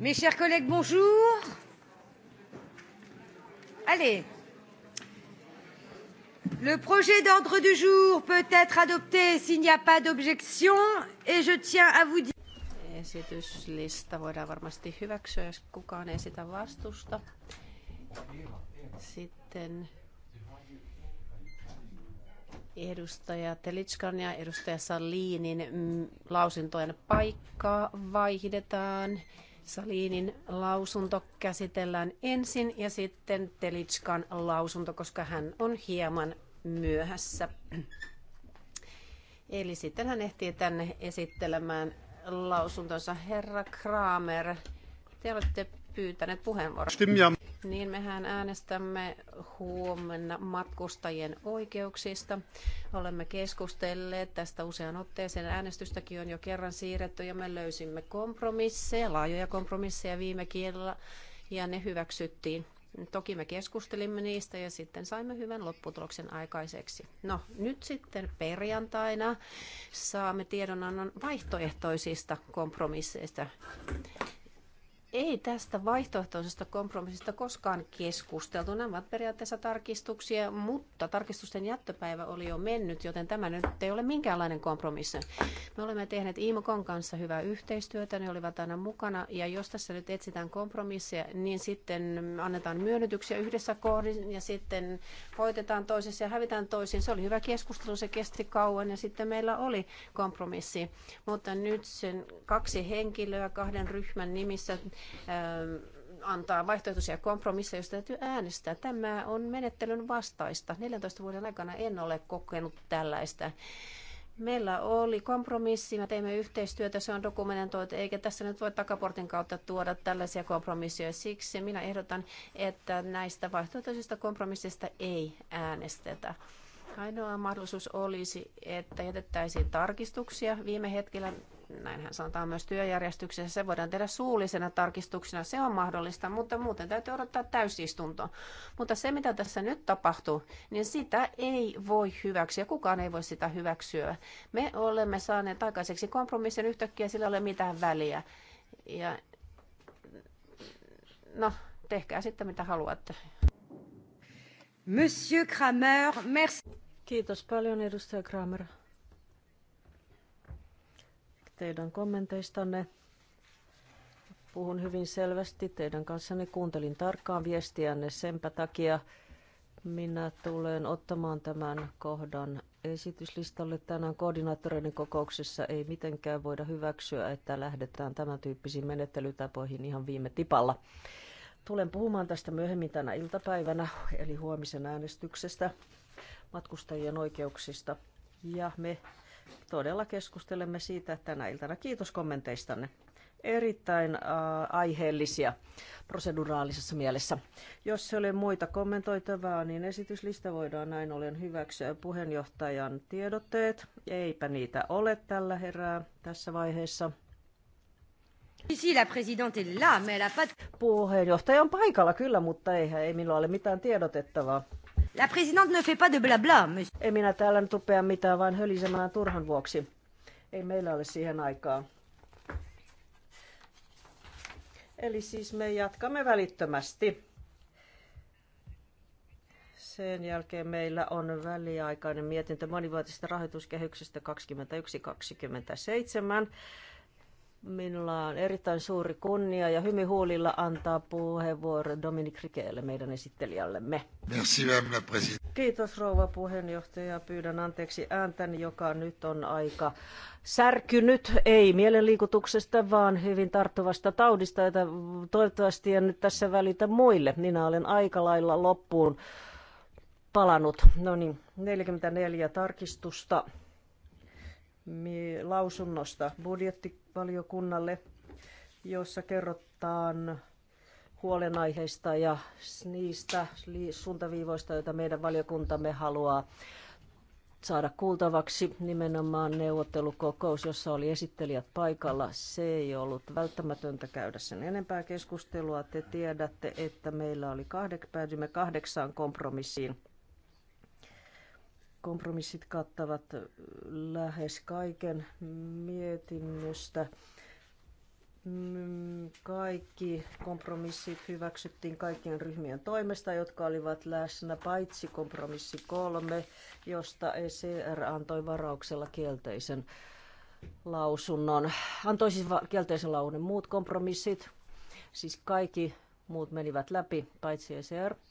Mes chers collègues, bonjour. Allez. Le projet d'ordre du jour peut être adopté s'il n'y a pas d'objection et je tiens à vous dire esityslista voidaan varmasti hyväksyä, jos kukaan ei sitä vastusta. Sitten edustaja Telitskan ja edustaja Salinin lausintojen paikkaa vaihdetaan. Salinin lausunto käsitellään ensin ja sitten Telitskan lausunto, koska hän on hieman myöhässä. Eli sitten hän ehtii tänne esittelemään lausuntonsa. Herra Kramer, te olette pyytäneet puheenvuoroa. Niin mehän äänestämme huomenna matkustajien oikeuksista. Olemme keskustelleet tästä usean otteeseen. Äänestystäkin on jo kerran siirretty ja me löysimme kompromisseja, laajoja kompromisseja viime kielellä ja ne hyväksyttiin. Toki me keskustelimme niistä ja sitten saimme hyvän lopputuloksen aikaiseksi. No nyt sitten perjantaina saamme tiedonannon vaihtoehtoisista kompromisseista. Ei tästä vaihtoehtoisesta kompromissista koskaan keskusteltu. Nämä ovat periaatteessa tarkistuksia, mutta tarkistusten jättöpäivä oli jo mennyt, joten tämä nyt ei ole minkäänlainen kompromissi. Me olemme tehneet Iimokon kanssa hyvää yhteistyötä, ne olivat aina mukana, ja jos tässä nyt etsitään kompromissia, niin sitten annetaan myönnytyksiä yhdessä kohdin, ja sitten hoitetaan toisessa ja hävitään toisiin. Se oli hyvä keskustelu, se kesti kauan, ja sitten meillä oli kompromissi. Mutta nyt sen kaksi henkilöä kahden ryhmän nimissä Ehm, antaa vaihtoehtoisia kompromisseja, joista täytyy äänestää. Tämä on menettelyn vastaista. 14 vuoden aikana en ole kokenut tällaista. Meillä oli kompromissi, me teimme yhteistyötä, se on dokumentoitu, eikä tässä nyt voi takaportin kautta tuoda tällaisia kompromisseja. Siksi minä ehdotan, että näistä vaihtoehtoisista kompromissista ei äänestetä. Ainoa mahdollisuus olisi, että jätettäisiin tarkistuksia viime hetkellä näinhän sanotaan myös työjärjestyksessä, se voidaan tehdä suullisena tarkistuksena, se on mahdollista, mutta muuten täytyy odottaa täysistunto. Mutta se, mitä tässä nyt tapahtuu, niin sitä ei voi hyväksyä, kukaan ei voi sitä hyväksyä. Me olemme saaneet aikaiseksi kompromissin yhtäkkiä, sillä ei ole mitään väliä. Ja no, tehkää sitten mitä haluatte. Monsieur Kramer, merci. Kiitos paljon edustaja Kramer teidän kommenteistanne. Puhun hyvin selvästi teidän kanssanne. Kuuntelin tarkkaan viestiänne senpä takia. Minä tulen ottamaan tämän kohdan esityslistalle tänään koordinaattoreiden kokouksessa. Ei mitenkään voida hyväksyä, että lähdetään tämän tyyppisiin menettelytapoihin ihan viime tipalla. Tulen puhumaan tästä myöhemmin tänä iltapäivänä, eli huomisen äänestyksestä matkustajien oikeuksista. Ja me todella keskustelemme siitä tänä iltana. Kiitos kommenteistanne. Erittäin äh, aiheellisia proseduraalisessa mielessä. Jos se oli muita kommentoitavaa, niin esityslista voidaan näin ollen hyväksyä puheenjohtajan tiedotteet. Eipä niitä ole tällä herää tässä vaiheessa. Ici la présidente est là, mais elle a pas... Puheenjohtaja on paikalla kyllä, mutta eihän ei minulla ole mitään tiedotettavaa. La présidente ne fait pas de blabla, monsieur. Ei minä täällä nyt rupea mitään, vaan hölisemään turhan vuoksi. Ei meillä ole siihen aikaa. Eli siis me jatkamme välittömästi. Sen jälkeen meillä on väliaikainen mietintö monivuotisesta rahoituskehyksestä 2127. Minulla on erittäin suuri kunnia ja hymy huulilla antaa puheenvuoro Dominik Rikeelle, meidän esittelijällemme. Merci, Kiitos rouva puheenjohtaja. Pyydän anteeksi ääntäni, joka nyt on aika särkynyt, ei mielenliikutuksesta, vaan hyvin tarttuvasta taudista, jota toivottavasti en nyt tässä välitä muille. Minä olen aika lailla loppuun palanut. No niin, 44 tarkistusta lausunnosta budjettivaliokunnalle, jossa kerrotaan huolenaiheista ja niistä suuntaviivoista, joita meidän valiokuntamme haluaa saada kuultavaksi nimenomaan neuvottelukokous, jossa oli esittelijät paikalla. Se ei ollut välttämätöntä käydä sen enempää keskustelua. Te tiedätte, että meillä oli kahdek, päädymme kahdeksaan kompromissiin Kompromissit kattavat lähes kaiken mietinnöstä. Mm, kaikki kompromissit hyväksyttiin kaikkien ryhmien toimesta, jotka olivat läsnä, paitsi kompromissi kolme, josta ECR antoi varauksella kielteisen lausunnon. Antoi siis kielteisen lausunnon muut kompromissit, siis kaikki muut menivät läpi, paitsi ECR –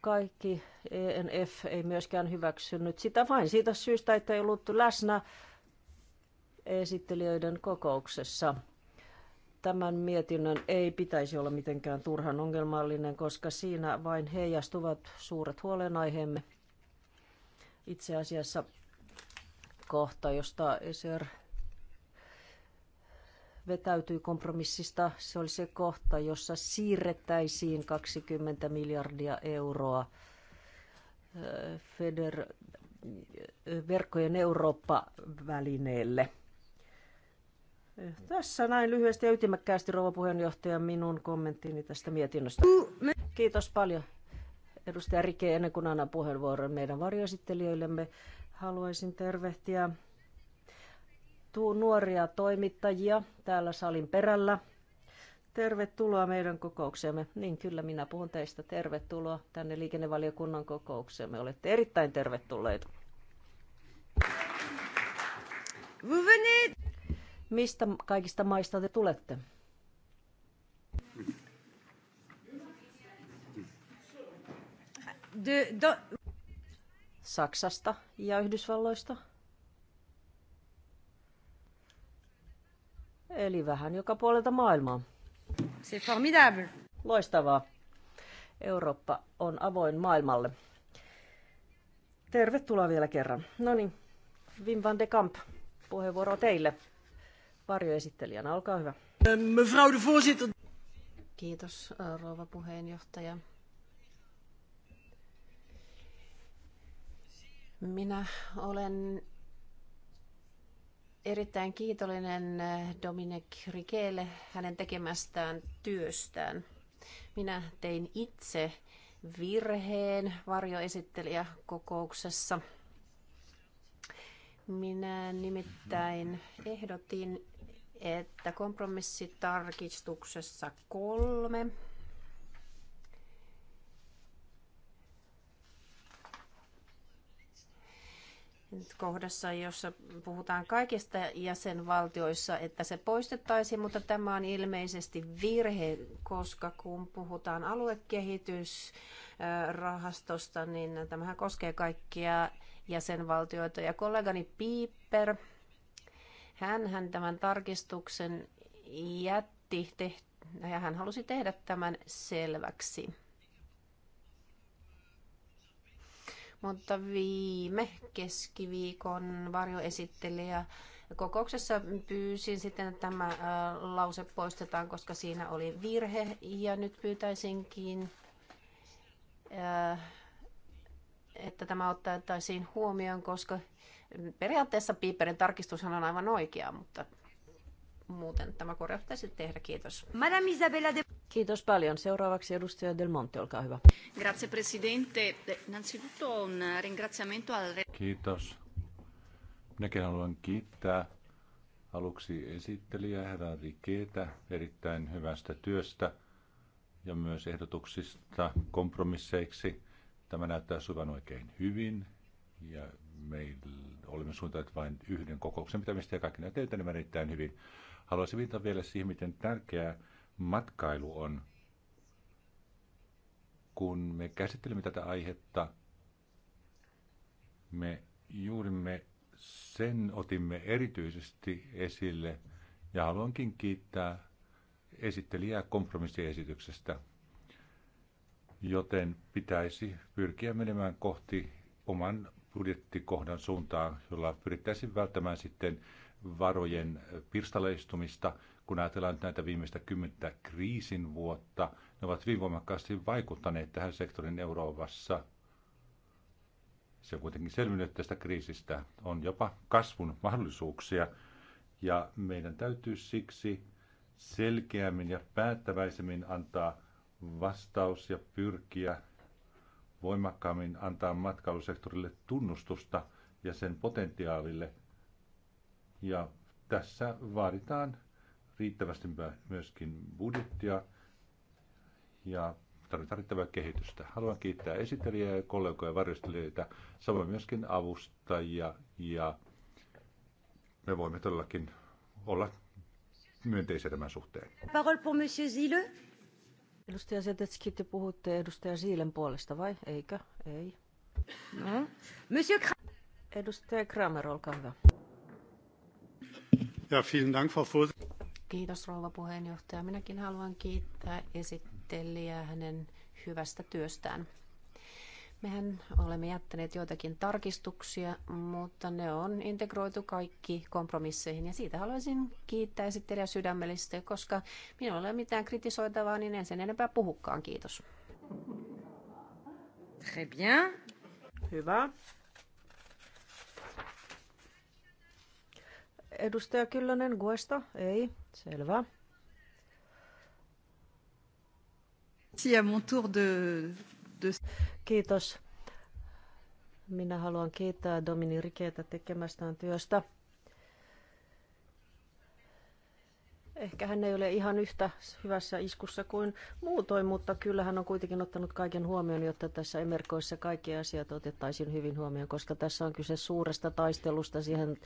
kaikki ENF ei myöskään hyväksynyt sitä vain siitä syystä, että ei ollut läsnä esittelijöiden kokouksessa. Tämän mietinnön ei pitäisi olla mitenkään turhan ongelmallinen, koska siinä vain heijastuvat suuret huolenaiheemme. Itse asiassa kohta, josta ESER vetäytyi kompromissista. Se oli se kohta, jossa siirrettäisiin 20 miljardia euroa Feder, verkkojen Eurooppa-välineelle. Tässä näin lyhyesti ja ytimekkäästi, rouva puheenjohtaja, minun kommenttini tästä mietinnöstä. Kiitos paljon. Edustaja Rike, ennen kuin annan puheenvuoron meidän varjoesittelijöillemme, haluaisin tervehtiä Tuu nuoria toimittajia täällä salin perällä. Tervetuloa meidän kokouksemme. Niin kyllä, minä puhun teistä. Tervetuloa tänne liikennevaliokunnan kokouksemme. Olette erittäin tervetulleita. Mistä kaikista maista te tulette? Saksasta ja Yhdysvalloista. Eli vähän joka puolelta maailmaa. on formidable. Loistavaa. Eurooppa on avoin maailmalle. Tervetuloa vielä kerran. No niin, Wim van de Kamp, puheenvuoro teille. Varjoesittelijänä, olkaa hyvä. Eh, mevrouw de voorzitter. Kiitos, eh, rouva puheenjohtaja. Minä olen erittäin kiitollinen eh, Dominic Rikeelle hänen tekemästään työstään. Minä tein itse virheen kokouksessa. Minä nimittäin ehdotin, että kompromissitarkistuksessa kolme kohdassa, jossa puhutaan kaikista jäsenvaltioissa, että se poistettaisiin, mutta tämä on ilmeisesti virhe, koska kun puhutaan aluekehitysrahastosta, niin tämähän koskee kaikkia jäsenvaltioita. Ja kollegani Piper, hän tämän tarkistuksen jätti, ja hän halusi tehdä tämän selväksi. mutta viime keskiviikon varjoesittelijä kokouksessa pyysin sitten, että tämä lause poistetaan, koska siinä oli virhe ja nyt pyytäisinkin, että tämä ottaisiin huomioon, koska periaatteessa Piperin tarkistushan on aivan oikea, mutta muuten tämä korjaus tehdä. Kiitos. Madame Isabella de... Kiitos paljon. Seuraavaksi edustaja Del Monte, olkaa hyvä. Grazie presidente. Innanzitutto un ringraziamento al... Kiitos. Minäkin haluan kiittää aluksi esittelijä herra Rikeetä erittäin hyvästä työstä ja myös ehdotuksista kompromisseiksi. Tämä näyttää suvan oikein hyvin ja meillä olemme suuntaneet vain yhden kokouksen pitämistä ja kaikki näitä erittäin hyvin. Haluaisin viitata vielä siihen, miten tärkeää matkailu on. Kun me käsittelemme tätä aihetta, me juuri me sen otimme erityisesti esille ja haluankin kiittää esittelijää kompromissiesityksestä, joten pitäisi pyrkiä menemään kohti oman budjettikohdan suuntaan, jolla pyrittäisiin välttämään sitten varojen pirstaleistumista kun ajatellaan näitä viimeistä kymmentä kriisin vuotta, ne ovat hyvin voimakkaasti vaikuttaneet tähän sektorin Euroopassa. Se on kuitenkin selvinnyt tästä kriisistä. On jopa kasvun mahdollisuuksia ja meidän täytyy siksi selkeämmin ja päättäväisemmin antaa vastaus ja pyrkiä voimakkaammin antaa matkailusektorille tunnustusta ja sen potentiaalille. Ja tässä vaaditaan riittävästi myöskin budjettia ja tarvitaan riittävää kehitystä. Haluan kiittää esittelijää ja kollegoja ja varjostelijoita, samoin myöskin avustajia ja me voimme todellakin olla myönteisiä tämän suhteen. Parole pour Monsieur Zille. Edustaja Zetetski, te puhutte edustaja Siilen puolesta vai? Eikö? Ei. No. Monsieur Kram- edustaja Kramer, olkaa hyvä. Ja, vielen Dank, Frau Kiitos rouva puheenjohtaja. Minäkin haluan kiittää esittelijää hänen hyvästä työstään. Mehän olemme jättäneet joitakin tarkistuksia, mutta ne on integroitu kaikki kompromisseihin ja siitä haluaisin kiittää esittelijä sydämellisesti, koska minulla ei ole mitään kritisoitavaa, niin en sen enempää puhukaan. Kiitos. Très bien. Hyvä. Edustaja Kyllönen, Guesta? Ei, selvä. Kiitos. Minä haluan kiittää Domini Rikeitä tekemästään työstä. Ehkä hän ei ole ihan yhtä hyvässä iskussa kuin muutoin, mutta kyllä hän on kuitenkin ottanut kaiken huomioon, jotta tässä emerkoissa kaikki asiat otettaisiin hyvin huomioon, koska tässä on kyse suuresta taistelusta siihen,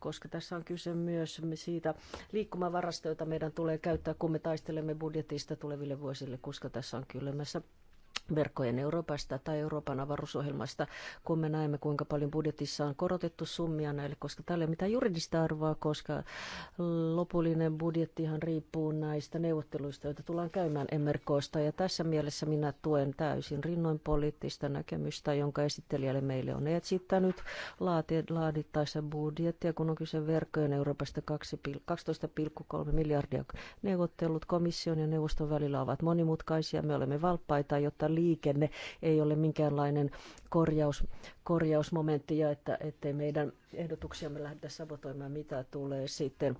koska tässä on kyse myös siitä liikkumavarasta, jota meidän tulee käyttää, kun me taistelemme budjetista tuleville vuosille, koska tässä on kyllä verkkojen Euroopasta tai Euroopan avaruusohjelmasta, kun me näemme, kuinka paljon budjetissa on korotettu summia näille, koska tällä ei ole mitään juridista arvoa, koska lopullinen budjettihan riippuu näistä neuvotteluista, joita tullaan käymään Emerkoosta. Ja tässä mielessä minä tuen täysin rinnoin poliittista näkemystä, jonka esittelijälle meille on etsittänyt laadittaessa budjettia, kun on kyse verkkojen Euroopasta 12,3 miljardia. Neuvottelut komission ja neuvoston välillä ovat monimutkaisia. Me olemme valppaita, jotta liikenne ei ole minkäänlainen korjaus, korjausmomentti ja että ettei meidän ehdotuksiamme lähdetä sabotoimaan, mitä tulee sitten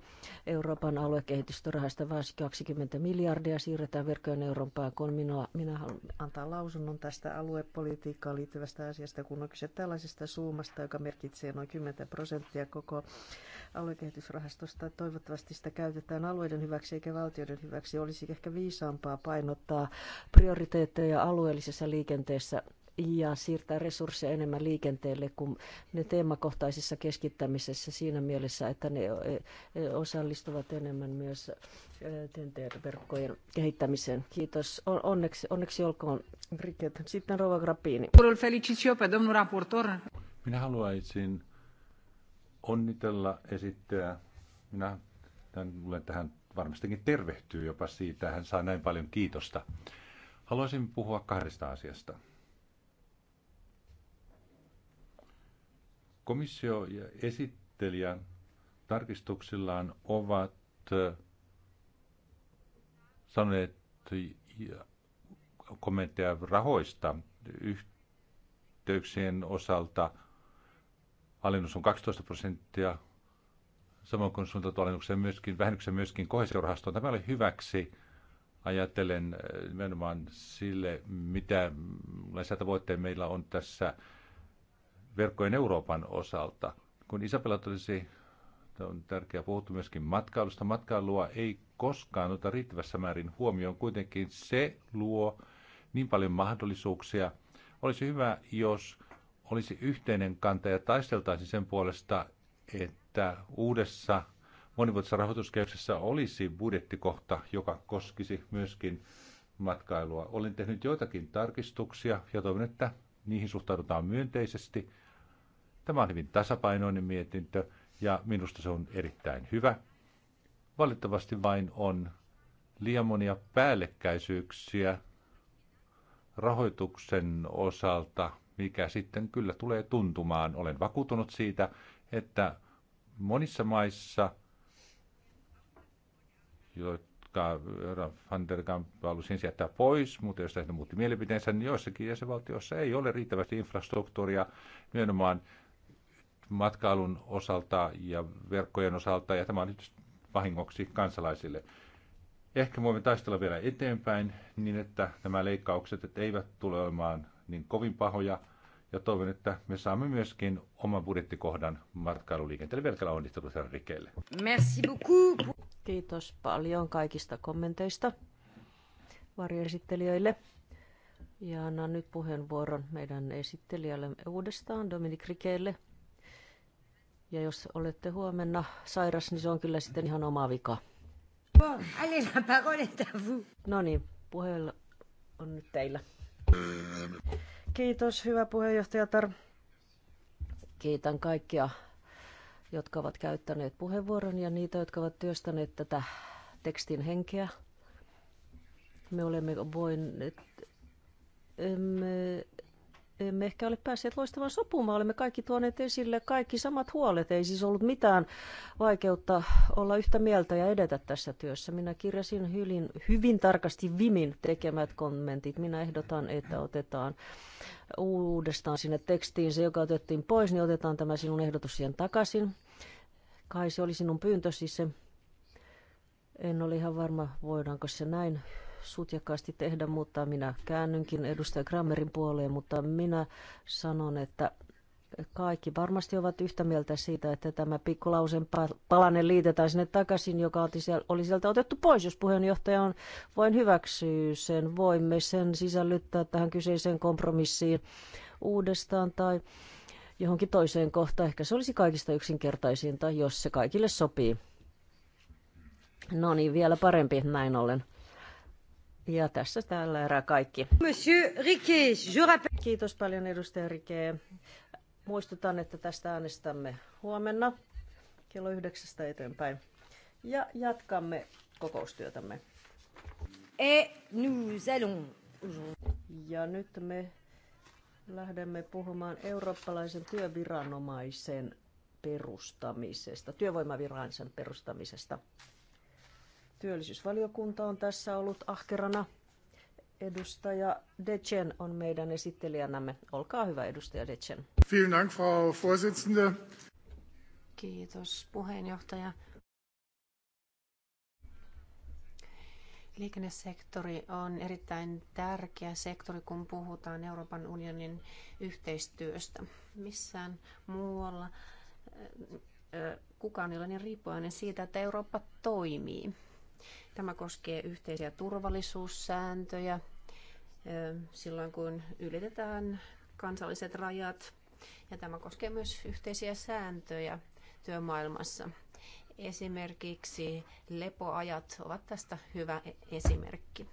Euroopan aluekehitystorahasta 20 miljardia siirretään verkkojen Eurooppaan, kun minua, minä haluan antaa lausunnon tästä aluepolitiikkaan liittyvästä asiasta, kun on kyse tällaisesta suumasta, joka merkitsee noin 10 prosenttia koko aluekehitysrahastosta. Toivottavasti sitä käytetään alueiden hyväksi eikä valtioiden hyväksi. Olisi ehkä viisaampaa painottaa prioriteetteja alueellisessa liikenteessä ja siirtää resursseja enemmän liikenteelle kuin ne teemakohtaisissa keskittämisessä siinä mielessä, että ne osallistuvat enemmän myös TNT-verkkojen kehittämiseen. Kiitos. Onneksi, onneksi olkoon, Riket. Sitten Rova Grappini. Minä haluaisin onnitella esittäjää. Minä luulen, että hän varmastikin tervehtyy jopa siitä, hän saa näin paljon kiitosta. Haluaisin puhua kahdesta asiasta. Komissio ja esittelijä tarkistuksillaan ovat sanoneet kommentteja rahoista yhteyksien osalta – alennus on 12 prosenttia, samoin kuin suunniteltu alennuksen myöskin, vähennyksen myöskin kohesiorahastoon. Tämä oli hyväksi ajatellen äh, nimenomaan sille, mitä tavoitteita meillä on tässä verkkojen Euroopan osalta. Kun Isabella totesi, on tärkeää puhuttu myöskin matkailusta. Matkailua ei koskaan ota riittävässä määrin huomioon. Kuitenkin se luo niin paljon mahdollisuuksia. Olisi hyvä, jos olisi yhteinen kanta ja taisteltaisiin sen puolesta, että uudessa monivuotisessa rahoituskehyksessä olisi budjettikohta, joka koskisi myöskin matkailua. Olen tehnyt joitakin tarkistuksia ja toivon, että niihin suhtaudutaan myönteisesti. Tämä on hyvin tasapainoinen mietintö ja minusta se on erittäin hyvä. Valitettavasti vain on liian monia päällekkäisyyksiä rahoituksen osalta, mikä sitten kyllä tulee tuntumaan. Olen vakuutunut siitä, että monissa maissa, jotka van der Kamp halusin jättää pois, mutta jos hän muutti mielipiteensä, niin joissakin jäsenvaltioissa ei ole riittävästi infrastruktuuria nimenomaan matkailun osalta ja verkkojen osalta, ja tämä on nyt vahingoksi kansalaisille. Ehkä voimme taistella vielä eteenpäin niin, että nämä leikkaukset että eivät tule olemaan niin kovin pahoja. Ja toivon, että me saamme myöskin oman budjettikohdan matkailuliikenteelle. Velkällä onnistelut herra Rikelle. Merci beaucoup. Kiitos paljon kaikista kommenteista varjoesittelijöille. Ja annan nyt puheenvuoron meidän esittelijälle uudestaan, Dominik Rikeelle. Ja jos olette huomenna sairas, niin se on kyllä sitten ihan oma vika. No niin, puhe on nyt teillä. Kiitos, hyvä puheenjohtaja Tar. Kiitän kaikkia, jotka ovat käyttäneet puheenvuoron ja niitä, jotka ovat työstäneet tätä tekstin henkeä. Me olemme voineet emme emme ehkä ole päässeet loistavan sopumaan. Olemme kaikki tuoneet esille kaikki samat huolet. Ei siis ollut mitään vaikeutta olla yhtä mieltä ja edetä tässä työssä. Minä kirjasin hyvin, hyvin tarkasti Vimin tekemät kommentit. Minä ehdotan, että otetaan uudestaan sinne tekstiin se, joka otettiin pois, niin otetaan tämä sinun ehdotus siihen takaisin. Kai se oli sinun pyyntösi siis se. En ole ihan varma, voidaanko se näin sutjakkaasti tehdä, mutta minä käännynkin edustaja Grammerin puoleen, mutta minä sanon, että kaikki varmasti ovat yhtä mieltä siitä, että tämä pikkulausen palanen liitetään sinne takaisin, joka oli sieltä otettu pois, jos puheenjohtaja on voin hyväksyä sen. Voimme sen sisällyttää tähän kyseiseen kompromissiin uudestaan tai johonkin toiseen kohtaan. Ehkä se olisi kaikista yksinkertaisinta, jos se kaikille sopii. No niin, vielä parempi näin ollen. Ja tässä tällä erää kaikki. Monsieur Riquet, je rappelle... Kiitos paljon edustaja Rike. Muistutan, että tästä äänestämme huomenna kello yhdeksästä eteenpäin. Ja jatkamme kokoustyötämme. Et nous allons... Ja nyt me lähdemme puhumaan eurooppalaisen työviranomaisen perustamisesta, työvoimaviranomaisen perustamisesta. Työllisyysvaliokunta on tässä ollut ahkerana. Edustaja Dechen on meidän esittelijänämme. Olkaa hyvä, edustaja Dechen. Vielen Dank, Frau Vorsitzende. Kiitos, puheenjohtaja. Liikennesektori on erittäin tärkeä sektori, kun puhutaan Euroopan unionin yhteistyöstä. Missään muualla äh, kukaan ei ole niin riippuvainen siitä, että Eurooppa toimii. Tämä koskee yhteisiä turvallisuussääntöjä silloin, kun ylitetään kansalliset rajat. Ja tämä koskee myös yhteisiä sääntöjä työmaailmassa. Esimerkiksi lepoajat ovat tästä hyvä e- esimerkki.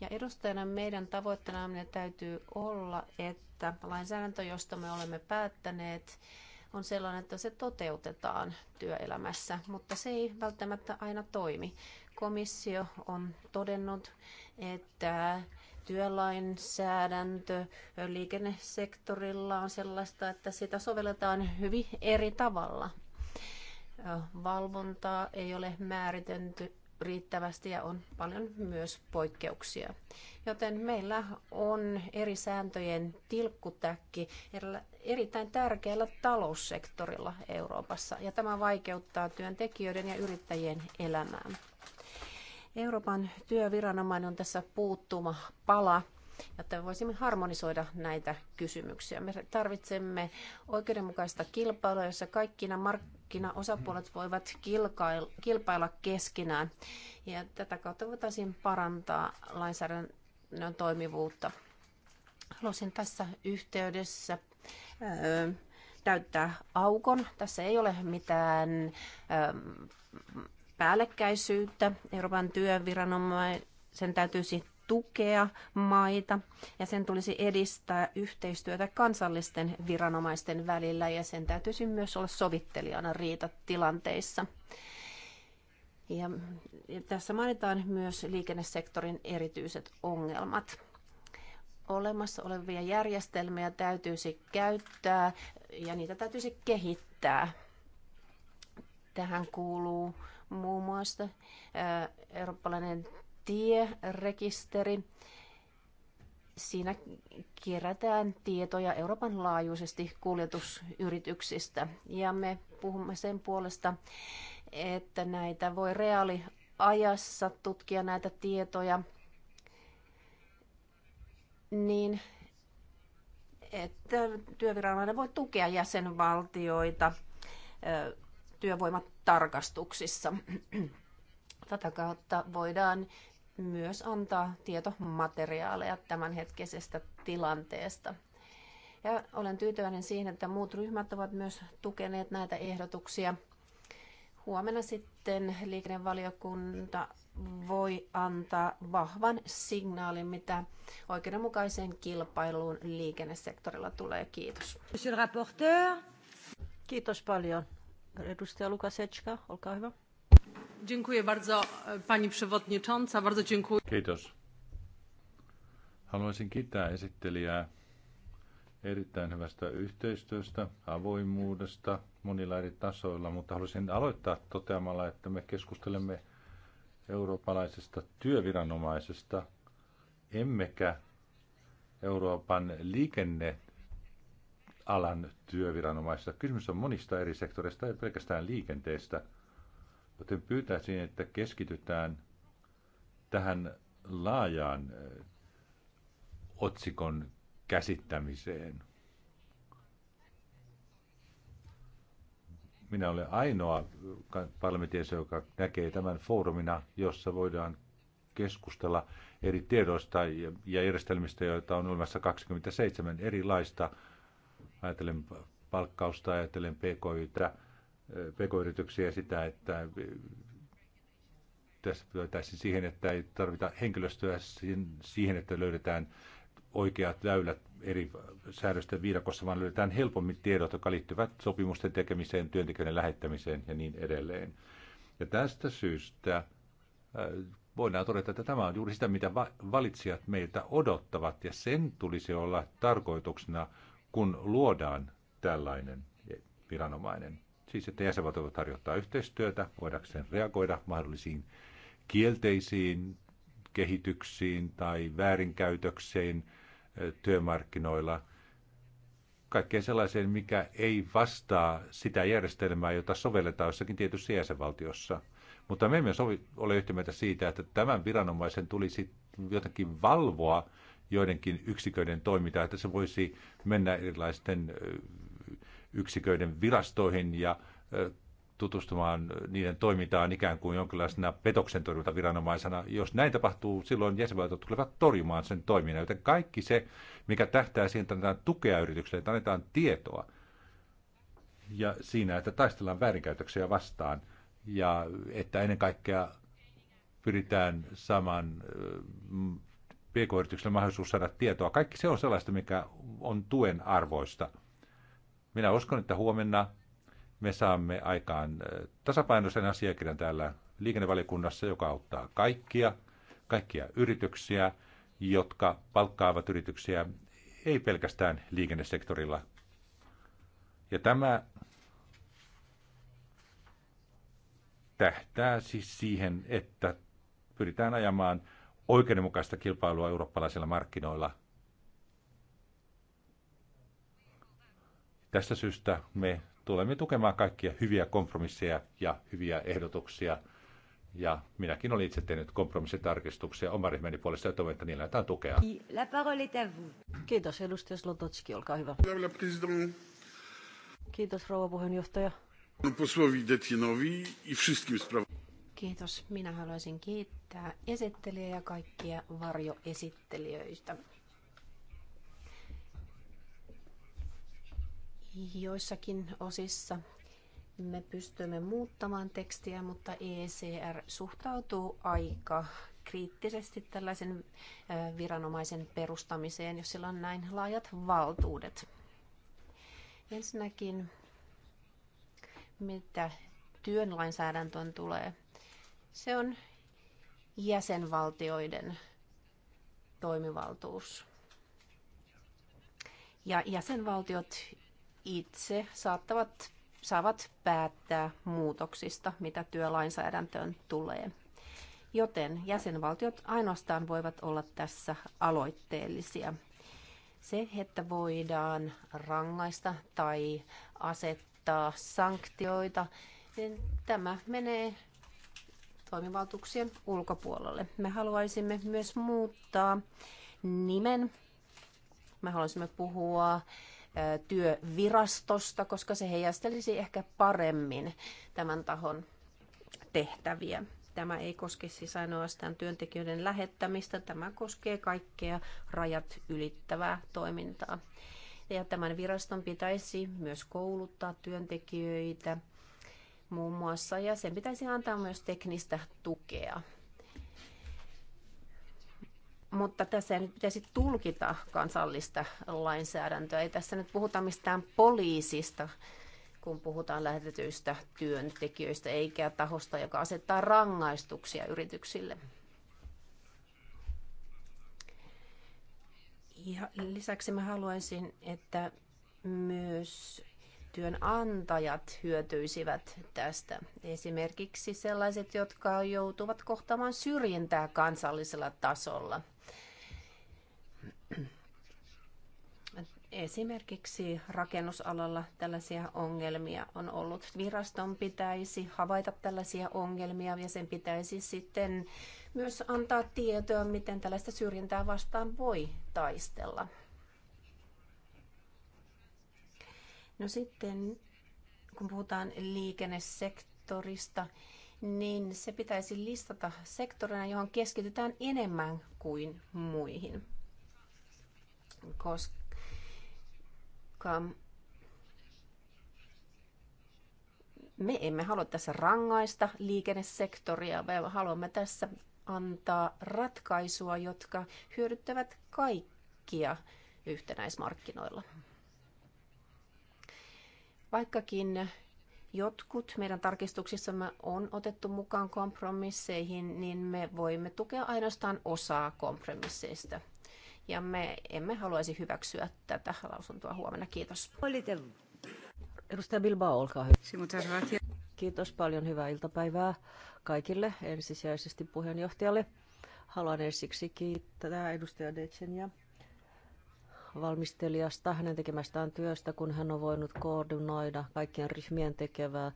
Ja edustajana meidän tavoitteena täytyy olla, että lainsäädäntö, josta me olemme päättäneet, on sellainen, että se toteutetaan työelämässä, mutta se ei välttämättä aina toimi. Komissio on todennut, että työlainsäädäntö liikennesektorilla on sellaista, että sitä sovelletaan hyvin eri tavalla. Valvontaa ei ole määritelty riittävästi ja on paljon myös poikkeuksia. Joten meillä on eri sääntöjen tilkkutäkki erittäin tärkeällä taloussektorilla Euroopassa, ja tämä vaikeuttaa työntekijöiden ja yrittäjien elämää. Euroopan työviranomainen on tässä puuttuma pala, jotta me voisimme harmonisoida näitä kysymyksiä. Me tarvitsemme oikeudenmukaista kilpailua, jossa kaikki nämä markkinaosapuolet voivat kilpailla keskenään. Ja tätä kautta voitaisiin parantaa lainsäädännön toimivuutta. Haluaisin tässä yhteydessä täyttää aukon. Tässä ei ole mitään päällekkäisyyttä. Euroopan työviranomaisen täytyisi tukea maita ja sen tulisi edistää yhteistyötä kansallisten viranomaisten välillä ja sen täytyisi myös olla sovittelijana riitatilanteissa. Ja tässä mainitaan myös liikennesektorin erityiset ongelmat. Olemassa olevia järjestelmiä täytyisi käyttää ja niitä täytyisi kehittää. Tähän kuuluu muun muassa äh, eurooppalainen tierekisteri. Siinä kerätään tietoja Euroopan laajuisesti kuljetusyrityksistä ja me puhumme sen puolesta, että näitä voi reaaliajassa tutkia näitä tietoja niin että työviranomainen voi tukea jäsenvaltioita työvoimatarkastuksissa. Tätä kautta voidaan myös antaa tietomateriaaleja tämänhetkisestä tilanteesta. Ja olen tyytyväinen siihen, että muut ryhmät ovat myös tukeneet näitä ehdotuksia. Huomenna sitten liikennevaliokunta voi antaa vahvan signaalin, mitä oikeudenmukaiseen kilpailuun liikennesektorilla tulee. Kiitos. Monsieur rapporteur. Kiitos paljon. Edustaja Lukaseczka, olkaa hyvä. Dziękuję bardzo, pani przewodnicząca. Bardzo dziękuję. Kiitos. Haluaisin kiittää esittelijää erittäin hyvästä yhteistyöstä, avoimuudesta monilla eri tasoilla, mutta haluaisin aloittaa toteamalla, että me keskustelemme – eurooppalaisesta työviranomaisesta, emmekä Euroopan liikennealan työviranomaisesta. Kysymys on monista eri sektoreista, ei pelkästään liikenteestä, joten pyytäisin, että keskitytään tähän laajaan otsikon käsittämiseen. minä olen ainoa parlamentissa, joka näkee tämän foorumina, jossa voidaan keskustella eri tiedoista ja järjestelmistä, joita on olemassa 27 erilaista. Ajattelen palkkausta, ajattelen pk-yrityksiä, eh, pk-yrityksiä sitä, että eh, tässä pyötäisiin siihen, että ei tarvita henkilöstöä siihen, että löydetään oikeat väylät eri säädösten viidakossa, vaan löydetään helpommin tiedot, jotka liittyvät sopimusten tekemiseen, työntekijöiden lähettämiseen ja niin edelleen. Ja tästä syystä äh, voidaan todeta, että tämä on juuri sitä, mitä valitsijat meiltä odottavat, ja sen tulisi olla tarkoituksena, kun luodaan tällainen viranomainen. Siis, että jäsenvaltio tarjottaa yhteistyötä, voidakseen reagoida mahdollisiin kielteisiin kehityksiin tai väärinkäytöksiin – työmarkkinoilla. Kaikkeen sellaiseen, mikä ei vastaa sitä järjestelmää, jota sovelletaan jossakin tietyssä jäsenvaltiossa. Mutta me emme sovi, ole yhtä mieltä siitä, että tämän viranomaisen tulisi jotenkin valvoa joidenkin yksiköiden toimintaa, että se voisi mennä erilaisten yksiköiden virastoihin ja tutustumaan niiden toimintaan ikään kuin jonkinlaisena petoksen torjuntaviranomaisena. Jos näin tapahtuu, silloin jäsenvaltiot tulevat torjumaan sen toiminnan. Joten kaikki se, mikä tähtää siihen, että annetaan tukea yritykselle, että annetaan tietoa ja siinä, että taistellaan väärinkäytöksiä vastaan ja että ennen kaikkea pyritään saman pk-yritykselle mahdollisuus saada tietoa. Kaikki se on sellaista, mikä on tuen arvoista. Minä uskon, että huomenna me saamme aikaan äh, tasapainoisen asiakirjan täällä liikennevaliokunnassa, joka auttaa kaikkia, kaikkia yrityksiä, jotka palkkaavat yrityksiä ei pelkästään liikennesektorilla. Ja tämä tähtää siis siihen, että pyritään ajamaan oikeudenmukaista kilpailua eurooppalaisilla markkinoilla. Tästä syystä me tulemme tukemaan kaikkia hyviä kompromisseja ja hyviä ehdotuksia. Ja minäkin olen itse tehnyt kompromissitarkistuksia oman ryhmäni puolesta ja toivon, että niillä jotain tukea. La parole est à vous. Kiitos edustaja Slototski, olkaa hyvä. Kiitos rouva puheenjohtaja. i Kiitos. Minä haluaisin kiittää esittelijä ja kaikkia varjoesittelijöitä. Joissakin osissa me pystymme muuttamaan tekstiä, mutta ECR suhtautuu aika kriittisesti tällaisen viranomaisen perustamiseen, jos sillä on näin laajat valtuudet. Ensinnäkin, mitä työn lainsäädäntöön tulee, se on jäsenvaltioiden toimivaltuus. Ja jäsenvaltiot itse saattavat, saavat päättää muutoksista, mitä työlainsäädäntöön tulee. Joten jäsenvaltiot ainoastaan voivat olla tässä aloitteellisia. Se, että voidaan rangaista tai asettaa sanktioita, niin tämä menee toimivaltuuksien ulkopuolelle. Me haluaisimme myös muuttaa nimen. Me haluaisimme puhua työvirastosta, koska se heijastelisi ehkä paremmin tämän tahon tehtäviä. Tämä ei koske siis ainoastaan työntekijöiden lähettämistä, tämä koskee kaikkea rajat ylittävää toimintaa. Ja tämän viraston pitäisi myös kouluttaa työntekijöitä muun muassa, ja sen pitäisi antaa myös teknistä tukea mutta tässä ei nyt pitäisi tulkita kansallista lainsäädäntöä. Ei tässä nyt puhuta mistään poliisista, kun puhutaan lähetetyistä työntekijöistä, eikä tahosta, joka asettaa rangaistuksia yrityksille. Ja lisäksi mä haluaisin, että myös työnantajat hyötyisivät tästä. Esimerkiksi sellaiset, jotka joutuvat kohtaamaan syrjintää kansallisella tasolla – Esimerkiksi rakennusalalla tällaisia ongelmia on ollut. Viraston pitäisi havaita tällaisia ongelmia ja sen pitäisi sitten myös antaa tietoa, miten tällaista syrjintää vastaan voi taistella. No sitten, kun puhutaan liikennesektorista, niin se pitäisi listata sektorina, johon keskitytään enemmän kuin muihin koska me emme halua tässä rangaista liikennesektoria, vaan haluamme tässä antaa ratkaisua, jotka hyödyttävät kaikkia yhtenäismarkkinoilla. Vaikkakin jotkut meidän tarkistuksissamme on otettu mukaan kompromisseihin, niin me voimme tukea ainoastaan osaa kompromisseista – ja me emme haluaisi hyväksyä tätä lausuntoa huomenna. Kiitos. Edustaja Bilbao, olkaa hyvä. Kiitos paljon, hyvää iltapäivää kaikille, ensisijaisesti puheenjohtajalle. Haluan ensiksi kiittää edustaja Detsenia valmistelijasta hänen tekemästään työstä, kun hän on voinut koordinoida kaikkien ryhmien tekevää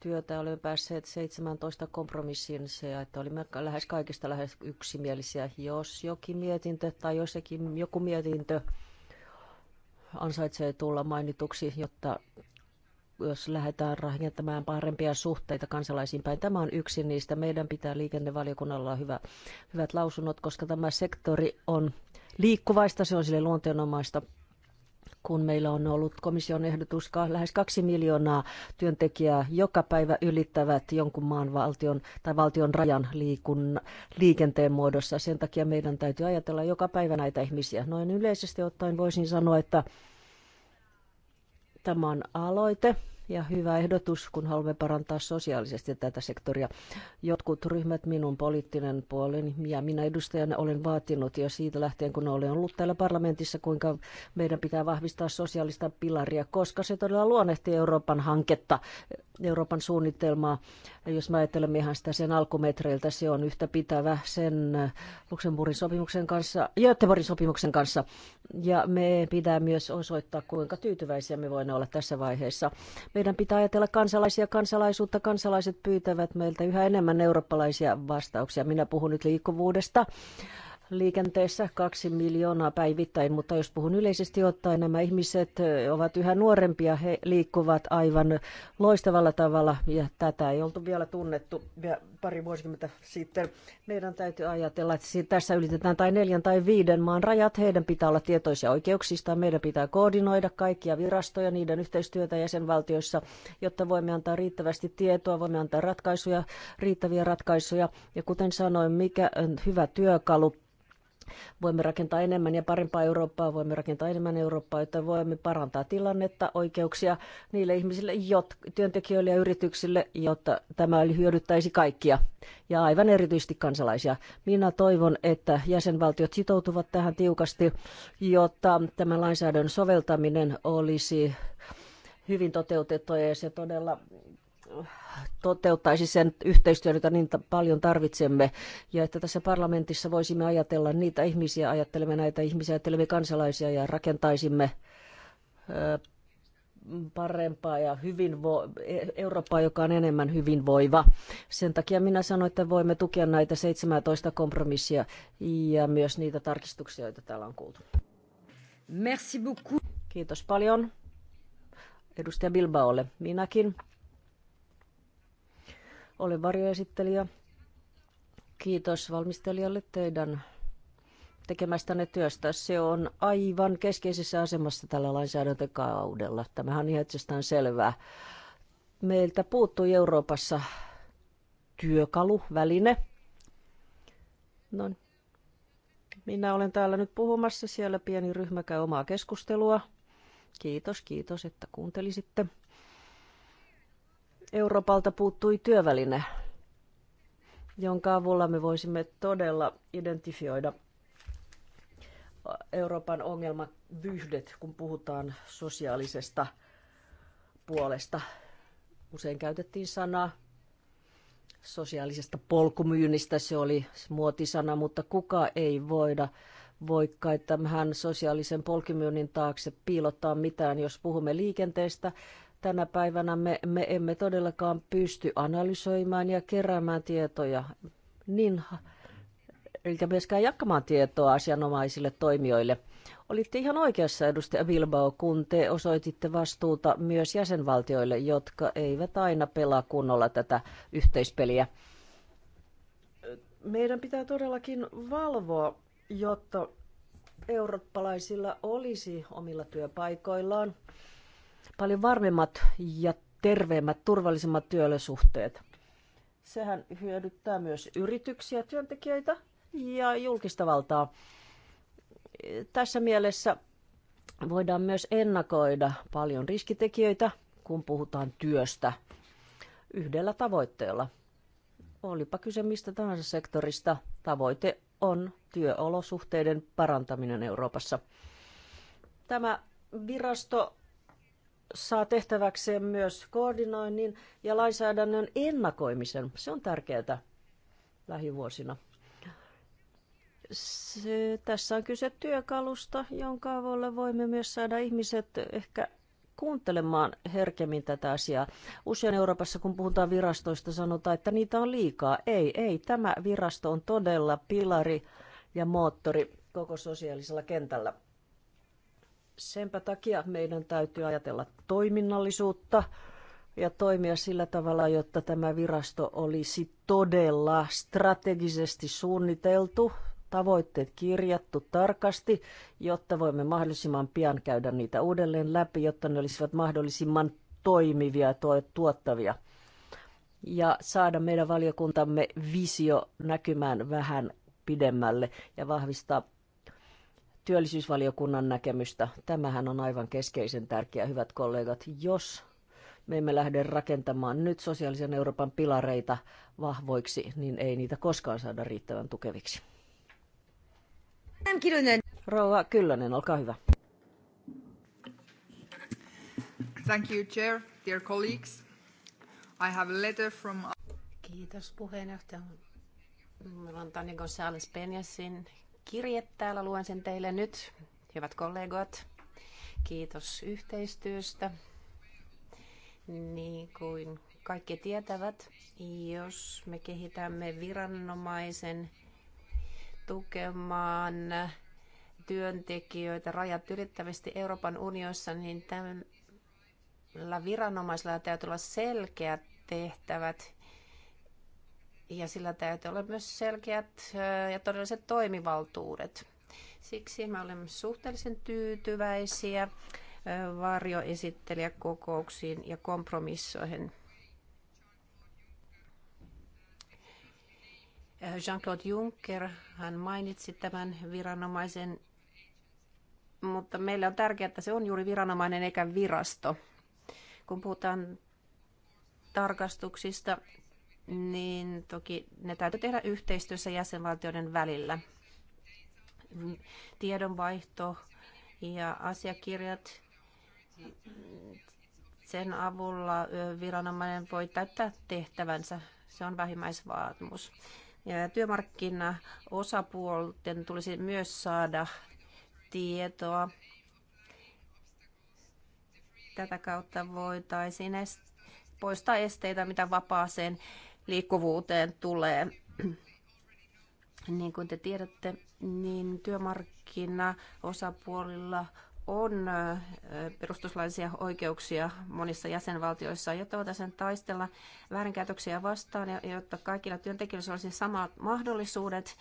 työtä. olimme päässeet 17 kompromissiin se, että olimme lähes kaikista lähes yksimielisiä. Jos jokin mietintö tai jos joku mietintö ansaitsee tulla mainituksi, jotta jos lähdetään rakentamaan parempia suhteita kansalaisiin päin. Tämä on yksi niistä. Meidän pitää liikennevaliokunnalla hyvä, hyvät lausunnot, koska tämä sektori on liikkuvaista, se on sille luonteenomaista kun meillä on ollut komission ehdotus lähes kaksi miljoonaa työntekijää joka päivä ylittävät jonkun maan valtion tai valtion rajan liikun, liikenteen muodossa. Sen takia meidän täytyy ajatella joka päivä näitä ihmisiä. Noin yleisesti ottaen voisin sanoa, että tämä on aloite, ja hyvä ehdotus, kun haluamme parantaa sosiaalisesti tätä sektoria. Jotkut ryhmät, minun poliittinen puoleni ja minä edustajana olen vaatinut jo siitä lähtien, kun olen ollut täällä parlamentissa, kuinka meidän pitää vahvistaa sosiaalista pilaria, koska se todella luonnehtii Euroopan hanketta, Euroopan suunnitelmaa. Jos mä ajattelen ihan sitä sen alkumetreiltä, se on yhtä pitävä sen Luxemburgin sopimuksen kanssa, Göteborgin sopimuksen kanssa. Ja me pitää myös osoittaa, kuinka tyytyväisiä me voimme olla tässä vaiheessa. Me meidän pitää ajatella kansalaisia kansalaisuutta. Kansalaiset pyytävät meiltä yhä enemmän eurooppalaisia vastauksia. Minä puhun nyt liikkuvuudesta liikenteessä kaksi miljoonaa päivittäin, mutta jos puhun yleisesti ottaen, nämä ihmiset ovat yhä nuorempia, he liikkuvat aivan loistavalla tavalla ja tätä ei oltu vielä tunnettu. Ja pari vuosikymmentä sitten. Meidän täytyy ajatella, että tässä ylitetään tai neljän tai viiden maan rajat. Heidän pitää olla tietoisia oikeuksista, Meidän pitää koordinoida kaikkia virastoja, niiden yhteistyötä jäsenvaltioissa, jotta voimme antaa riittävästi tietoa, voimme antaa ratkaisuja, riittäviä ratkaisuja. Ja kuten sanoin, mikä on eh, hyvä työkalu Voimme rakentaa enemmän ja parempaa Eurooppaa, voimme rakentaa enemmän Eurooppaa, jotta voimme parantaa tilannetta, oikeuksia niille ihmisille, jot, työntekijöille ja yrityksille, jotta tämä hyödyttäisi kaikkia ja aivan erityisesti kansalaisia. Minä toivon, että jäsenvaltiot sitoutuvat tähän tiukasti, jotta tämän lainsäädännön soveltaminen olisi hyvin toteutettu ja se todella toteuttaisi sen yhteistyön, jota niin paljon tarvitsemme, ja että tässä parlamentissa voisimme ajatella niitä ihmisiä, ajattelemme näitä ihmisiä, ajattelemme kansalaisia ja rakentaisimme parempaa ja hyvinvo- e, Eurooppaa, joka on enemmän hyvinvoiva. Sen takia minä sanoin, että voimme tukea näitä 17 kompromissia ja myös niitä tarkistuksia, joita täällä on kuultu. Merci beaucoup. Kiitos paljon edustaja Bilbaolle. Minäkin olen varjoesittelijä. Kiitos valmistelijalle teidän tekemästänne työstä. Se on aivan keskeisessä asemassa tällä lainsäädäntökaudella. Tämähän on ihan itsestään selvää. Meiltä puuttui Euroopassa työkalu väline. No niin. minä olen täällä nyt puhumassa. Siellä pieni ryhmä käy omaa keskustelua. Kiitos, kiitos, että kuuntelisitte. Euroopalta puuttui työväline, jonka avulla me voisimme todella identifioida Euroopan ongelmavyhdet, kun puhutaan sosiaalisesta puolesta. Usein käytettiin sanaa sosiaalisesta polkumyynnistä, se oli muotisana, mutta kuka ei voida voikka, että sosiaalisen polkimyynnin taakse piilottaa mitään. Jos puhumme liikenteestä, tänä päivänä me, me emme todellakaan pysty analysoimaan ja keräämään tietoja, niin, eli myöskään jakamaan tietoa asianomaisille toimijoille. Olitte ihan oikeassa, edustaja Bilbao, kun te osoititte vastuuta myös jäsenvaltioille, jotka eivät aina pelaa kunnolla tätä yhteispeliä. Meidän pitää todellakin valvoa, jotta eurooppalaisilla olisi omilla työpaikoillaan paljon varmemmat ja terveemmät, turvallisemmat työolosuhteet. Sehän hyödyttää myös yrityksiä, työntekijöitä ja julkista valtaa. Tässä mielessä voidaan myös ennakoida paljon riskitekijöitä, kun puhutaan työstä yhdellä tavoitteella. Olipa kyse mistä tahansa sektorista, tavoite on työolosuhteiden parantaminen Euroopassa. Tämä virasto saa tehtäväkseen myös koordinoinnin ja lainsäädännön ennakoimisen. Se on tärkeää lähivuosina. Se, tässä on kyse työkalusta, jonka avulla voimme myös saada ihmiset ehkä kuuntelemaan herkemmin tätä asiaa. Usein Euroopassa, kun puhutaan virastoista, sanotaan, että niitä on liikaa. Ei, ei. Tämä virasto on todella pilari ja moottori koko sosiaalisella kentällä. Senpä takia meidän täytyy ajatella toiminnallisuutta ja toimia sillä tavalla, jotta tämä virasto olisi todella strategisesti suunniteltu, tavoitteet kirjattu tarkasti, jotta voimme mahdollisimman pian käydä niitä uudelleen läpi, jotta ne olisivat mahdollisimman toimivia ja tuottavia. Ja saada meidän valiokuntamme visio näkymään vähän pidemmälle ja vahvistaa työllisyysvaliokunnan näkemystä. Tämähän on aivan keskeisen tärkeä, hyvät kollegat. Jos me emme lähde rakentamaan nyt sosiaalisen Euroopan pilareita vahvoiksi, niin ei niitä koskaan saada riittävän tukeviksi. Kyllönen. Rouva Kyllönen, olkaa hyvä. Thank you, Chair, dear colleagues. I have a letter from... Kiitos puheenjohtaja. Minulla on Tani González Penjasin kirje täällä, luen sen teille nyt. Hyvät kollegot, kiitos yhteistyöstä. Niin kuin kaikki tietävät, jos me kehitämme viranomaisen tukemaan työntekijöitä rajat ylittävästi Euroopan unionissa, niin tällä viranomaisella täytyy olla selkeät tehtävät ja sillä täytyy olla myös selkeät ja todelliset toimivaltuudet. Siksi me olemme suhteellisen tyytyväisiä varjoesittelijäkokouksiin ja kompromissoihin. Jean-Claude Juncker hän mainitsi tämän viranomaisen, mutta meillä on tärkeää, että se on juuri viranomainen eikä virasto. Kun puhutaan tarkastuksista, niin toki ne täytyy tehdä yhteistyössä jäsenvaltioiden välillä. Tiedonvaihto ja asiakirjat, sen avulla viranomainen voi täyttää tehtävänsä. Se on vähimmäisvaatimus. Ja työmarkkinaosapuolten tulisi myös saada tietoa. Tätä kautta voitaisiin poistaa esteitä, mitä vapaaseen liikkuvuuteen tulee. Niin kuin te tiedätte, niin työmarkkinaosapuolilla on perustuslaisia oikeuksia monissa jäsenvaltioissa, jotta voitaisiin taistella väärinkäytöksiä vastaan ja jotta kaikilla työntekijöillä olisi samat mahdollisuudet,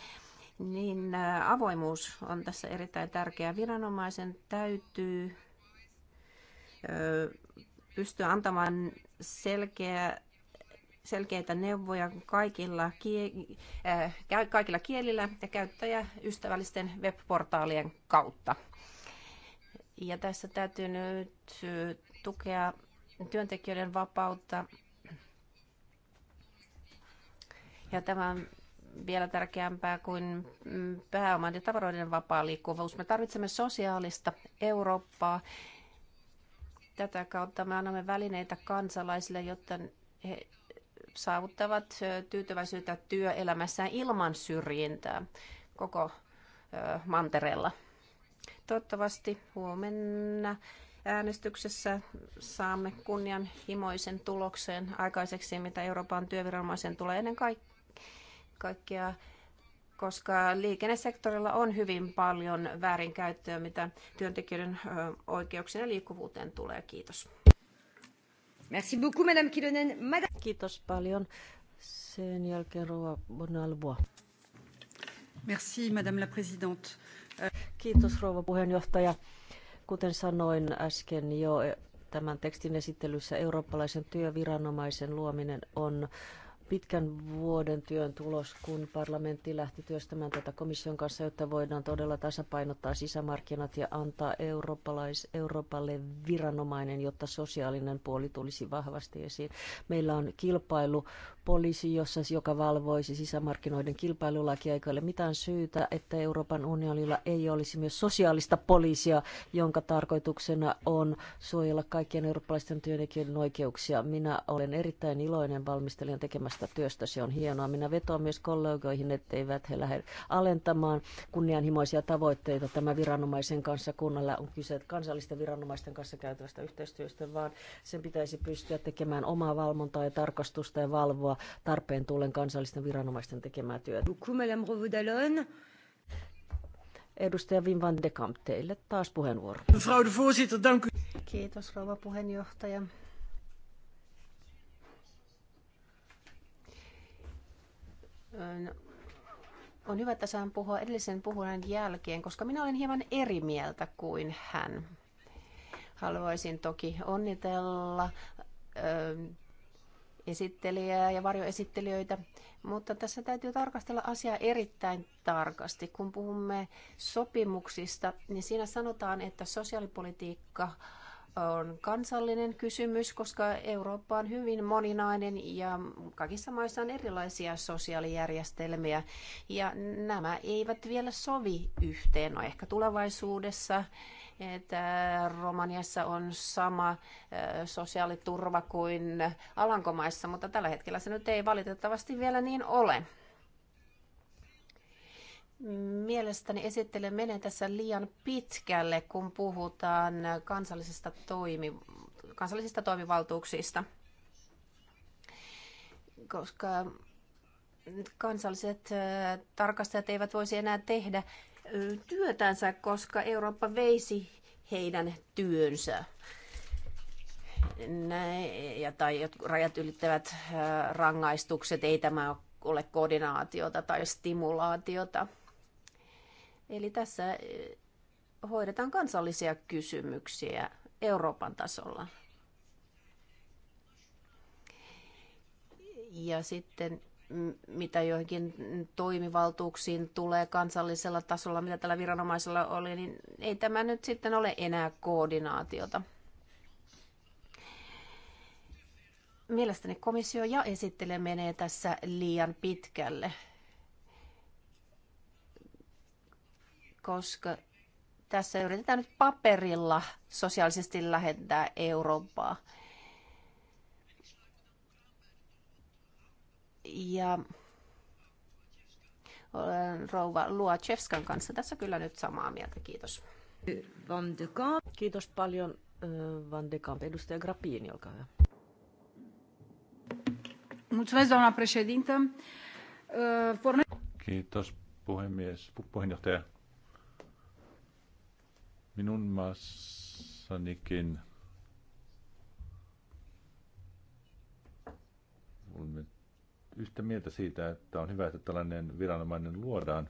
niin avoimuus on tässä erittäin tärkeää. Viranomaisen täytyy pystyä antamaan selkeä selkeitä neuvoja kaikilla, kie, äh, kaikilla kielillä ja käyttäjäystävällisten webportaalien kautta. Ja tässä täytyy nyt äh, tukea työntekijöiden vapautta. Ja tämä on vielä tärkeämpää kuin mm, pääoman ja tavaroiden vapaa liikkuvuus. Me tarvitsemme sosiaalista Eurooppaa. Tätä kautta me annamme välineitä kansalaisille, jotta he saavuttavat tyytyväisyyttä työelämässään ilman syrjintää koko mantereella. Toivottavasti huomenna äänestyksessä saamme kunnianhimoisen tuloksen aikaiseksi, mitä Euroopan työviranomaisen tulee ennen kaikkea, koska liikennesektorilla on hyvin paljon väärinkäyttöä, mitä työntekijöiden oikeuksien ja liikkuvuuteen tulee. Kiitos. Merci beaucoup, Madame Kilonen. Madame... Kiitos paljon. Sen jälkeen Bonalboa. Merci, Madame la Présidente. Kiitos, rouva puheenjohtaja. Kuten sanoin äsken jo, tämän tekstin esittelyssä eurooppalaisen työviranomaisen luominen on pitkän vuoden työn tulos, kun parlamentti lähti työstämään tätä komission kanssa, jotta voidaan todella tasapainottaa sisämarkkinat ja antaa eurooppalais, Euroopalle viranomainen, jotta sosiaalinen puoli tulisi vahvasti esiin. Meillä on kilpailu poliisi, jossa, siis joka valvoisi siis sisämarkkinoiden kilpailulakia, eikä ole mitään syytä, että Euroopan unionilla ei olisi myös sosiaalista poliisia, jonka tarkoituksena on suojella kaikkien eurooppalaisten työntekijöiden oikeuksia. Minä olen erittäin iloinen valmistelijan tekemästä työstä, se on hienoa. Minä vetoan myös kollegoihin, etteivät he lähde alentamaan kunnianhimoisia tavoitteita tämän viranomaisen kanssa, kunnalla on kyse kansallisten viranomaisten kanssa käytävästä yhteistyöstä, vaan sen pitäisi pystyä tekemään omaa valvontaa ja tarkastusta ja valvoa tarpeen tullen kansallisten viranomaisten tekemää työtä. Edustaja Wim van de Kamp, teille taas puheenvuoro. Mevrouw de voorzitter, dank u. Kiitos rouva puheenjohtaja. on hyvä, että saan puhua edellisen puhujan jälkeen, koska minä olen hieman eri mieltä kuin hän. Haluaisin toki onnitella esittelijää ja varjoesittelijöitä, mutta tässä täytyy tarkastella asiaa erittäin tarkasti. Kun puhumme sopimuksista, niin siinä sanotaan, että sosiaalipolitiikka on kansallinen kysymys, koska Eurooppa on hyvin moninainen ja kaikissa maissa on erilaisia sosiaalijärjestelmiä ja nämä eivät vielä sovi yhteen. No ehkä tulevaisuudessa että Romaniassa on sama sosiaaliturva kuin Alankomaissa, mutta tällä hetkellä se nyt ei valitettavasti vielä niin ole. Mielestäni esittelen menee tässä liian pitkälle, kun puhutaan kansallisista, toimi, kansallisista toimivaltuuksista, koska kansalliset tarkastajat eivät voisi enää tehdä työtänsä, koska Eurooppa veisi heidän työnsä. Näin, ja tai rajat ylittävät rangaistukset, ei tämä ole koordinaatiota tai stimulaatiota. Eli tässä hoidetaan kansallisia kysymyksiä Euroopan tasolla. Ja sitten mitä joihinkin toimivaltuuksiin tulee kansallisella tasolla, mitä tällä viranomaisella oli, niin ei tämä nyt sitten ole enää koordinaatiota. Mielestäni komissio ja esittele menee tässä liian pitkälle, koska tässä yritetään nyt paperilla sosiaalisesti lähettää Eurooppaa. ja olen rouva Luachevskan kanssa tässä kyllä nyt samaa mieltä. Kiitos. Van de Kamp. Kiitos paljon Van de Kamp. Edustaja Grappini, olkaa hyvä. Kiitos puhemies, puheenjohtaja. Minun maassanikin yhtä mieltä siitä, että on hyvä, että tällainen viranomainen luodaan,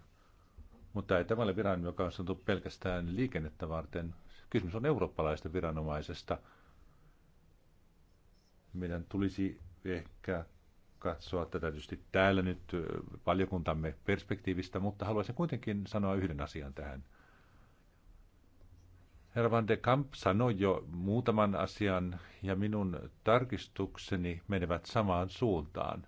mutta ei tämä ole viranomainen, joka on sanottu pelkästään liikennettä varten. Kysymys on eurooppalaista viranomaisesta. Meidän tulisi ehkä katsoa tätä tietysti täällä nyt valiokuntamme perspektiivistä, mutta haluaisin kuitenkin sanoa yhden asian tähän. Herra Van de Kamp sanoi jo muutaman asian ja minun tarkistukseni menevät samaan suuntaan.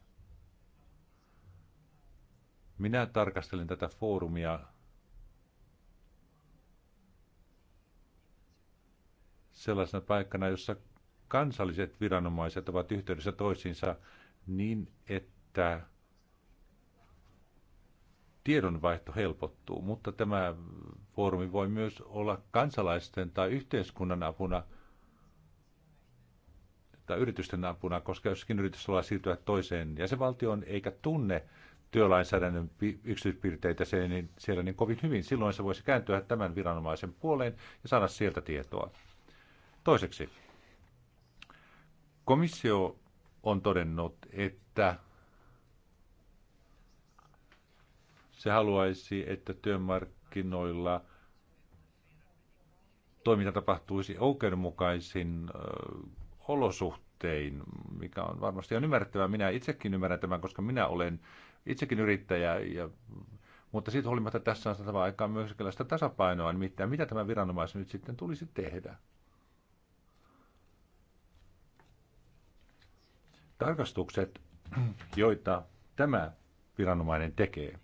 Minä tarkastelen tätä foorumia sellaisena paikkana, jossa kansalliset viranomaiset ovat yhteydessä toisiinsa niin, että tiedonvaihto helpottuu, mutta tämä foorumi voi myös olla kansalaisten tai yhteiskunnan apuna tai yritysten apuna, koska joskin yritys haluaa siirtyä toiseen jäsenvaltioon eikä tunne työlainsäädännön yksityispiirteitä niin siellä niin kovin hyvin, silloin se voisi kääntyä tämän viranomaisen puoleen ja saada sieltä tietoa. Toiseksi, komissio on todennut, että se haluaisi, että työmarkkinoilla toiminta tapahtuisi oikeudenmukaisin olosuhtein, mikä on varmasti on ymmärrettävää. Minä itsekin ymmärrän tämän, koska minä olen itsekin yrittäjä, ja, mutta siitä huolimatta tässä on saatava aikaa myös sitä tasapainoa, nimittäin niin mitä tämä viranomaisen nyt sitten tulisi tehdä. Tarkastukset, joita tämä viranomainen tekee,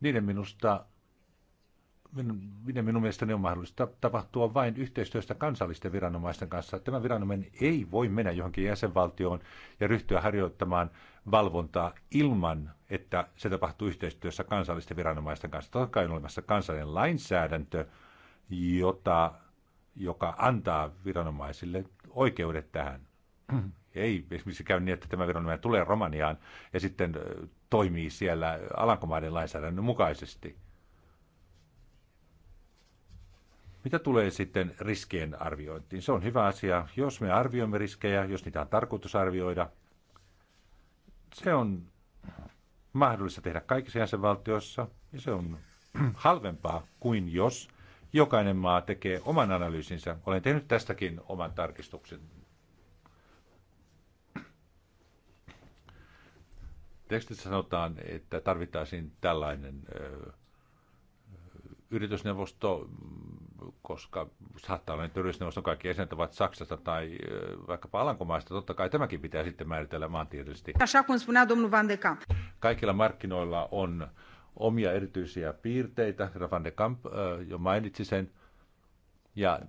niiden minusta minun, minun mielestäni on mahdollista tapahtua vain yhteistyöstä kansallisten viranomaisten kanssa. Tämä viranomainen ei voi mennä johonkin jäsenvaltioon ja ryhtyä harjoittamaan valvontaa ilman, että se tapahtuu yhteistyössä kansallisten viranomaisten kanssa. Totta kai on olemassa kansallinen lainsäädäntö, jota, joka antaa viranomaisille oikeudet tähän. Ei esimerkiksi käy niin, että tämä viranomainen tulee Romaniaan ja sitten toimii siellä Alankomaiden lainsäädännön mukaisesti – Mitä tulee sitten riskien arviointiin? Se on hyvä asia. Jos me arvioimme riskejä, jos niitä on tarkoitus arvioida, se on mahdollista tehdä kaikissa jäsenvaltioissa ja se on halvempaa kuin jos jokainen maa tekee oman analyysinsä. Olen tehnyt tästäkin oman tarkistuksen. Tekstissä sanotaan, että tarvittaisiin tällainen yritysneuvosto, koska saattaa olla, että yritysneuvoston kaikki jäsenet ovat Saksasta tai vaikkapa Alankomaista. Totta kai tämäkin pitää sitten määritellä maantieteellisesti. Kaikilla markkinoilla on omia erityisiä piirteitä. Herra Van de Kamp jo mainitsi sen. Ja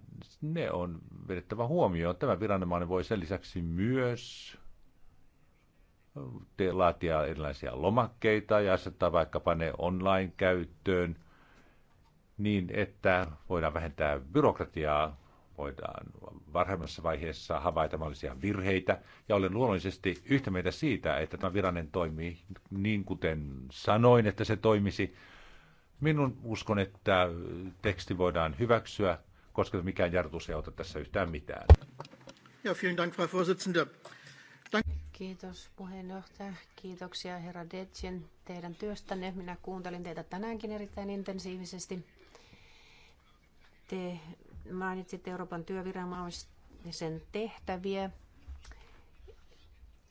ne on vedettävä huomioon. Tämä viranomainen voi sen lisäksi myös laatia erilaisia lomakkeita ja asettaa vaikkapa ne online-käyttöön – niin, että voidaan vähentää byrokratiaa, voidaan varhaimmassa vaiheessa havaita mahdollisia virheitä, ja olen luonnollisesti yhtä mieltä siitä, että tämä viranen toimii niin kuten sanoin, että se toimisi. Minun uskon, että teksti voidaan hyväksyä, koska mikään jarrutus ei auta tässä yhtään mitään. Ja, vielen Dank, Frau Vorsitzende. Dank. Kiitos puheenjohtaja. Kiitoksia herra Detjen teidän työstänne. Minä kuuntelin teitä tänäänkin erittäin intensiivisesti. Te mainitsitte Euroopan työviranomaisen tehtäviä.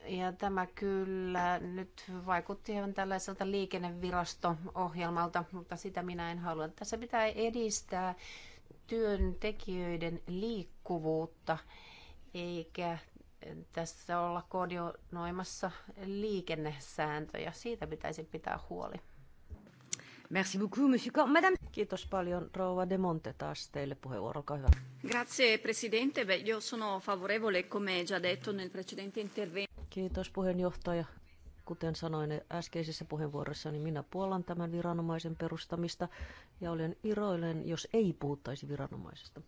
Ja tämä kyllä nyt vaikutti ihan tällaiselta liikennevirasto-ohjelmalta, mutta sitä minä en halua. Tässä pitää edistää työntekijöiden liikkuvuutta, eikä tässä olla koordinoimassa liikennesääntöjä. Siitä pitäisi pitää huoli. Merci beaucoup, monsieur Cor. Madame... Kiitos paljon, rouva De Monte, taas teille puheenvuoro, olkaa hyvä. Grazie, presidente. Beh, io sono favorevole, come già detto nel precedente intervento. Kiitos, puheenjohtaja. Kuten sanoin äskeisessä puheenvuorossa, niin minä puolan tämän viranomaisen perustamista ja olen iroilen, jos ei puhuttaisi viranomaisesta.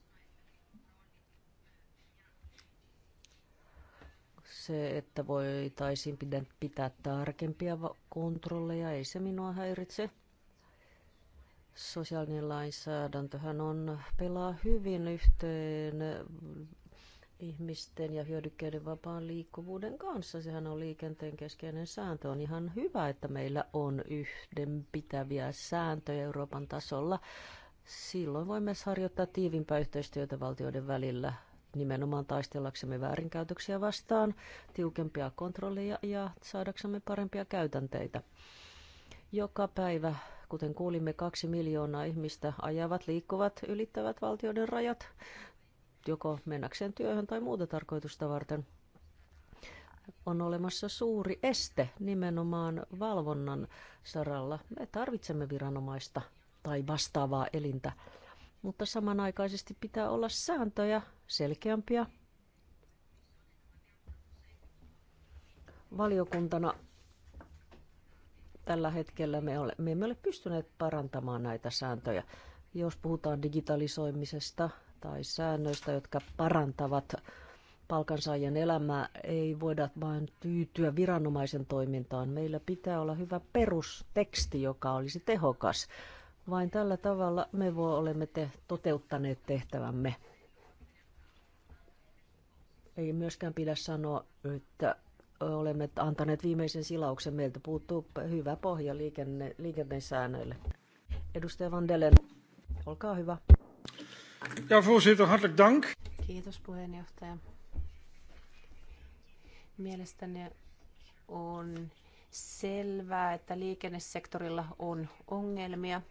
se, että voitaisiin pitää tarkempia kontrolleja, ei se minua häiritse. Sosiaalinen lainsäädäntöhän on, pelaa hyvin yhteen ihmisten ja hyödykkeiden vapaan liikkuvuuden kanssa. Sehän on liikenteen keskeinen sääntö. On ihan hyvä, että meillä on yhdenpitäviä sääntöjä Euroopan tasolla. Silloin voimme harjoittaa tiivimpää yhteistyötä valtioiden välillä nimenomaan taistellaksemme väärinkäytöksiä vastaan, tiukempia kontrolleja ja saadaksemme parempia käytänteitä. Joka päivä Kuten kuulimme, kaksi miljoonaa ihmistä ajavat, liikkuvat, ylittävät valtioiden rajat, joko mennäkseen työhön tai muuta tarkoitusta varten. On olemassa suuri este nimenomaan valvonnan saralla. Me tarvitsemme viranomaista tai vastaavaa elintä, mutta samanaikaisesti pitää olla sääntöjä selkeämpiä, valiokuntana tällä hetkellä me, ole, me emme ole pystyneet parantamaan näitä sääntöjä. Jos puhutaan digitalisoimisesta tai säännöistä, jotka parantavat palkansaajien elämää, ei voida vain tyytyä viranomaisen toimintaan. Meillä pitää olla hyvä perusteksti, joka olisi tehokas. Vain tällä tavalla me voi, olemme te, toteuttaneet tehtävämme. Ei myöskään pidä sanoa, että olemme antaneet viimeisen silauksen. Meiltä puuttuu hyvä pohja liikenne, liikenteen säännöille. Edustaja Van Delen, olkaa hyvä. Ja voorzitter, hartelijk dank. Kiitos puheenjohtaja. Mielestäni on selvää, että liikennesektorilla on ongelmia.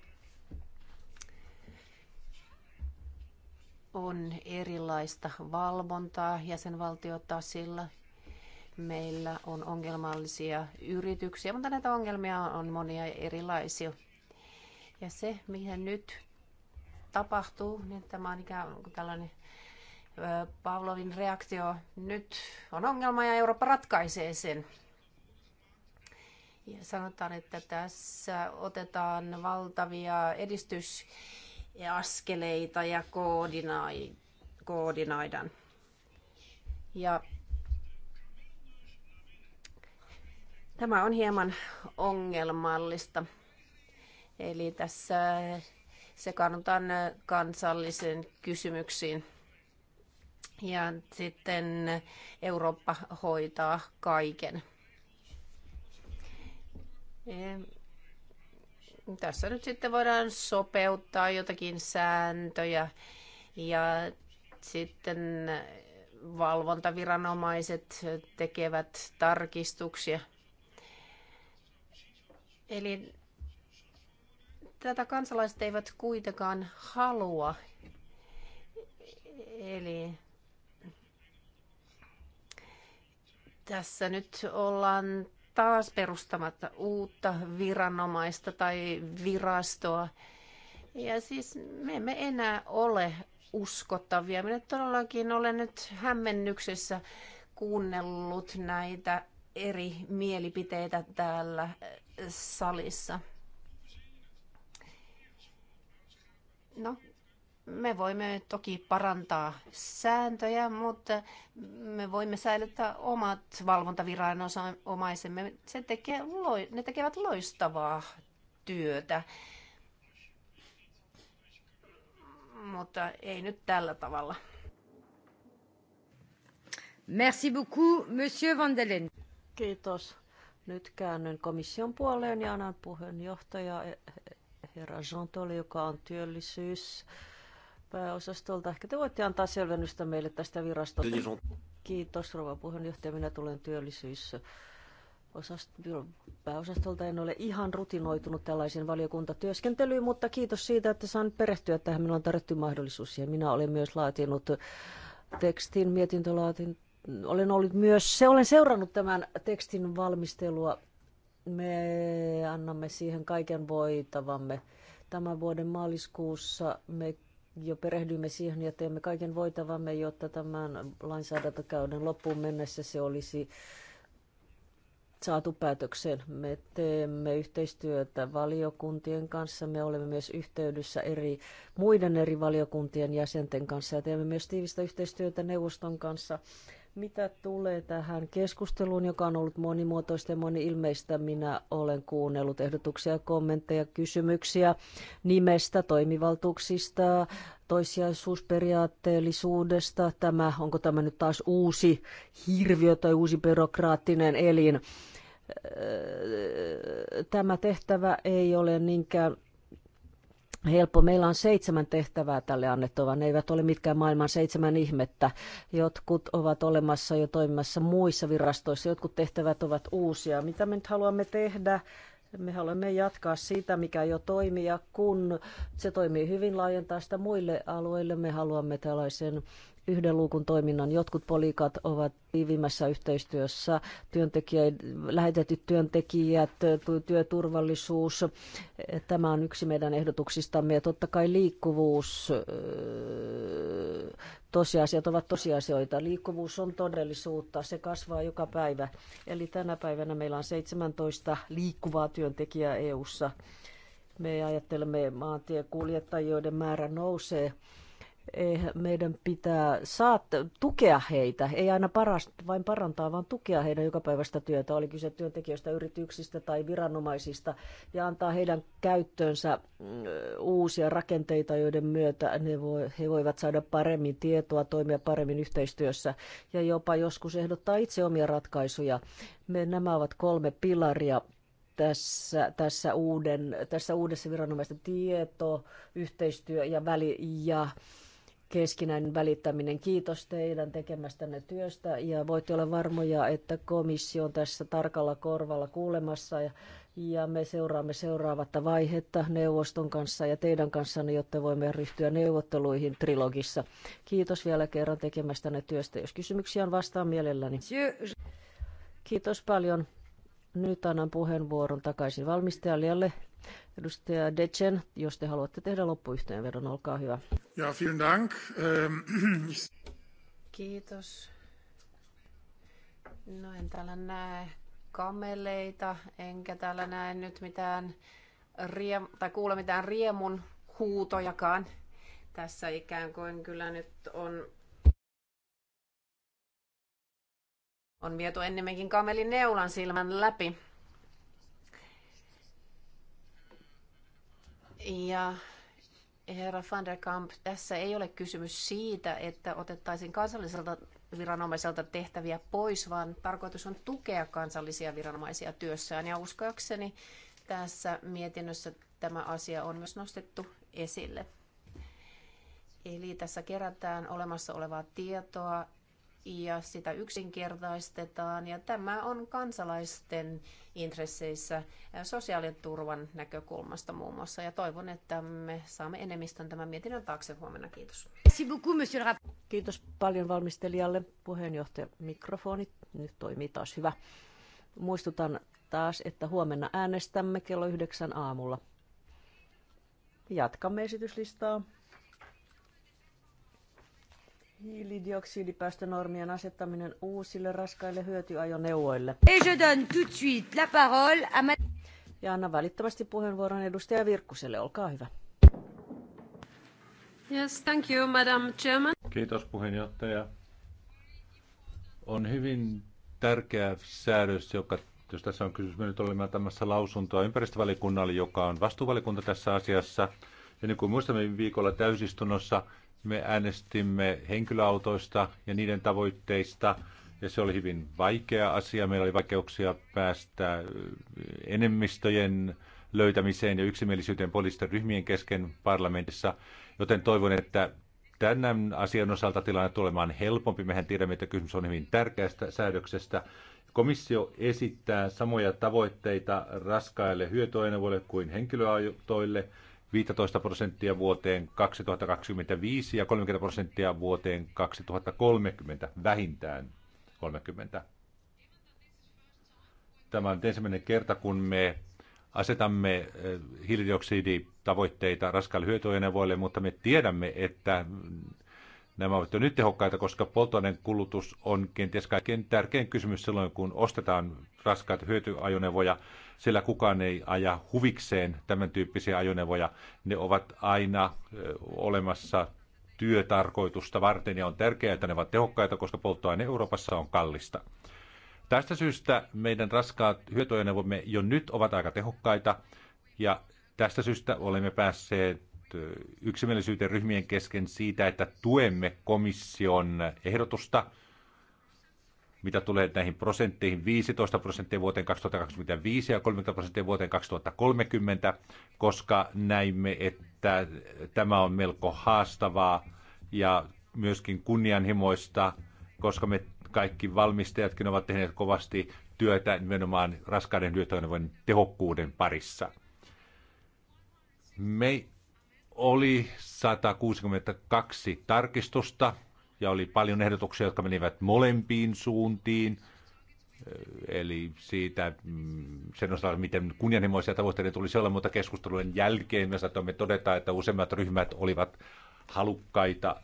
On erilaista valvontaa jäsenvaltiotasilla, sillä meillä on ongelmallisia yrityksiä, mutta näitä ongelmia on monia erilaisia. Ja se, mihin nyt tapahtuu, niin tämä on ikään kuin tällainen Pavlovin reaktio. Nyt on ongelma ja Eurooppa ratkaisee sen. Ja sanotaan, että tässä otetaan valtavia edistysaskeleita ja koordinoi, koordinoidaan. Ja Tämä on hieman ongelmallista. Eli tässä sekaannutaan kansallisiin kysymyksiin. Ja sitten Eurooppa hoitaa kaiken. E, tässä nyt sitten voidaan sopeuttaa jotakin sääntöjä ja sitten valvontaviranomaiset tekevät tarkistuksia – Eli tätä kansalaiset eivät kuitenkaan halua. Eli tässä nyt ollaan taas perustamatta uutta viranomaista tai virastoa. Ja siis me emme enää ole uskottavia. Minä todellakin olen nyt hämmennyksessä kuunnellut näitä eri mielipiteitä täällä salissa. No, me voimme toki parantaa sääntöjä, mutta me voimme säilyttää omat valvontaviranomaisemme. Se tekee, ne tekevät loistavaa työtä. Mutta ei nyt tällä tavalla. Merci beaucoup, monsieur Vandelen. Kiitos. Nyt käännyn komission puoleen ja annan puheenjohtaja eh, eh, herra Jean joka on työllisyys pääosastolta. Ehkä te voitte antaa selvennystä meille tästä virastosta. Kiitos rouva puheenjohtaja. Minä tulen työllisyys pääosastolta. En ole ihan rutinoitunut tällaisen valiokuntatyöskentelyyn, mutta kiitos siitä, että saan perehtyä tähän. Minulla on tarjottu mahdollisuus ja minä olen myös laatinut tekstin, mietintölaatin olen ollut myös, se olen seurannut tämän tekstin valmistelua. Me annamme siihen kaiken voitavamme. Tämän vuoden maaliskuussa me jo perehdyimme siihen ja teemme kaiken voitavamme, jotta tämän lainsäädäntökäyden loppuun mennessä se olisi saatu päätökseen. Me teemme yhteistyötä valiokuntien kanssa. Me olemme myös yhteydessä eri, muiden eri valiokuntien jäsenten kanssa ja teemme myös tiivistä yhteistyötä neuvoston kanssa mitä tulee tähän keskusteluun, joka on ollut monimuotoista ja moni-ilmeistä, minä olen kuunnellut ehdotuksia, kommentteja, kysymyksiä nimestä, toimivaltuuksista, toissijaisuusperiaatteellisuudesta. Tämä, onko tämä nyt taas uusi hirviö tai uusi byrokraattinen elin? Tämä tehtävä ei ole niinkään helppo. Meillä on seitsemän tehtävää tälle annettava. Ne eivät ole mitkään maailman seitsemän ihmettä. Jotkut ovat olemassa jo toimimassa muissa virastoissa. Jotkut tehtävät ovat uusia. Mitä me nyt haluamme tehdä? Me haluamme jatkaa siitä, mikä jo toimii, ja kun se toimii hyvin, laajentaa sitä muille alueille. Me haluamme tällaisen yhden luukun toiminnan. Jotkut poliikat ovat tiivimmässä yhteistyössä, lähetetyt työntekijät, työturvallisuus. Tämä on yksi meidän ehdotuksistamme. Ja totta kai liikkuvuus, tosiasiat ovat tosiasioita. Liikkuvuus on todellisuutta, se kasvaa joka päivä. Eli tänä päivänä meillä on 17 liikkuvaa työntekijää EU:ssa. Me ajattelemme maantiekuljettajien määrä nousee Eh, meidän pitää saat, tukea heitä, ei aina paras, vain parantaa, vaan tukea heidän jokapäiväistä työtä, oli kyse työntekijöistä, yrityksistä tai viranomaisista, ja antaa heidän käyttöönsä mm, uusia rakenteita, joiden myötä ne voi, he voivat saada paremmin tietoa, toimia paremmin yhteistyössä ja jopa joskus ehdottaa itse omia ratkaisuja. Me, nämä ovat kolme pilaria tässä, tässä, uuden, tässä uudessa viranomaisten tieto, yhteistyö ja väli ja keskinäinen välittäminen. Kiitos teidän tekemästänne työstä ja voitte olla varmoja, että komissio on tässä tarkalla korvalla kuulemassa ja, ja me seuraamme seuraavatta vaihetta neuvoston kanssa ja teidän kanssanne, jotta voimme ryhtyä neuvotteluihin trilogissa. Kiitos vielä kerran tekemästänne työstä. Jos kysymyksiä on, vastaan mielelläni. Kiitos paljon. Nyt annan puheenvuoron takaisin valmistajalle Edustaja Dechen, jos te haluatte tehdä loppuyhteenvedon, olkaa hyvä. Ja, vielen dank. Ähm, Kiitos. No en täällä näe kameleita, enkä täällä näe nyt mitään riem- tai kuule mitään riemun huutojakaan. Tässä ikään kuin kyllä nyt on on vietu ennemminkin kamelin neulan silmän läpi. Ja herra van der Kamp, tässä ei ole kysymys siitä, että otettaisiin kansalliselta viranomaiselta tehtäviä pois, vaan tarkoitus on tukea kansallisia viranomaisia työssään. Ja uskoakseni tässä mietinnössä tämä asia on myös nostettu esille. Eli tässä kerätään olemassa olevaa tietoa ja sitä yksinkertaistetaan. Ja tämä on kansalaisten intresseissä sosiaaliturvan näkökulmasta muun muassa. Ja toivon, että me saamme enemmistön tämän mietinnön taakse huomenna. Kiitos. Kiitos paljon valmistelijalle. Puheenjohtaja mikrofoni. nyt toimii taas hyvä. Muistutan taas, että huomenna äänestämme kello yhdeksän aamulla. Jatkamme esityslistaa. Hiilidioksidipäästönormien asettaminen uusille raskaille hyötyajoneuvoille. Ja anna välittömästi puheenvuoron edustaja Virkkuselle, olkaa hyvä. Yes, thank you, Madam Chairman. Kiitos puheenjohtaja. On hyvin tärkeä säädös, joka, jos tässä on kysymys, me nyt olemme antamassa lausuntoa ympäristövaliokunnalle, joka on vastuuvalikunta tässä asiassa. Ja niin kuin muistamme viikolla täysistunnossa, me äänestimme henkilöautoista ja niiden tavoitteista, ja se oli hyvin vaikea asia. Meillä oli vaikeuksia päästä äh, enemmistöjen löytämiseen ja yksimielisyyteen poliittisten ryhmien kesken parlamentissa, joten toivon, että tämän asian osalta tilanne tulee olemaan helpompi. Mehän tiedämme, että kysymys on hyvin tärkeästä säädöksestä. Komissio esittää samoja tavoitteita raskaille hyötyajoneuvoille kuin henkilöautoille – 15 prosenttia vuoteen 2025 ja 30 prosenttia vuoteen 2030 vähintään 30. Tämä on ensimmäinen kerta, kun me asetamme eh, hiilidioksiditavoitteita raskaille hyötyajoneuvoille, mutta me tiedämme, että nämä ovat jo nyt tehokkaita, koska polttoaineen kulutus on kenties kaikkein tärkein kysymys silloin, kun ostetaan raskaita hyötyajoneuvoja sillä kukaan ei aja huvikseen tämän tyyppisiä ajoneuvoja. Ne ovat aina olemassa työtarkoitusta varten ja on tärkeää, että ne ovat tehokkaita, koska polttoaine Euroopassa on kallista. Tästä syystä meidän raskaat hyötyajoneuvomme jo nyt ovat aika tehokkaita ja tästä syystä olemme päässeet yksimielisyyteen ryhmien kesken siitä, että tuemme komission ehdotusta – mitä tulee näihin prosentteihin, 15 prosenttia vuoteen 2025 ja 30 prosenttia vuoteen 2030, koska näimme, että tämä on melko haastavaa ja myöskin kunnianhimoista, koska me kaikki valmistajatkin ovat tehneet kovasti työtä nimenomaan raskaiden hyötyönevojen tehokkuuden parissa. Me oli 162 tarkistusta ja oli paljon ehdotuksia, jotka menivät molempiin suuntiin. Eli siitä mm, sen osalta, miten kunnianhimoisia tavoitteita tulisi olla, mutta keskustelujen jälkeen me saatamme todeta, että useimmat ryhmät olivat halukkaita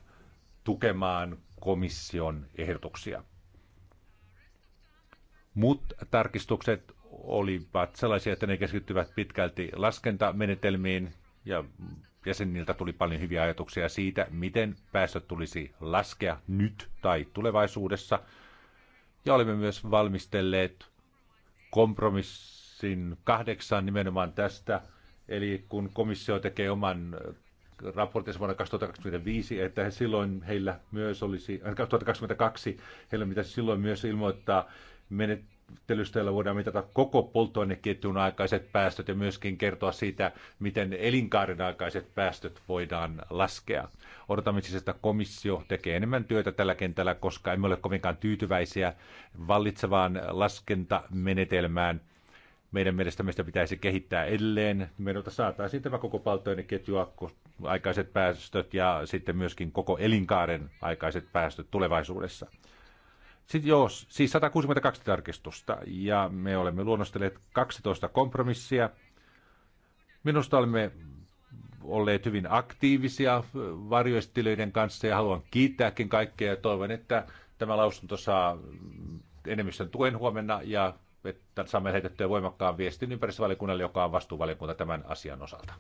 tukemaan komission ehdotuksia. mutta tarkistukset olivat sellaisia, että ne keskittyvät pitkälti laskentamenetelmiin ja jäseniltä tuli paljon hyviä ajatuksia siitä, miten päästöt tulisi laskea nyt tai tulevaisuudessa. Ja olimme myös valmistelleet kompromissin kahdeksan nimenomaan tästä, eli kun komissio tekee oman raportissa vuonna 2025, että he silloin heillä myös olisi, 2022 äh, heillä pitäisi silloin myös ilmoittaa menet, joilla voidaan mitata koko polttoaineketjun aikaiset päästöt ja myöskin kertoa siitä, miten elinkaaren aikaiset päästöt voidaan laskea. Odotamme siis, että komissio tekee enemmän työtä tällä kentällä, koska emme ole kovinkaan tyytyväisiä vallitsevaan laskentamenetelmään. Meidän mielestämme sitä pitäisi kehittää edelleen. Meidän saataisiin tämä koko polttoaineketju aikaiset päästöt ja sitten myöskin koko elinkaaren aikaiset päästöt tulevaisuudessa. Sitten joo, siis 162 tarkistusta ja me olemme luonnostelleet 12 kompromissia. Minusta olemme olleet hyvin aktiivisia varjoistilöiden kanssa ja haluan kiittääkin kaikkea ja toivon, että tämä lausunto saa enemmistön tuen huomenna ja että saamme lähetettyä voimakkaan viestin ympäristövaliokunnalle, joka on vastuuvaliokunta tämän asian osalta.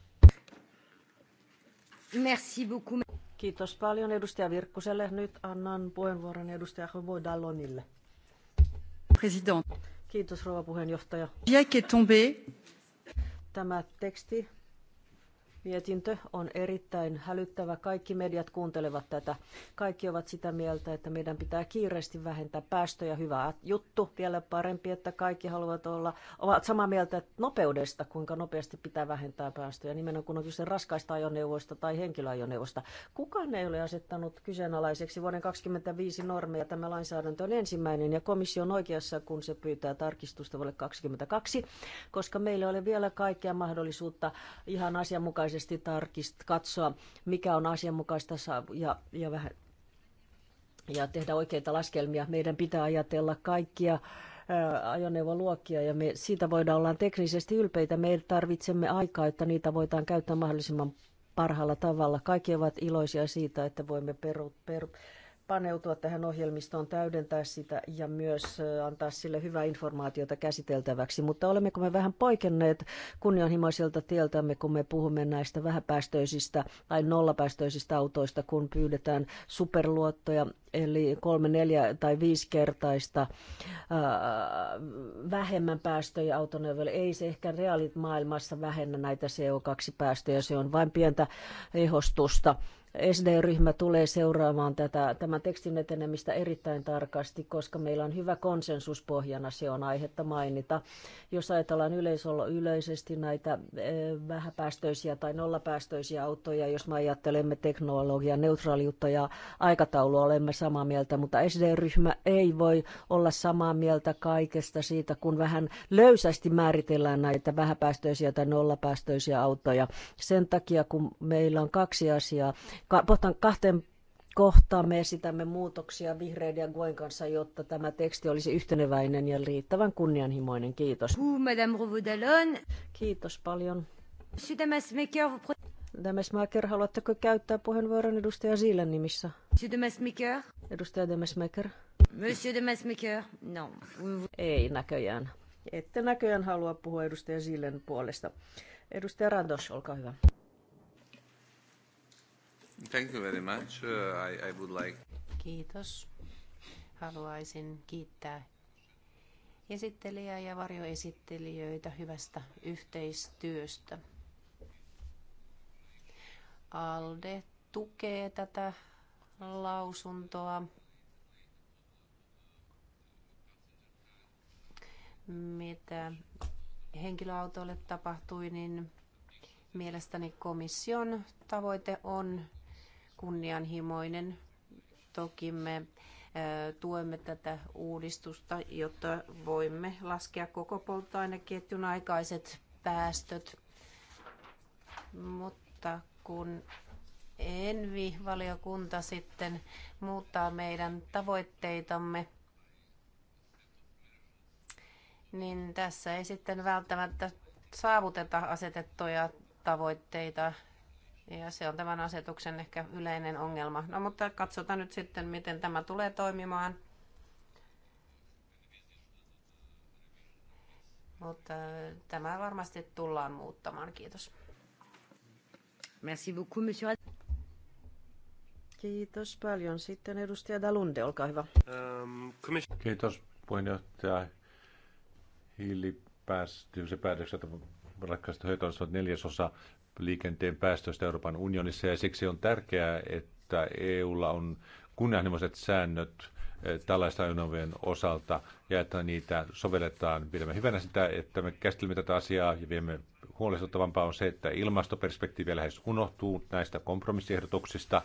Merci beaucoup. Kiitos paljon edustaja Virkkuselle. Nyt annan puheenvuoron edustaja Hovoi Dallonille. President. Kiitos rouva puheenjohtaja. Tämä teksti Mietintö on erittäin hälyttävä. Kaikki mediat kuuntelevat tätä. Kaikki ovat sitä mieltä, että meidän pitää kiireesti vähentää päästöjä. Hyvä juttu. Vielä parempi, että kaikki haluavat olla, ovat samaa mieltä nopeudesta, kuinka nopeasti pitää vähentää päästöjä. Nimenomaan kun on kyse raskaista ajoneuvoista tai henkilöajoneuvoista. Kukaan ei ole asettanut kyseenalaiseksi vuoden 2025 normeja. Tämä lainsäädäntö on ensimmäinen ja komissio on oikeassa, kun se pyytää tarkistusta vuodelle 2022, koska meillä ei ole vielä kaikkea mahdollisuutta ihan asianmukaisesti asianmukaisesti tarkist, katsoa, mikä on asianmukaista ja, ja, vähän, ja tehdä oikeita laskelmia. Meidän pitää ajatella kaikkia ajoneuvoluokkia ja me siitä voidaan olla teknisesti ylpeitä. Me tarvitsemme aikaa, että niitä voidaan käyttää mahdollisimman parhaalla tavalla. Kaikki ovat iloisia siitä, että voimme peru, peru, paneutua tähän ohjelmistoon, täydentää sitä ja myös antaa sille hyvää informaatiota käsiteltäväksi. Mutta olemmeko me vähän poikenneet kunnianhimoiselta tieltämme, kun me puhumme näistä vähäpäästöisistä tai nollapäästöisistä autoista, kun pyydetään superluottoja, eli kolme, neljä tai viisi kertaista ää, vähemmän päästöjä autoneuvoille. Ei se ehkä reaalit maailmassa vähennä näitä CO2-päästöjä, se on vain pientä ehostusta SD-ryhmä tulee seuraamaan tätä, tämän tekstin etenemistä erittäin tarkasti, koska meillä on hyvä konsensus pohjana, se on aihetta mainita. Jos ajatellaan yleisolo yleisesti näitä eh, vähäpäästöisiä tai nollapäästöisiä autoja, jos me ajattelemme teknologian neutraaliutta ja aikataulua, olemme samaa mieltä, mutta SD-ryhmä ei voi olla samaa mieltä kaikesta siitä, kun vähän löysästi määritellään näitä vähäpäästöisiä tai nollapäästöisiä autoja. Sen takia, kun meillä on kaksi asiaa, Pohtan kahteen kohtaan me esitämme muutoksia vihreiden ja Guen kanssa, jotta tämä teksti olisi yhteneväinen ja riittävän kunnianhimoinen. Kiitos. Kiitos paljon. Demesmaker, haluatteko käyttää puheenvuoron edustaja Zilen nimissä? Monsieur Demesmaker. Edustaja Demesmaker. Monsieur Demesmaker, no. Ei näköjään. Ette näköjään halua puhua edustaja Zilen puolesta. Edustaja Randos, olkaa hyvä. Thank you very much. Uh, I, I would like... Kiitos. Haluaisin kiittää esittelijää ja varjoesittelijöitä hyvästä yhteistyöstä. ALDE tukee tätä lausuntoa. Mitä henkilöautoille tapahtui, niin mielestäni komission tavoite on kunnianhimoinen. Toki me tuemme tätä uudistusta, jotta voimme laskea koko polttoaineketjun aikaiset päästöt. Mutta kun Envi-valiokunta sitten muuttaa meidän tavoitteitamme, niin tässä ei sitten välttämättä saavuteta asetettuja tavoitteita ja se on tämän asetuksen ehkä yleinen ongelma. No mutta katsotaan nyt sitten, miten tämä tulee toimimaan. Mutta äh, tämä varmasti tullaan muuttamaan. Kiitos. Merci beaucoup, monsieur. Kiitos paljon. Sitten edustaja Dalunde, olkaa hyvä. Ähm, Kiitos puheenjohtaja. Hiilipäästöyksen päätökset ratkaisut on neljäsosa liikenteen päästöistä Euroopan unionissa ja siksi on tärkeää, että EUlla on kunnianhimoiset säännöt eh, tällaista ajoneuvojen osalta ja että niitä sovelletaan. Pidämme hyvänä sitä, että me käsittelemme tätä asiaa ja viemme huolestuttavampaa on se, että ilmastoperspektiivi lähes unohtuu näistä kompromissiehdotuksista.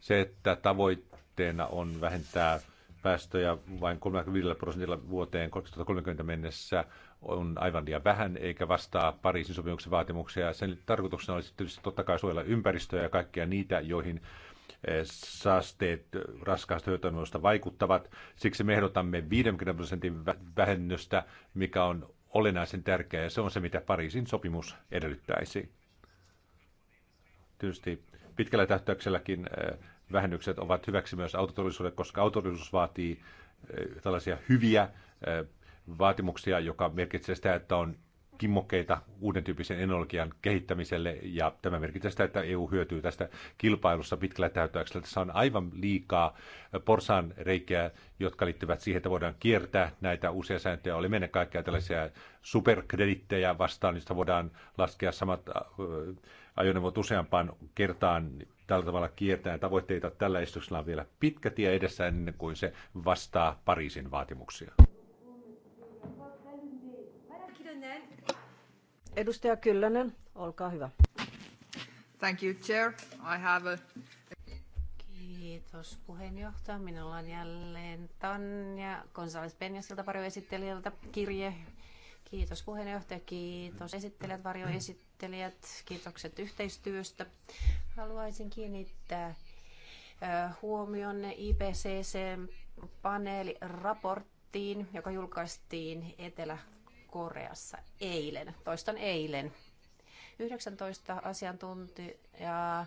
Se, että tavoitteena on vähentää päästöjä vain 35 prosentilla vuoteen 2030 mennessä on aivan liian vähän eikä vastaa Pariisin sopimuksen vaatimuksia. Sen tarkoituksena olisi tietysti totta kai suojella ympäristöä ja kaikkia niitä, joihin eh, saasteet raskaasta hyötymistä vaikuttavat. Siksi me ehdotamme 50 prosentin vähennystä, mikä on olennaisen tärkeää ja se on se, mitä Pariisin sopimus edellyttäisi. Tietysti pitkällä tähtäykselläkin eh, vähennykset ovat hyväksi myös autoteollisuudelle, koska autoteollisuus vaatii eh, tällaisia hyviä eh, vaatimuksia, joka merkitsee sitä, että on kimmokkeita uuden tyyppisen energian kehittämiselle, ja tämä merkitsee sitä, että EU hyötyy tästä kilpailussa pitkällä täytäyksellä. Tässä on aivan liikaa porsan reikiä, jotka liittyvät siihen, että voidaan kiertää näitä uusia sääntöjä. Oli mennä kaikkia tällaisia superkredittejä vastaan, joista voidaan laskea samat eh, ajoneuvot useampaan kertaan tällä tavalla kiertäen tavoitteita. Tällä esityksellä on vielä pitkä tie edessä ennen kuin se vastaa Pariisin vaatimuksia. Edustaja Kyllönen, olkaa hyvä. Thank you, Chair. I have a... Kiitos puheenjohtaja. Minulla on jälleen Tanja Gonzales Penjasilta esittelijältä kirje Kiitos puheenjohtaja, kiitos esittelijät, varjoesittelijät, kiitokset yhteistyöstä. Haluaisin kiinnittää huomionne IPCC-paneeliraporttiin, joka julkaistiin Etelä-Koreassa eilen, toistan eilen. 19 asiantuntijaa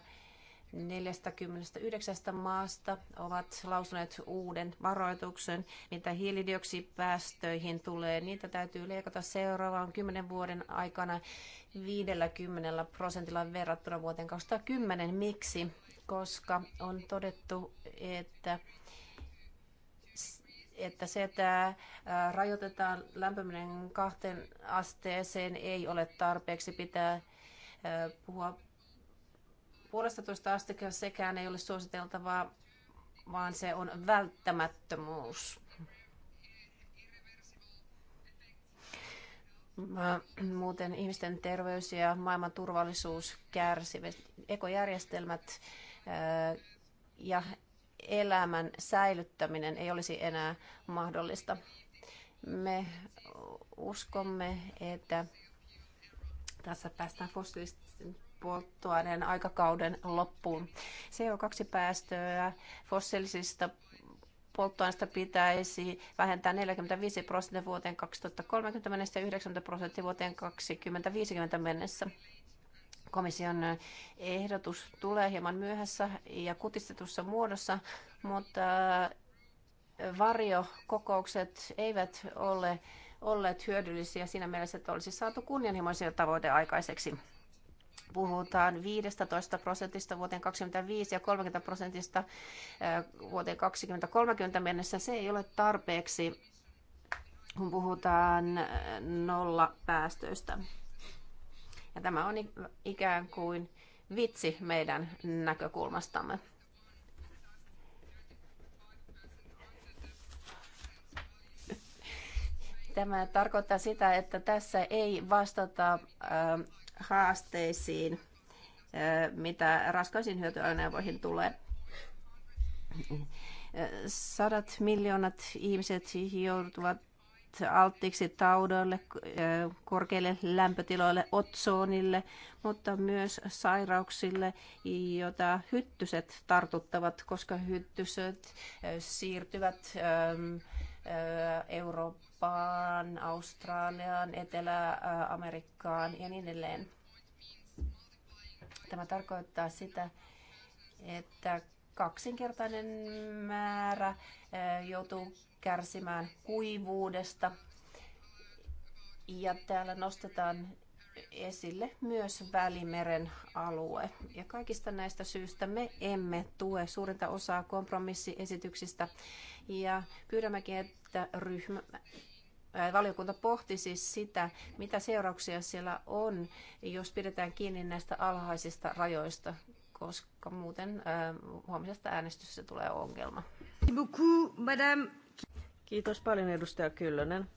49 maasta ovat lausuneet uuden varoituksen, mitä hiilidioksidipäästöihin tulee. Niitä täytyy leikata seuraavan 10 vuoden aikana 50 prosentilla verrattuna vuoteen 2010. Miksi? Koska on todettu, että että se, että rajoitetaan lämpöminen kahteen asteeseen, ei ole tarpeeksi. Pitää puhua puolestatoista astekka sekään ei ole suositeltavaa, vaan se on välttämättömyys. Muuten ihmisten terveys ja maailman turvallisuus kärsivät. Ekojärjestelmät äh, ja elämän säilyttäminen ei olisi enää mahdollista. Me uskomme, että tässä päästään fossiilisista polttoaineen aikakauden loppuun. CO2-päästöä fossiilisista polttoaineista pitäisi vähentää 45 prosenttia vuoteen 2030 mennessä ja 90 prosenttia vuoteen 2050 mennessä. Komission ehdotus tulee hieman myöhässä ja kutistetussa muodossa, mutta varjokokoukset eivät ole olleet hyödyllisiä siinä mielessä, että olisi saatu kunnianhimoisia tavoite aikaiseksi puhutaan 15 prosentista vuoteen 2025 ja 30 prosentista vuoteen 2030 mennessä. Se ei ole tarpeeksi, kun puhutaan nolla päästöistä. Ja tämä on ikään kuin vitsi meidän näkökulmastamme. Tämä tarkoittaa sitä, että tässä ei vastata haasteisiin, mitä raskaisiin hyötyajoneuvoihin tulee. Sadat miljoonat ihmiset joutuvat alttiiksi taudoille, korkeille lämpötiloille, otsoonille, mutta myös sairauksille, joita hyttyset tartuttavat, koska hyttyset siirtyvät Eurooppaan Eurooppaan, Australiaan, Etelä-Amerikkaan ja niin edelleen. Tämä tarkoittaa sitä, että kaksinkertainen määrä joutuu kärsimään kuivuudesta. Ja täällä nostetaan esille myös Välimeren alue. Ja kaikista näistä syistä me emme tue suurinta osaa kompromissiesityksistä ja pyydämmekin, että ryhmä, valiokunta pohti siis sitä, mitä seurauksia siellä on, jos pidetään kiinni näistä alhaisista rajoista, koska muuten huomisesta äänestyssä tulee ongelma. Kiitos paljon edustaja Kyllönen.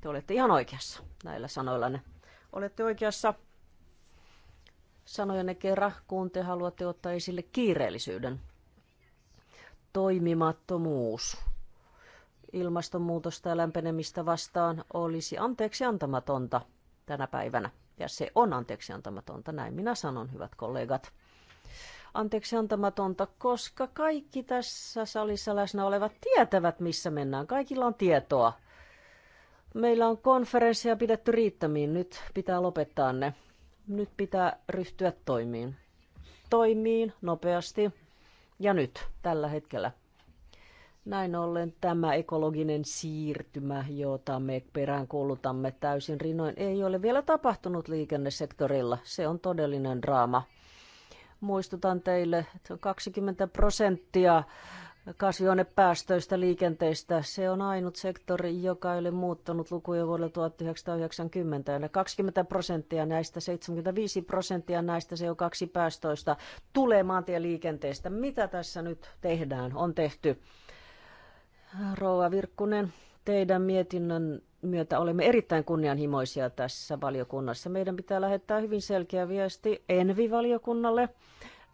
Te olette ihan oikeassa näillä sanoillanne. Olette oikeassa sanojenne kerran, kun te haluatte ottaa esille kiireellisyyden. Toimimattomuus ilmastonmuutosta ja lämpenemistä vastaan olisi anteeksi antamatonta tänä päivänä. Ja se on anteeksi antamatonta, näin minä sanon, hyvät kollegat. Anteeksi antamatonta, koska kaikki tässä salissa läsnä olevat tietävät, missä mennään. Kaikilla on tietoa. Meillä on konferenssia pidetty riittämiin, nyt pitää lopettaa ne. Nyt pitää ryhtyä toimiin. Toimiin nopeasti ja nyt, tällä hetkellä. Näin ollen tämä ekologinen siirtymä, jota me peräänkuulutamme täysin rinoin, ei ole vielä tapahtunut liikennesektorilla. Se on todellinen draama. Muistutan teille, että 20 prosenttia kasvihuonepäästöistä liikenteestä. Se on ainut sektori, joka ei ole muuttanut lukuja vuodelta 1990. Ja 20 prosenttia näistä, 75 prosenttia näistä CO2-päästöistä tulee maantieliikenteestä. Mitä tässä nyt tehdään, on tehty? Rouva Virkkunen, teidän mietinnön myötä olemme erittäin kunnianhimoisia tässä valiokunnassa. Meidän pitää lähettää hyvin selkeä viesti Envi-valiokunnalle.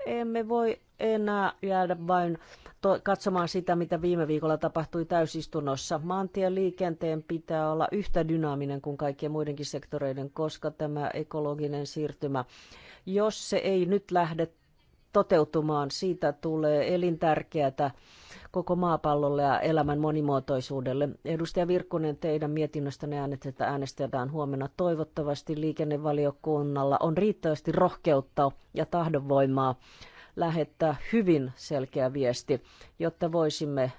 Emme voi enää jäädä vain to- katsomaan sitä, mitä viime viikolla tapahtui täysistunnossa. Maantien liikenteen pitää olla yhtä dynaaminen kuin kaikkien muidenkin sektoreiden, koska tämä ekologinen siirtymä, jos se ei nyt lähde toteutumaan. Siitä tulee elintärkeätä koko maapallolle ja elämän monimuotoisuudelle. Edustaja Virkkunen, teidän mietinnöstänne että äänestetään huomenna. Toivottavasti liikennevaliokunnalla on riittävästi rohkeutta ja tahdonvoimaa lähettää hyvin selkeä viesti, jotta voisimme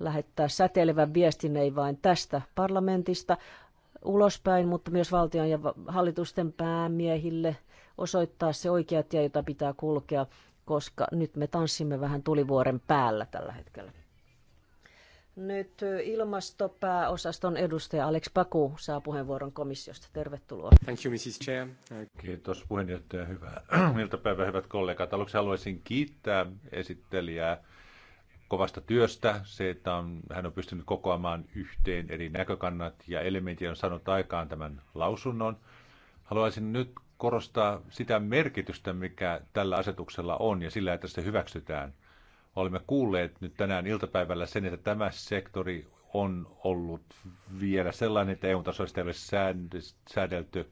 lähettää säteilevän viestin ei vain tästä parlamentista, ulospäin, mutta myös valtion ja hallitusten päämiehille, osoittaa se oikea tie, jota pitää kulkea, koska nyt me tanssimme vähän tulivuoren päällä tällä hetkellä. Nyt ilmastopääosaston edustaja Alex Paku saa puheenvuoron komissiosta. Tervetuloa. Thank you, Mrs. Chair. Kiitos puheenjohtaja. Hyvää iltapäivää, hyvät kollegat. Aluksi haluaisin kiittää esittelijää kovasta työstä. Se, että on, hän on pystynyt kokoamaan yhteen eri näkökannat ja elementit on saanut aikaan tämän lausunnon. Haluaisin nyt korostaa sitä merkitystä, mikä tällä asetuksella on ja sillä, että se hyväksytään. Olemme kuulleet nyt tänään iltapäivällä sen, että tämä sektori on ollut vielä sellainen, että EU-tasoista ei ole säädelty.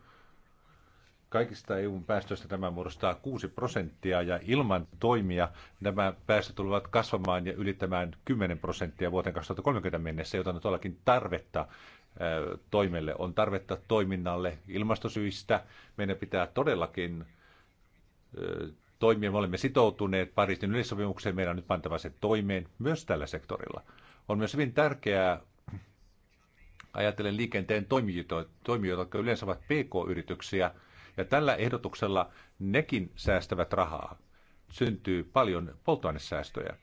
Kaikista EUn päästöistä tämä muodostaa 6 prosenttia ja ilman toimia nämä päästöt tulevat kasvamaan ja ylittämään 10 prosenttia vuoteen 2030 mennessä, joten on todellakin tarvetta toimelle. On tarvetta toiminnalle ilmastosyistä. Meidän pitää todellakin toimia. Me olemme sitoutuneet Pariisin yleissopimukseen. Meidän on nyt pantava se toimeen myös tällä sektorilla. On myös hyvin tärkeää ajatellen liikenteen toimijoita, toimijoita jotka yleensä ovat PK-yrityksiä, ja tällä ehdotuksella nekin säästävät rahaa. Syntyy paljon polttoainesäästöjä.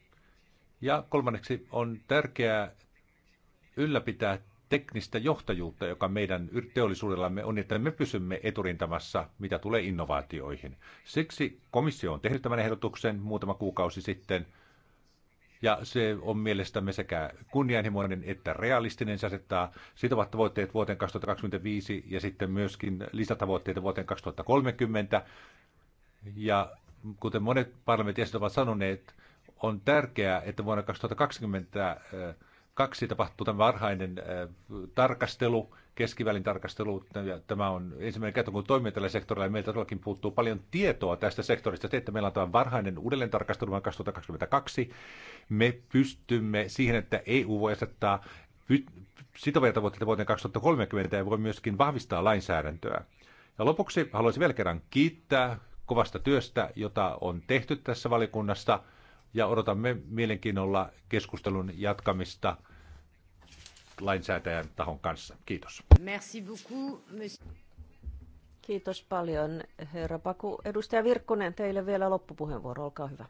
Ja kolmanneksi on tärkeää ylläpitää teknistä johtajuutta, joka meidän teollisuudellamme on, että me pysymme eturintamassa, mitä tulee innovaatioihin. Siksi komissio on tehnyt tämän ehdotuksen muutama kuukausi sitten, ja se on mielestämme sekä kunnianhimoinen että realistinen. Se asettaa sitovat tavoitteet vuoteen 2025 ja sitten myöskin lisätavoitteita vuoteen 2030. Ja kuten monet parlamentin ovat sanoneet, on tärkeää, että vuonna 2020 Kaksi tapahtuu tämä varhainen äh, tarkastelu, keskivälin tarkastelu. Tämä on ensimmäinen kerta, kun toimii tällä sektorilla ja meiltä todellakin puuttuu paljon tietoa tästä sektorista. Se, että meillä on tämä varhainen uudelleen tarkastelu vuonna 2022, me pystymme siihen, että EU voi asettaa sitovia tavoitteita vuoteen 2030 ja voi myöskin vahvistaa lainsäädäntöä. Ja lopuksi haluaisin vielä kerran kiittää kovasta työstä, jota on tehty tässä valikunnassa ja odotamme mielenkiinnolla keskustelun jatkamista – lainsäätäjän tahon kanssa. Kiitos. Merci beaucoup, monsieur. Kiitos paljon, herra Paku. Edustaja Virkkunen, teille vielä loppupuheenvuoro, olkaa hyvä.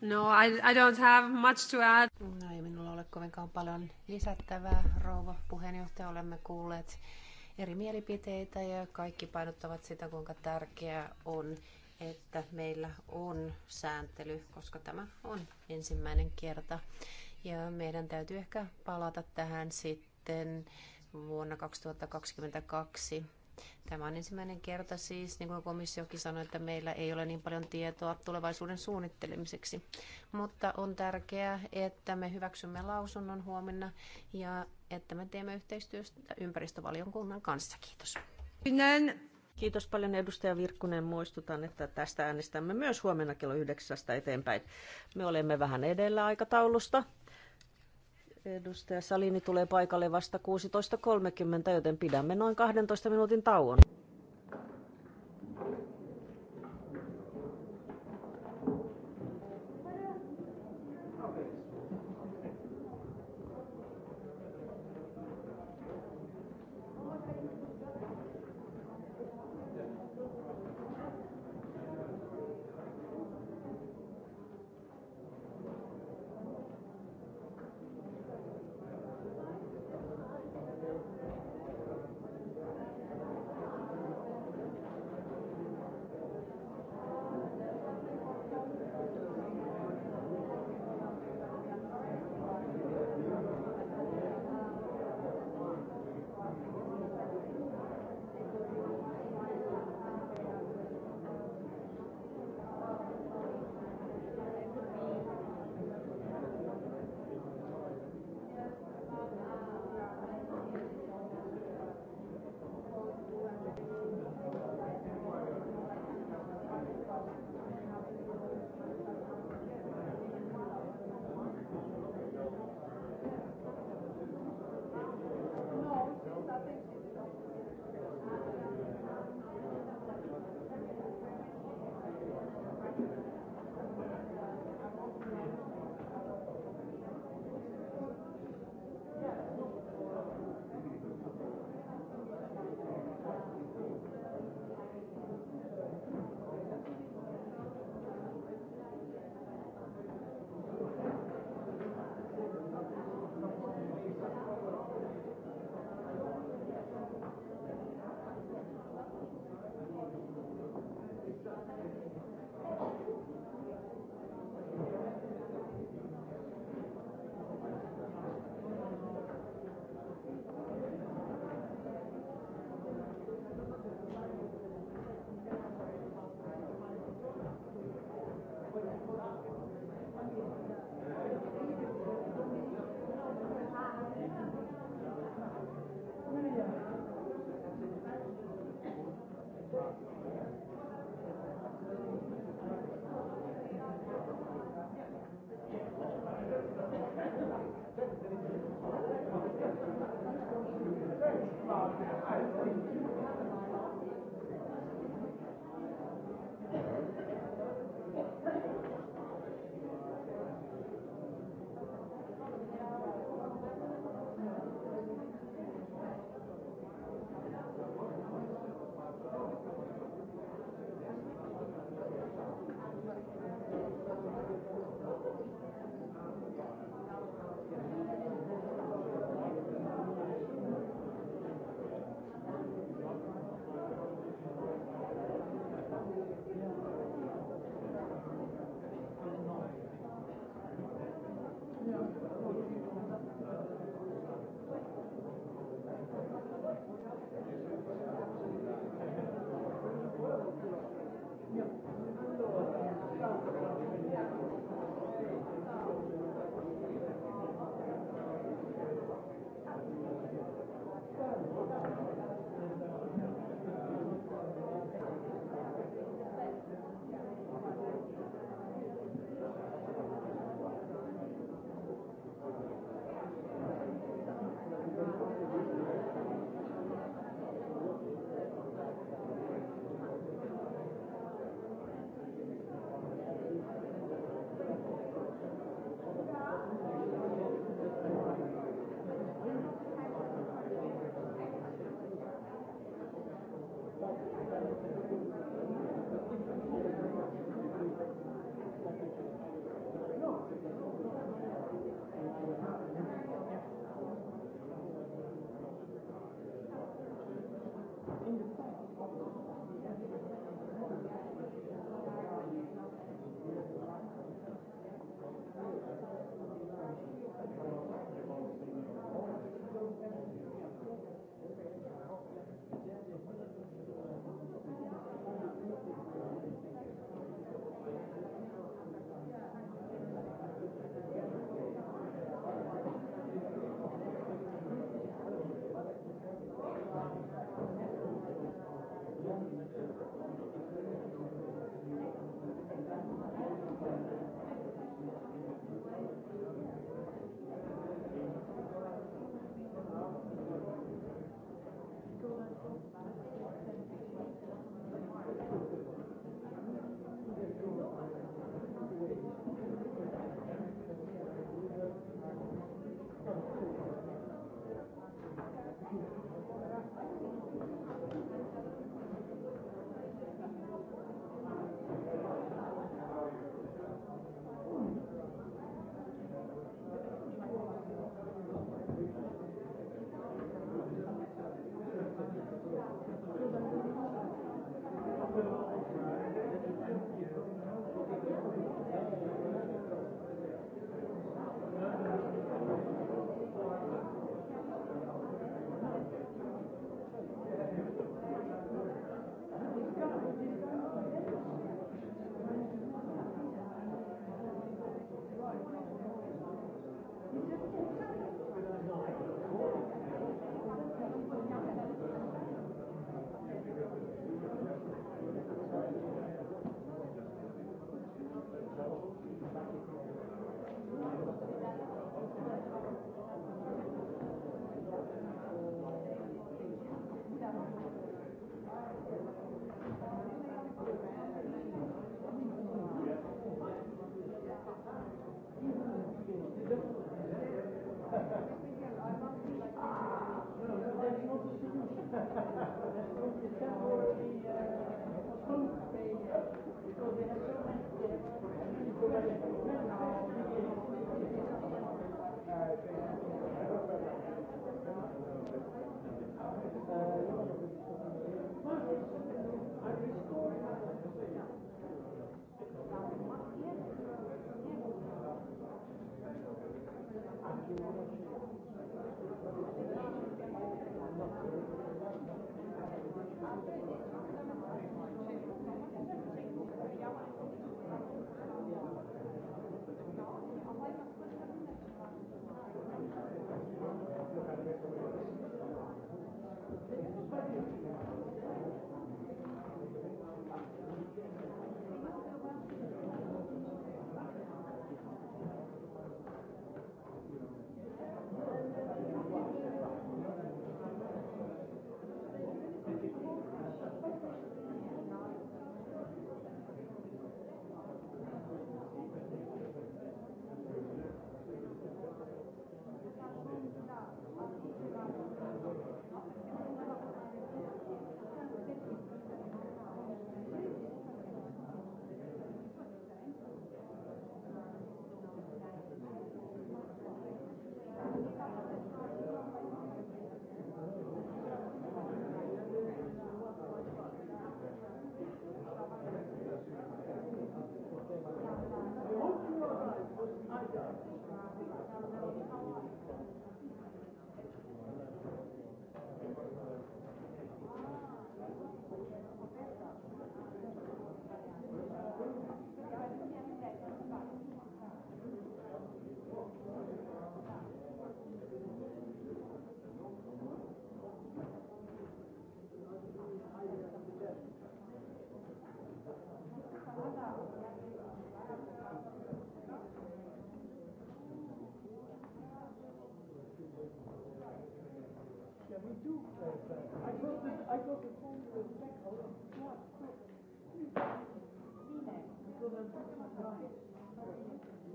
No, I, I don't have much to add. No ei minulla ole kovinkaan paljon lisättävää, rouva puheenjohtaja. Olemme kuulleet eri mielipiteitä ja kaikki painottavat sitä, kuinka tärkeää on, että meillä on sääntely, koska tämä on ensimmäinen kerta, ja meidän täytyy ehkä palata tähän sitten vuonna 2022. Tämä on ensimmäinen kerta siis, niin kuin komissiokin sanoi, että meillä ei ole niin paljon tietoa tulevaisuuden suunnittelemiseksi. Mutta on tärkeää, että me hyväksymme lausunnon huomenna ja että me teemme yhteistyötä ympäristövaliokunnan kanssa. Kiitos. Kiitos paljon edustaja Virkkunen. Muistutan, että tästä äänestämme myös huomenna kello yhdeksästä eteenpäin. Me olemme vähän edellä aikataulusta. Edustaja Salini tulee paikalle vasta 16.30, joten pidämme noin 12 minuutin tauon.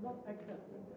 Not accepted.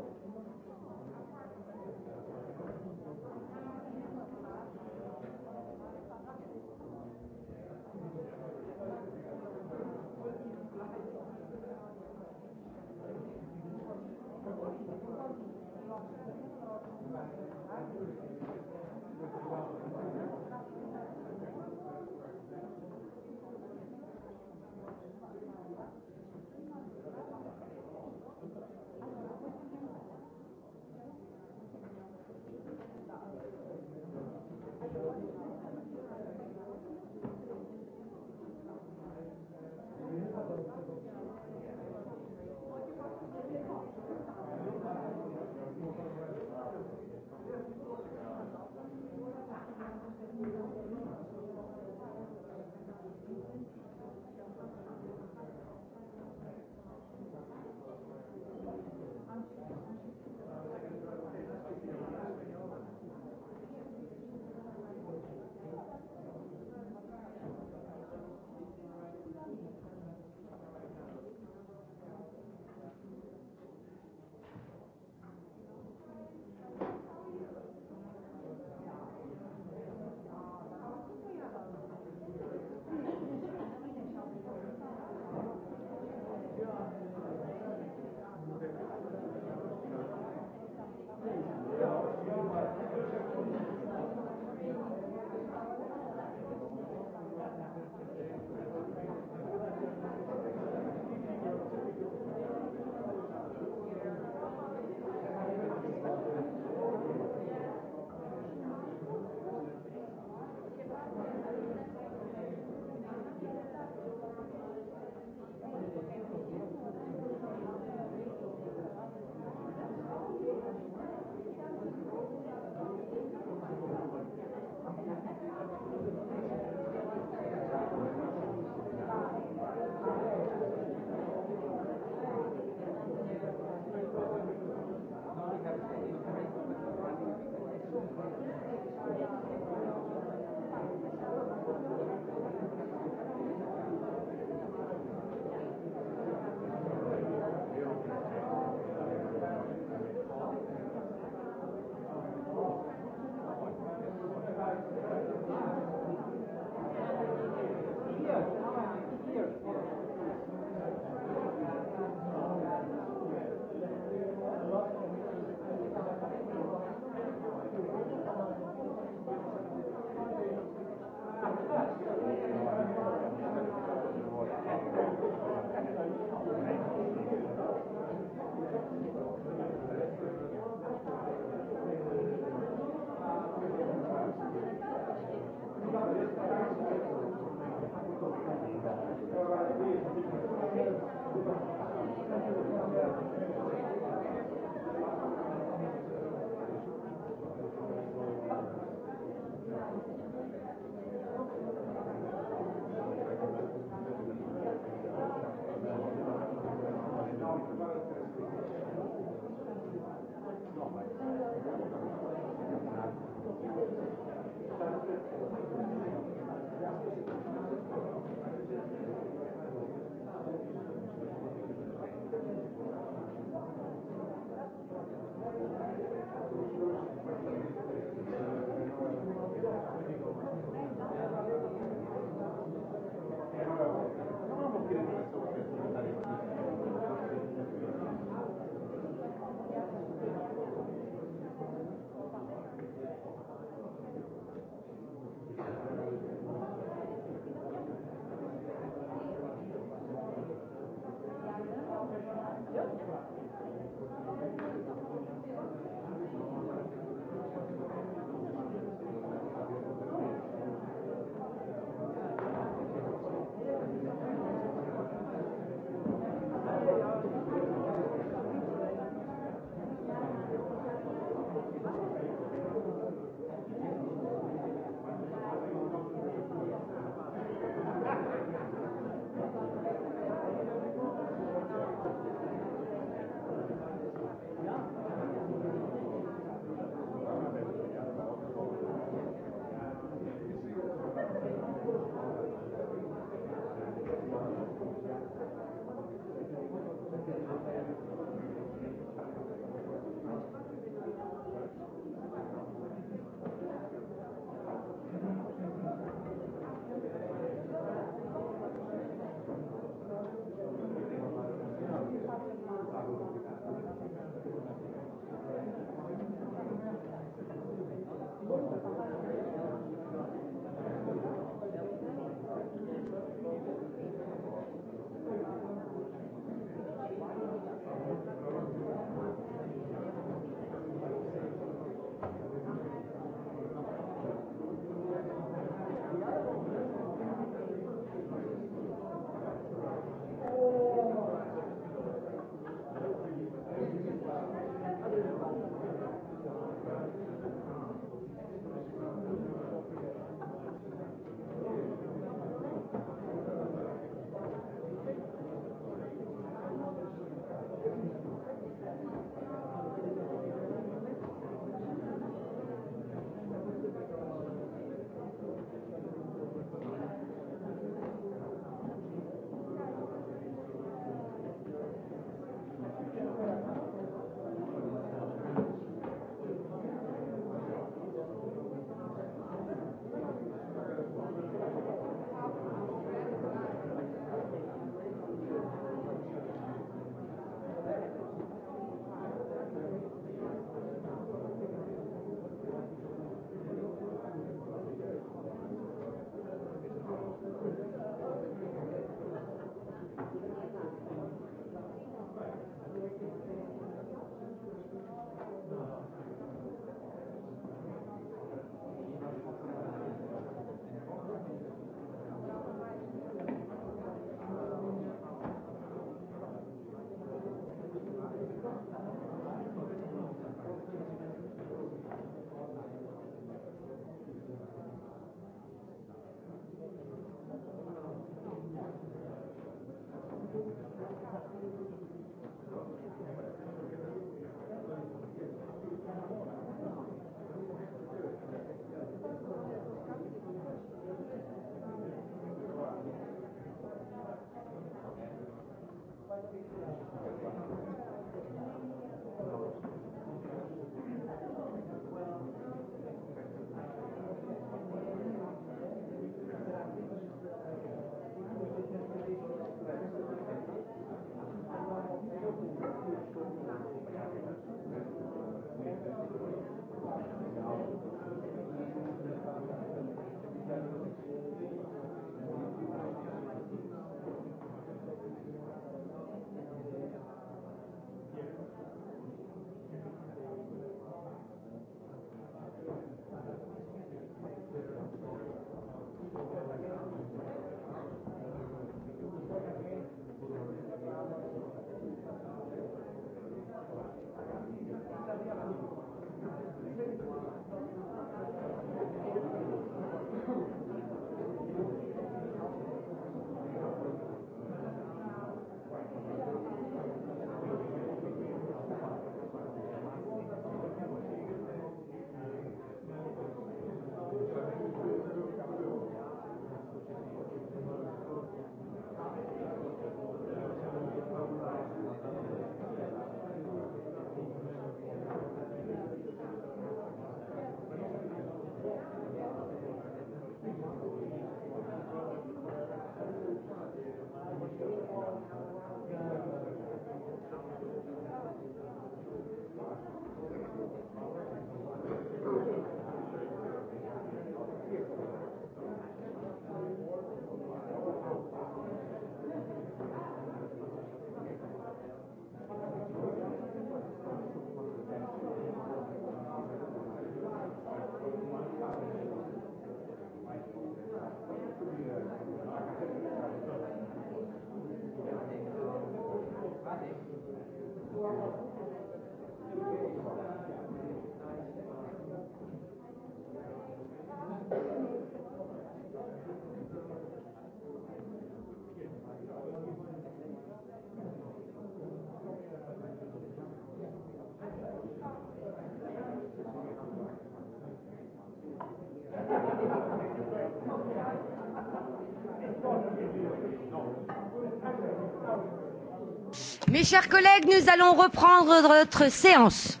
chers collègues, nous allons reprendre notre séance.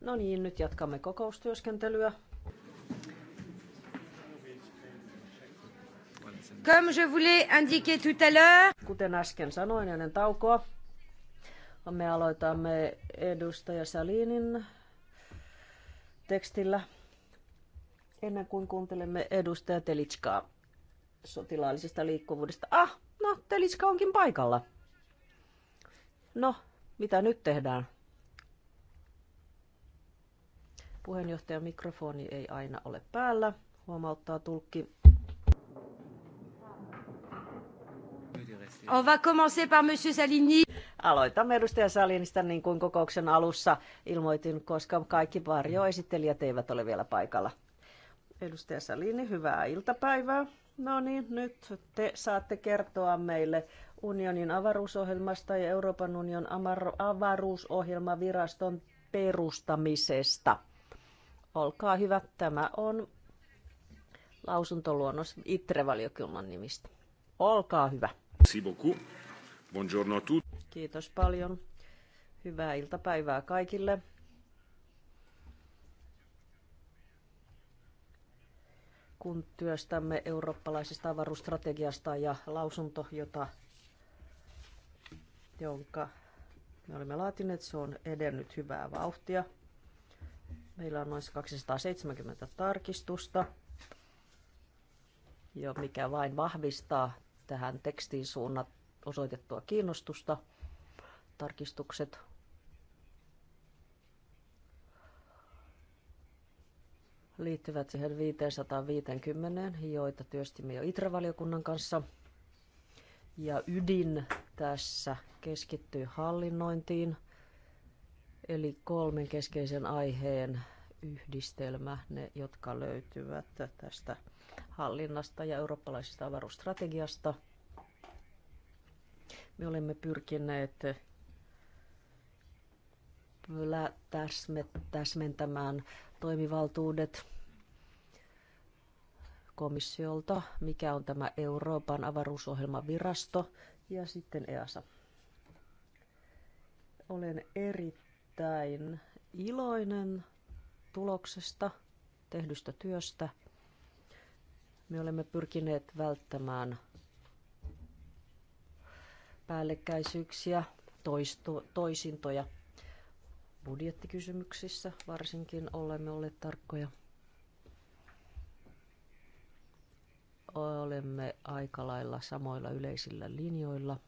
No niin, nyt jatkamme kokoustyöskentelyä. Comme je vous l'ai indiqué tout à l'heure. Kuten äsken sanoin ennen taukoa, me aloitamme edustaja Salinin tekstillä ennen kuin kuuntelemme edustaja Telitskaa sotilaallisesta liikkuvuudesta. Ah, No, Teliska onkin paikalla. No, mitä nyt tehdään? Puheenjohtajan mikrofoni ei aina ole päällä, huomauttaa tulkki. On va commencer par monsieur Salini. Aloitamme edustaja Salinista niin kuin kokouksen alussa ilmoitin, koska kaikki varjoesittelijät eivät ole vielä paikalla. Edustaja Salini, hyvää iltapäivää. No niin, nyt te saatte kertoa meille unionin avaruusohjelmasta ja Euroopan union avaruusohjelmaviraston perustamisesta. Olkaa hyvä, tämä on lausuntoluonnos ITRE-valiokunnan nimistä. Olkaa hyvä. Kiitos paljon. Hyvää iltapäivää kaikille. kun työstämme eurooppalaisesta avaruusstrategiasta ja lausunto, jota, jonka me olemme laatineet, se on edennyt hyvää vauhtia. Meillä on noin 270 tarkistusta, jo mikä vain vahvistaa tähän tekstiin suunnat osoitettua kiinnostusta. Tarkistukset liittyvät siihen 550, joita työstimme jo Itravaliokunnan kanssa. Ja ydin tässä keskittyy hallinnointiin, eli kolmen keskeisen aiheen yhdistelmä, ne jotka löytyvät tästä hallinnasta ja eurooppalaisesta avaruusstrategiasta. Me olemme pyrkineet täsmentämään toimivaltuudet komissiolta, mikä on tämä Euroopan virasto ja sitten EASA. Olen erittäin iloinen tuloksesta, tehdystä työstä. Me olemme pyrkineet välttämään päällekkäisyyksiä, toisto, toisintoja – budjettikysymyksissä varsinkin olemme olleet tarkkoja. Olemme aika lailla samoilla yleisillä linjoilla.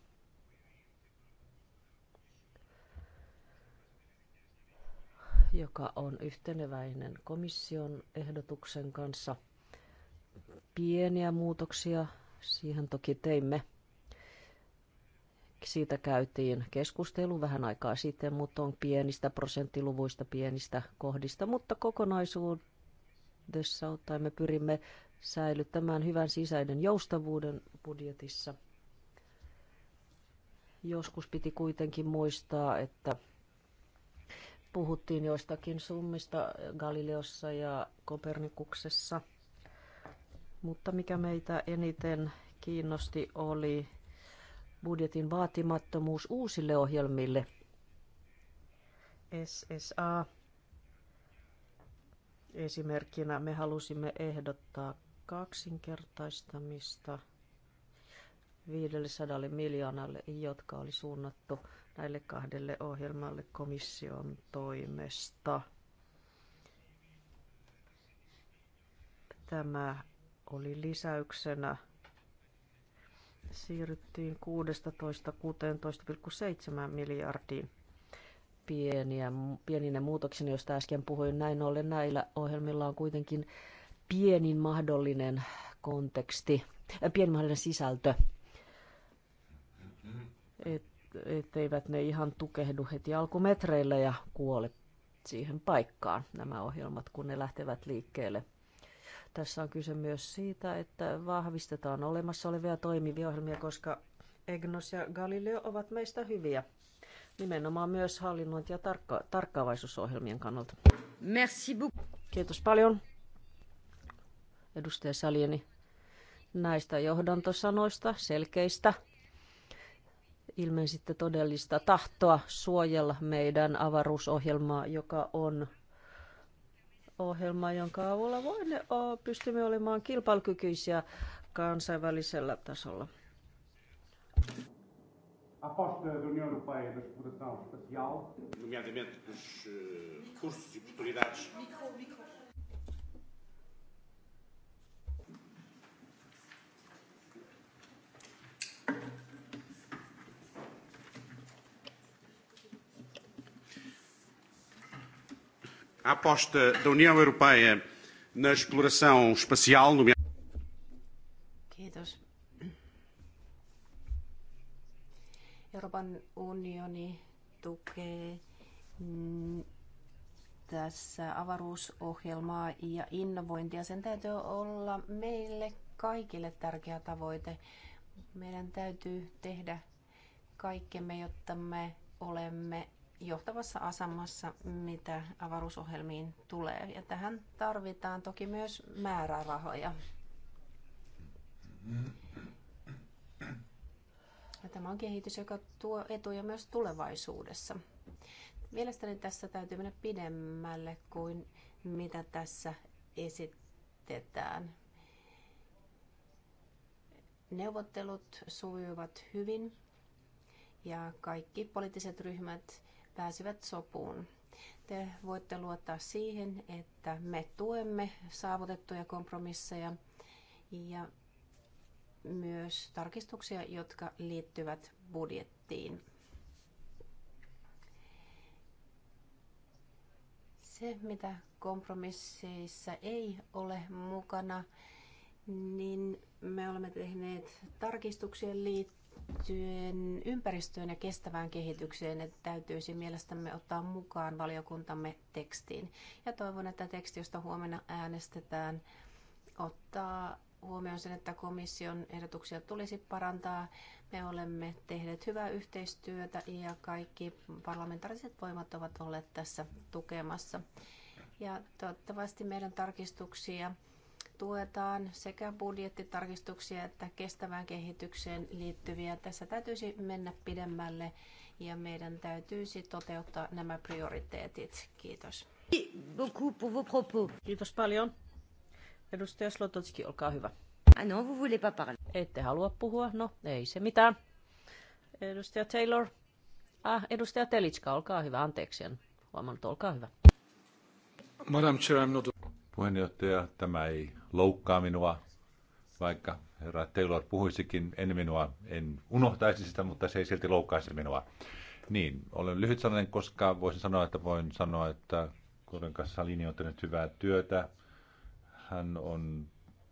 joka on yhteneväinen komission ehdotuksen kanssa. Pieniä muutoksia siihen toki teimme. Siitä käytiin keskustelu vähän aikaa sitten, mutta on pienistä prosenttiluvuista, pienistä kohdista, mutta kokonaisuudessa ottaen me pyrimme säilyttämään hyvän sisäinen joustavuuden budjetissa. Joskus piti kuitenkin muistaa, että puhuttiin joistakin summista Galileossa ja Kopernikuksessa, mutta mikä meitä eniten kiinnosti oli budjetin vaatimattomuus uusille ohjelmille. SSA esimerkkinä me halusimme ehdottaa kaksinkertaistamista 500 miljoonalle, jotka oli suunnattu näille kahdelle ohjelmalle komission toimesta. Tämä oli lisäyksenä siirryttiin 16-16,7 miljardiin pieniä, pieninä muutoksina, joista äsken puhuin. Näin ollen näillä ohjelmilla on kuitenkin pienin mahdollinen konteksti, äh, pienin mahdollinen sisältö, Et, etteivät ne ihan tukehdu heti alkumetreillä ja kuole siihen paikkaan nämä ohjelmat, kun ne lähtevät liikkeelle – tässä on kyse myös siitä, että vahvistetaan olemassa olevia toimivia ohjelmia, koska Egnos ja Galileo ovat meistä hyviä. Nimenomaan myös hallinnointi- ja tarkka- tarkkaavaisuusohjelmien kannalta. Merci beaucoup. Kiitos paljon, edustaja Salieni, näistä johdantosanoista, selkeistä ilmeisesti todellista tahtoa suojella meidän avaruusohjelmaa, joka on ohjelmaa, jonka avulla voimme, pystymme olemaan kilpailukykyisiä kansainvälisellä tasolla. a aposta da União Europeia na exploração espacial, nomeadamente. Euroopan unioni tukee tässä avaruusohjelmaa ja innovointia. Sen täytyy olla meille kaikille tärkeä tavoite. Meidän täytyy tehdä kaikkemme, jotta me olemme johtavassa asemassa, mitä avaruusohjelmiin tulee. Ja tähän tarvitaan toki myös määrärahoja. Ja tämä on kehitys, joka tuo etuja myös tulevaisuudessa. Mielestäni tässä täytyy mennä pidemmälle kuin mitä tässä esitetään. Neuvottelut sujuvat hyvin ja kaikki poliittiset ryhmät pääsivät sopuun. Te voitte luottaa siihen, että me tuemme saavutettuja kompromisseja ja myös tarkistuksia, jotka liittyvät budjettiin. Se, mitä kompromisseissa ei ole mukana, niin me olemme tehneet tarkistuksien liittyen liittyen ympäristöön ja kestävään kehitykseen, että täytyisi mielestämme ottaa mukaan valiokuntamme tekstiin. Ja toivon, että teksti, josta huomenna äänestetään, ottaa huomioon sen, että komission ehdotuksia tulisi parantaa. Me olemme tehneet hyvää yhteistyötä ja kaikki parlamentaariset voimat ovat olleet tässä tukemassa. Ja toivottavasti meidän tarkistuksia tuetaan sekä budjettitarkistuksia että kestävään kehitykseen liittyviä. Tässä täytyisi mennä pidemmälle ja meidän täytyisi toteuttaa nämä prioriteetit. Kiitos. Kiitos paljon. Edustaja Slototski, olkaa hyvä. Ah vous voulez pas parler. Ette halua puhua? No, ei se mitään. Edustaja Taylor. Ah, edustaja Telitska, olkaa hyvä. Anteeksi, en huomannut. Olkaa hyvä. Madam Chair, I'm not... Puheenjohtaja, tämä ei loukkaa minua, vaikka herra Taylor puhuisikin en minua, en unohtaisi sitä, mutta se ei silti loukkaisi minua. Niin, olen lyhyt sananen, koska voisin sanoa, että voin sanoa, että Koren kanssa Salini on tehnyt hyvää työtä. Hän on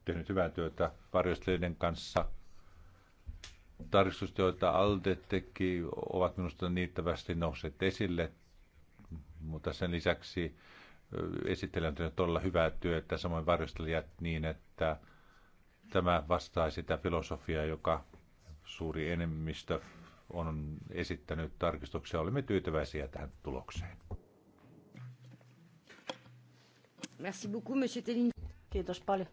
tehnyt hyvää työtä varjostelijoiden kanssa. Tarkistukset, joita Alde teki, ovat minusta niittävästi nousseet esille, mutta sen lisäksi esittelijä on todella hyvää työtä, samoin varjostelijat niin, että tämä vastaa sitä filosofiaa, joka suuri enemmistö on esittänyt tarkistuksia. Olimme tyytyväisiä tähän tulokseen. Merci beaucoup, monsieur Tellin. Kiitos paljon.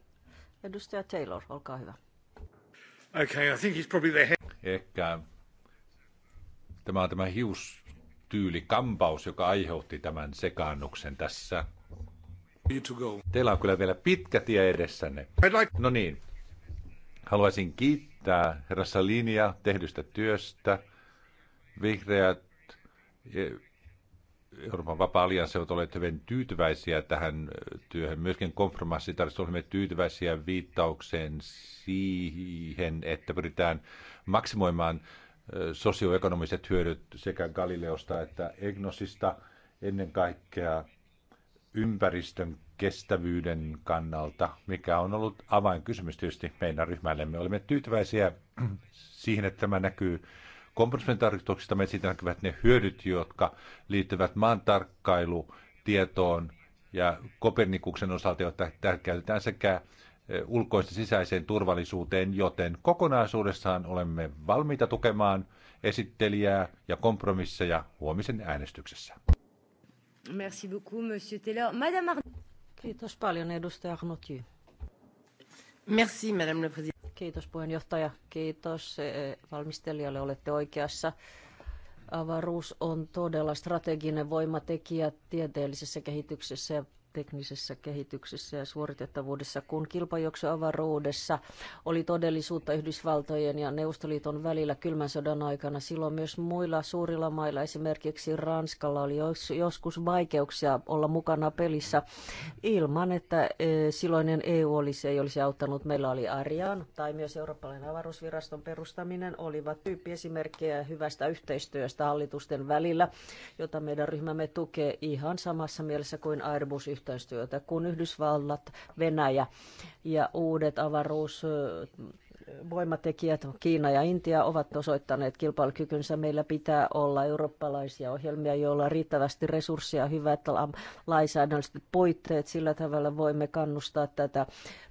Edustaja Taylor, olkaa hyvä. Okay, I think he's probably the head. Ehkä tämä on tämä hius tyylikampaus, joka aiheutti tämän sekaannuksen tässä. Teillä on kyllä vielä pitkä tie edessänne. No niin, haluaisin kiittää herra Salinia tehdystä työstä. Vihreät e, Euroopan vapaa-alianssi ovat olleet hyvin tyytyväisiä tähän työhön. Myöskin kompromissitarjossa olemme tyytyväisiä viittaukseen siihen, että pyritään maksimoimaan sosioekonomiset hyödyt sekä Galileosta että Egnosista ennen kaikkea ympäristön kestävyyden kannalta, mikä on ollut avainkysymys tietysti meidän ryhmällemme. Olemme tyytyväisiä siihen, että tämä näkyy komponentarkistuksista. Me siitä näkyvät ne hyödyt, jotka liittyvät maan tarkkailutietoon ja Kopernikuksen osalta, jotta tärkeää sekä ulkoista sisäiseen turvallisuuteen, joten kokonaisuudessaan olemme valmiita tukemaan esittelijää ja kompromisseja huomisen äänestyksessä. Merci beaucoup, Monsieur Taylor. Madame Ar- Kiitos paljon, edustaja Arnoty. Merci, Madame le président. Kiitos puheenjohtaja. Kiitos e, valmistelijalle, olette oikeassa. Avaruus on todella strateginen voimatekijä tieteellisessä kehityksessä ja teknisessä kehityksessä ja suoritettavuudessa, kun avaruudessa oli todellisuutta Yhdysvaltojen ja Neuvostoliiton välillä kylmän sodan aikana. Silloin myös muilla suurilla mailla, esimerkiksi Ranskalla, oli joskus vaikeuksia olla mukana pelissä ilman, että e, silloinen EU olisi, ei olisi auttanut. Meillä oli Arian tai myös Eurooppalainen avaruusviraston perustaminen olivat tyyppiesimerkkejä hyvästä yhteistyöstä hallitusten välillä, jota meidän ryhmämme tukee ihan samassa mielessä kuin Airbus yhteistyötä, kun Yhdysvallat, Venäjä ja uudet avaruus voimatekijät, Kiina ja Intia, ovat osoittaneet kilpailukykynsä. Meillä pitää olla eurooppalaisia ohjelmia, joilla on riittävästi resursseja, hyvät lainsäädännölliset poitteet. Sillä tavalla voimme kannustaa tätä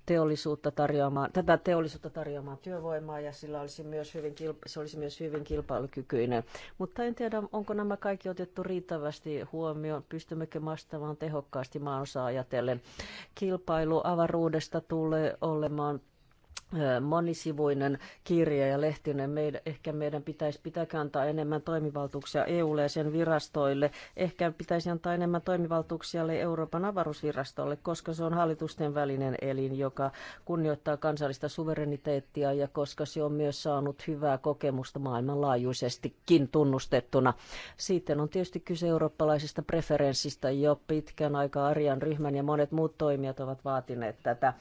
teollisuutta tarjoamaan, tätä teollisuutta tarjoamaan työvoimaa ja sillä olisi myös hyvin, se olisi myös hyvin kilpailukykyinen. Mutta en tiedä, onko nämä kaikki otettu riittävästi huomioon, pystymmekö vastaamaan tehokkaasti maanosaa ajatellen. Kilpailu avaruudesta tulee olemaan monisivuinen kirja ja lehtinen. Meidän, ehkä meidän pitäisi pitää antaa enemmän toimivaltuuksia EUlle ja sen virastoille. Ehkä pitäisi antaa enemmän toimivaltuuksia Euroopan avaruusvirastolle, koska se on hallitusten välinen elin, joka kunnioittaa kansallista suvereniteettia ja koska se on myös saanut hyvää kokemusta maailmanlaajuisestikin tunnustettuna. Sitten on tietysti kyse eurooppalaisesta preferenssistä jo pitkän aikaa Arjan ryhmän ja monet muut toimijat ovat vaatineet tätä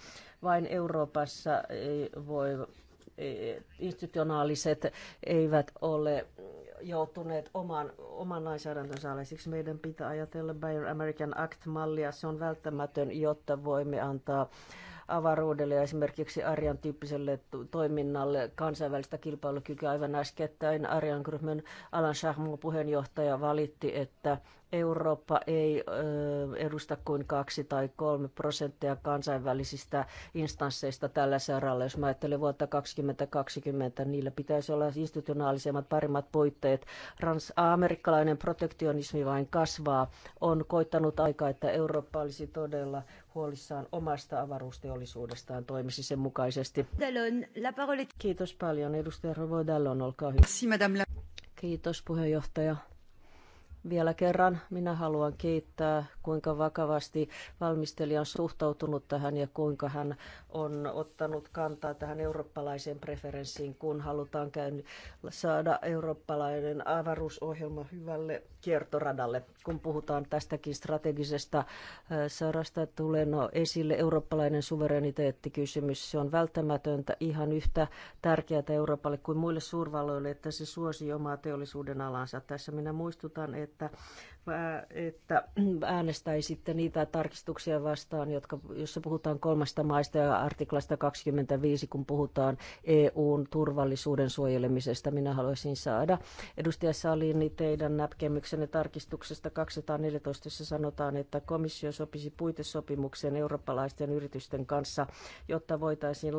vain Euroopassa ei voi e, institutionaaliset eivät ole joutuneet oman, oman lainsäädäntönsä alle. Siksi meidän pitää ajatella Bayer American Act-mallia. Se on välttämätön, jotta voimme antaa avaruudelle ja esimerkiksi Arjan tyyppiselle toiminnalle kansainvälistä kilpailukykyä. Aivan äskettäin Arjan Grumman Alan Shahmu puheenjohtaja valitti, että Eurooppa ei edusta kuin kaksi tai kolme prosenttia kansainvälisistä instansseista tällä saralla. Jos mä ajattelen vuotta 2020, niillä pitäisi olla institutionaalisemmat parimmat puitteet. Rans- amerikkalainen protektionismi vain kasvaa. On koittanut aika, että Eurooppa olisi todella huolissaan omasta avaruusteollisuudestaan toimisi sen mukaisesti. Kiitos paljon. Edustaja Rovo Dallon, olkaa hyvä. Kiitos puheenjohtaja. Vielä kerran minä haluan kiittää, kuinka vakavasti valmistelija on suhtautunut tähän ja kuinka hän on ottanut kantaa tähän eurooppalaiseen preferenssiin, kun halutaan saada eurooppalainen avaruusohjelma hyvälle kiertoradalle. Kun puhutaan tästäkin strategisesta sarasta, tulee no esille eurooppalainen suvereniteettikysymys. Se on välttämätöntä ihan yhtä tärkeää Euroopalle kuin muille suurvalloille, että se suosii omaa teollisuuden alansa. Tässä minä muistutan, että että Äh, että äänestäisitte niitä tarkistuksia vastaan, jotka, jossa puhutaan kolmesta maista ja artiklasta 25, kun puhutaan EUn turvallisuuden suojelemisesta. Minä haluaisin saada edustaja Salini teidän näkemyksenne tarkistuksesta 214, jossa sanotaan, että komissio sopisi puitesopimuksen eurooppalaisten yritysten kanssa, jotta voitaisiin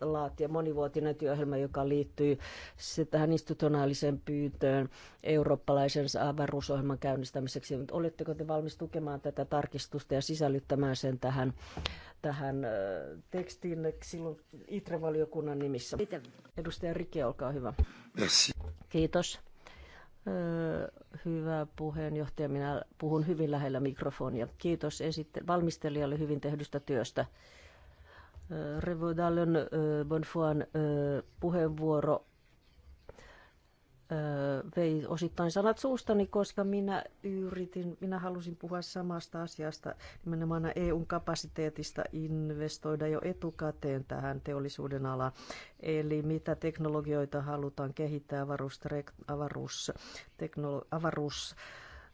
laatia monivuotinen työohjelma, joka liittyy tähän institutionaaliseen pyyntöön eurooppalaisen avaruusohjelman käynnistämiseen parantamiseksi. Mutta oletteko te valmis tukemaan tätä tarkistusta ja sisällyttämään sen tähän, tähän tekstiin silloin ITRE-valiokunnan nimissä? Edustaja Rike, olkaa hyvä. Merci. Kiitos. Hyvä puheenjohtaja, minä puhun hyvin lähellä mikrofonia. Kiitos esitte- valmistelijalle hyvin tehdystä työstä. Revodallon Bonfoan puheenvuoro vei osittain sanat suustani, koska minä yritin, minä halusin puhua samasta asiasta, nimenomaan EUn kapasiteetista investoida jo etukäteen tähän teollisuuden alaan. Eli mitä teknologioita halutaan kehittää avaruusteknolo- avaruus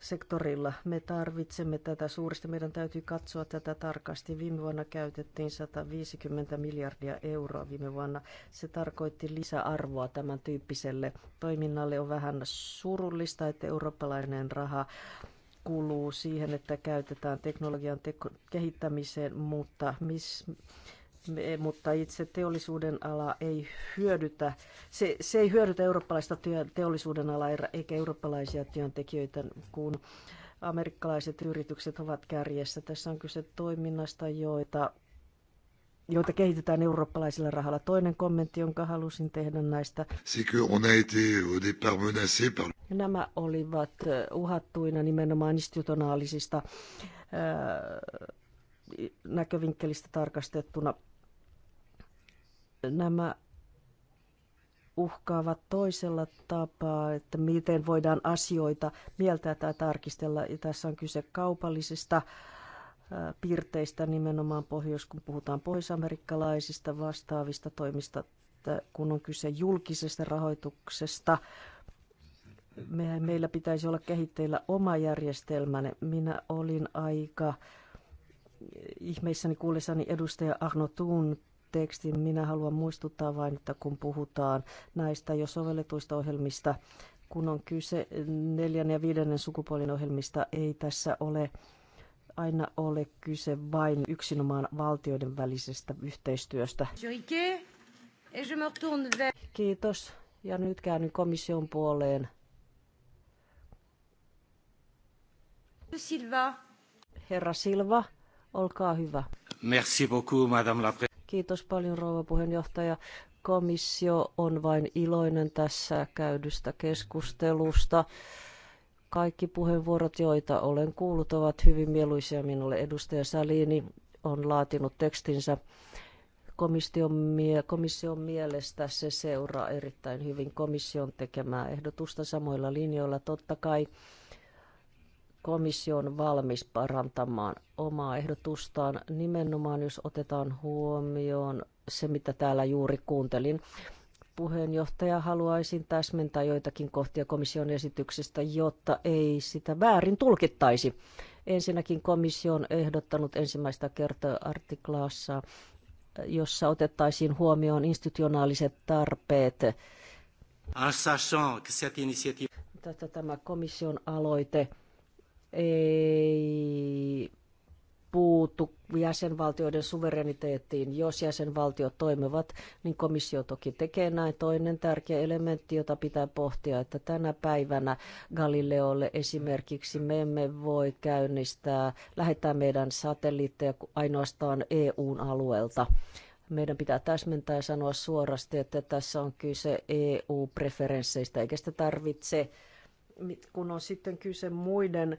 sektorilla. Me tarvitsemme tätä suurista Meidän täytyy katsoa tätä tarkasti. Viime vuonna käytettiin 150 miljardia euroa viime vuonna. Se tarkoitti lisäarvoa tämän tyyppiselle toiminnalle. On vähän surullista, että eurooppalainen raha kuluu siihen, että käytetään teknologian teko- kehittämiseen, mutta miss, mutta itse teollisuuden ala ei hyödytä, se, se ei hyödytä eurooppalaista työ, teollisuuden alaa er-, eikä eurooppalaisia työntekijöitä, kun amerikkalaiset yritykset ovat kärjessä. Tässä on kyse toiminnasta, joita, joita kehitetään eurooppalaisilla rahalla. Toinen kommentti, jonka halusin tehdä näistä. Nämä olivat uhattuina nimenomaan institutionaalisista näkövinkkelistä tarkastettuna nämä uhkaavat toisella tapaa, että miten voidaan asioita mieltää tai tarkistella. Ja tässä on kyse kaupallisista piirteistä nimenomaan pohjois, kun puhutaan pohjoisamerikkalaisista vastaavista toimista, kun on kyse julkisesta rahoituksesta. Me, meillä pitäisi olla kehitteillä oma järjestelmänne. Minä olin aika ihmeissäni kuullessani edustaja Arno Thun tekstin. Minä haluan muistuttaa vain, että kun puhutaan näistä jo sovelletuista ohjelmista, kun on kyse neljän ja viidennen sukupuolin ohjelmista, ei tässä ole aina ole kyse vain yksinomaan valtioiden välisestä yhteistyöstä. Kiitos. Ja nyt käännyn komission puoleen. Herra Silva, olkaa hyvä. Merci beaucoup, Madame la Kiitos paljon rouva puheenjohtaja. Komissio on vain iloinen tässä käydystä keskustelusta. Kaikki puheenvuorot, joita olen kuullut, ovat hyvin mieluisia minulle. Edustaja Salini on laatinut tekstinsä komission, mie- komission mielestä se seuraa erittäin hyvin komission tekemää ehdotusta samoilla linjoilla. Totta kai komissio on valmis parantamaan omaa ehdotustaan nimenomaan, jos otetaan huomioon se, mitä täällä juuri kuuntelin. Puheenjohtaja, haluaisin täsmentää joitakin kohtia komission esityksestä, jotta ei sitä väärin tulkittaisi. Ensinnäkin komissio on ehdottanut ensimmäistä kertaa artiklaassa, jossa otettaisiin huomioon institutionaaliset tarpeet. En sachant que cette initiative... Tämä komission aloite ei puutu jäsenvaltioiden suvereniteettiin. Jos jäsenvaltiot toimivat, niin komissio toki tekee näin. Toinen tärkeä elementti, jota pitää pohtia, että tänä päivänä Galileolle esimerkiksi me emme voi käynnistää, lähettää meidän satelliitteja ainoastaan EUn alueelta. Meidän pitää täsmentää ja sanoa suorasti, että tässä on kyse EU-preferensseistä, eikä sitä tarvitse kun on sitten kyse muiden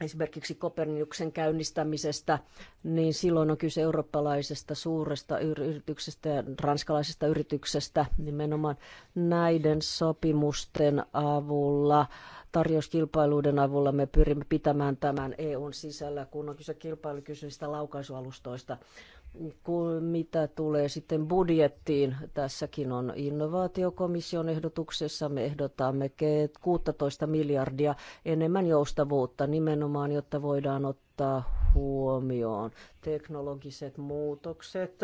esimerkiksi Koperniuksen käynnistämisestä, niin silloin on kyse eurooppalaisesta suuresta yrityksestä ja ranskalaisesta yrityksestä nimenomaan näiden sopimusten avulla tarjouskilpailuiden avulla me pyrimme pitämään tämän EUn sisällä, kun on kyse kilpailukysymistä laukaisualustoista mitä tulee sitten budjettiin, tässäkin on innovaatiokomission ehdotuksessa, me ehdotamme 16 miljardia enemmän joustavuutta nimenomaan, jotta voidaan ottaa huomioon teknologiset muutokset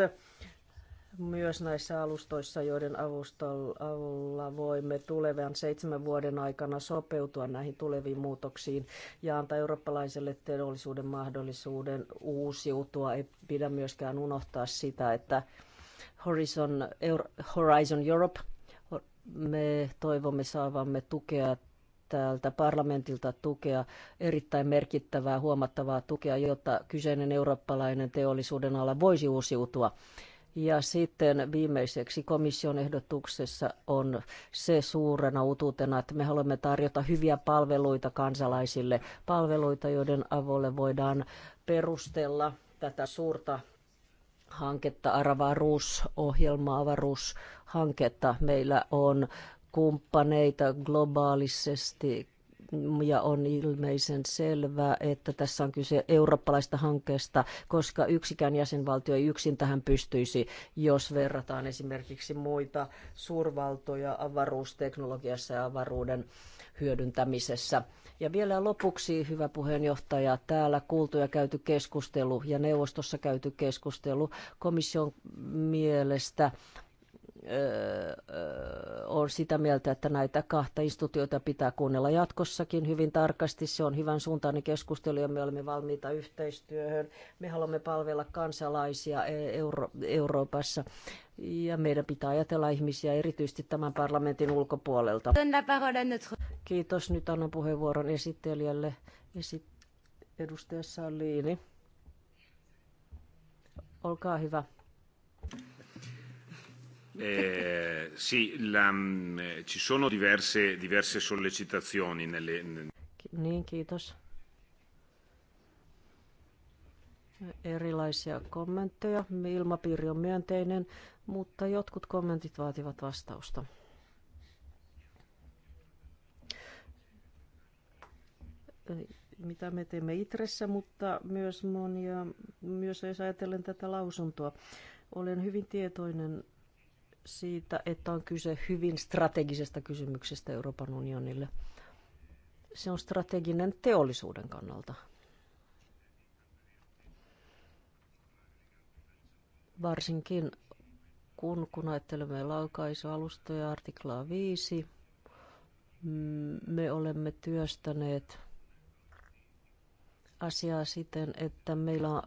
myös näissä alustoissa, joiden avulla voimme tulevan seitsemän vuoden aikana sopeutua näihin tuleviin muutoksiin ja antaa eurooppalaiselle teollisuuden mahdollisuuden uusiutua. Ei pidä myöskään unohtaa sitä, että Horizon, Horizon Europe, me toivomme saavamme tukea täältä parlamentilta tukea, erittäin merkittävää, huomattavaa tukea, jotta kyseinen eurooppalainen teollisuuden ala voisi uusiutua. Ja sitten viimeiseksi komission ehdotuksessa on se suurena uutuutena, että me haluamme tarjota hyviä palveluita kansalaisille, palveluita, joiden avulla voidaan perustella tätä suurta hanketta, avaruusohjelmaa, avaruushanketta. Meillä on kumppaneita globaalisesti ja on ilmeisen selvää, että tässä on kyse eurooppalaista hankkeesta, koska yksikään jäsenvaltio ei yksin tähän pystyisi, jos verrataan esimerkiksi muita suurvaltoja avaruusteknologiassa ja avaruuden hyödyntämisessä. Ja vielä lopuksi, hyvä puheenjohtaja, täällä kuultu ja käyty keskustelu ja neuvostossa käyty keskustelu komission mielestä on sitä mieltä, että näitä kahta instituutiota pitää kuunnella jatkossakin hyvin tarkasti. Se on hyvän suuntainen keskustelu ja me olemme valmiita yhteistyöhön. Me haluamme palvella kansalaisia e, Euro- Euroopassa ja meidän pitää ajatella ihmisiä erityisesti tämän parlamentin ulkopuolelta. Kiitos. Nyt annan puheenvuoron esittelijälle, esit- edustaja Salini. Olkaa hyvä. Eh, sì, la, eh, ci sono diverse, diverse sollecitazioni nelle... Niin, kiitos. Erilaisia kommentteja. Ilmapiiri on myönteinen, mutta jotkut kommentit vaativat vastausta. mitä me teemme itressä, mutta myös monia, myös jos ajatellen tätä lausuntoa. Olen hyvin tietoinen siitä, että on kyse hyvin strategisesta kysymyksestä Euroopan unionille. Se on strateginen teollisuuden kannalta. Varsinkin kun, kun ajattelemme laukaisualustoja artiklaa 5, me olemme työstäneet asiaa siten, että meillä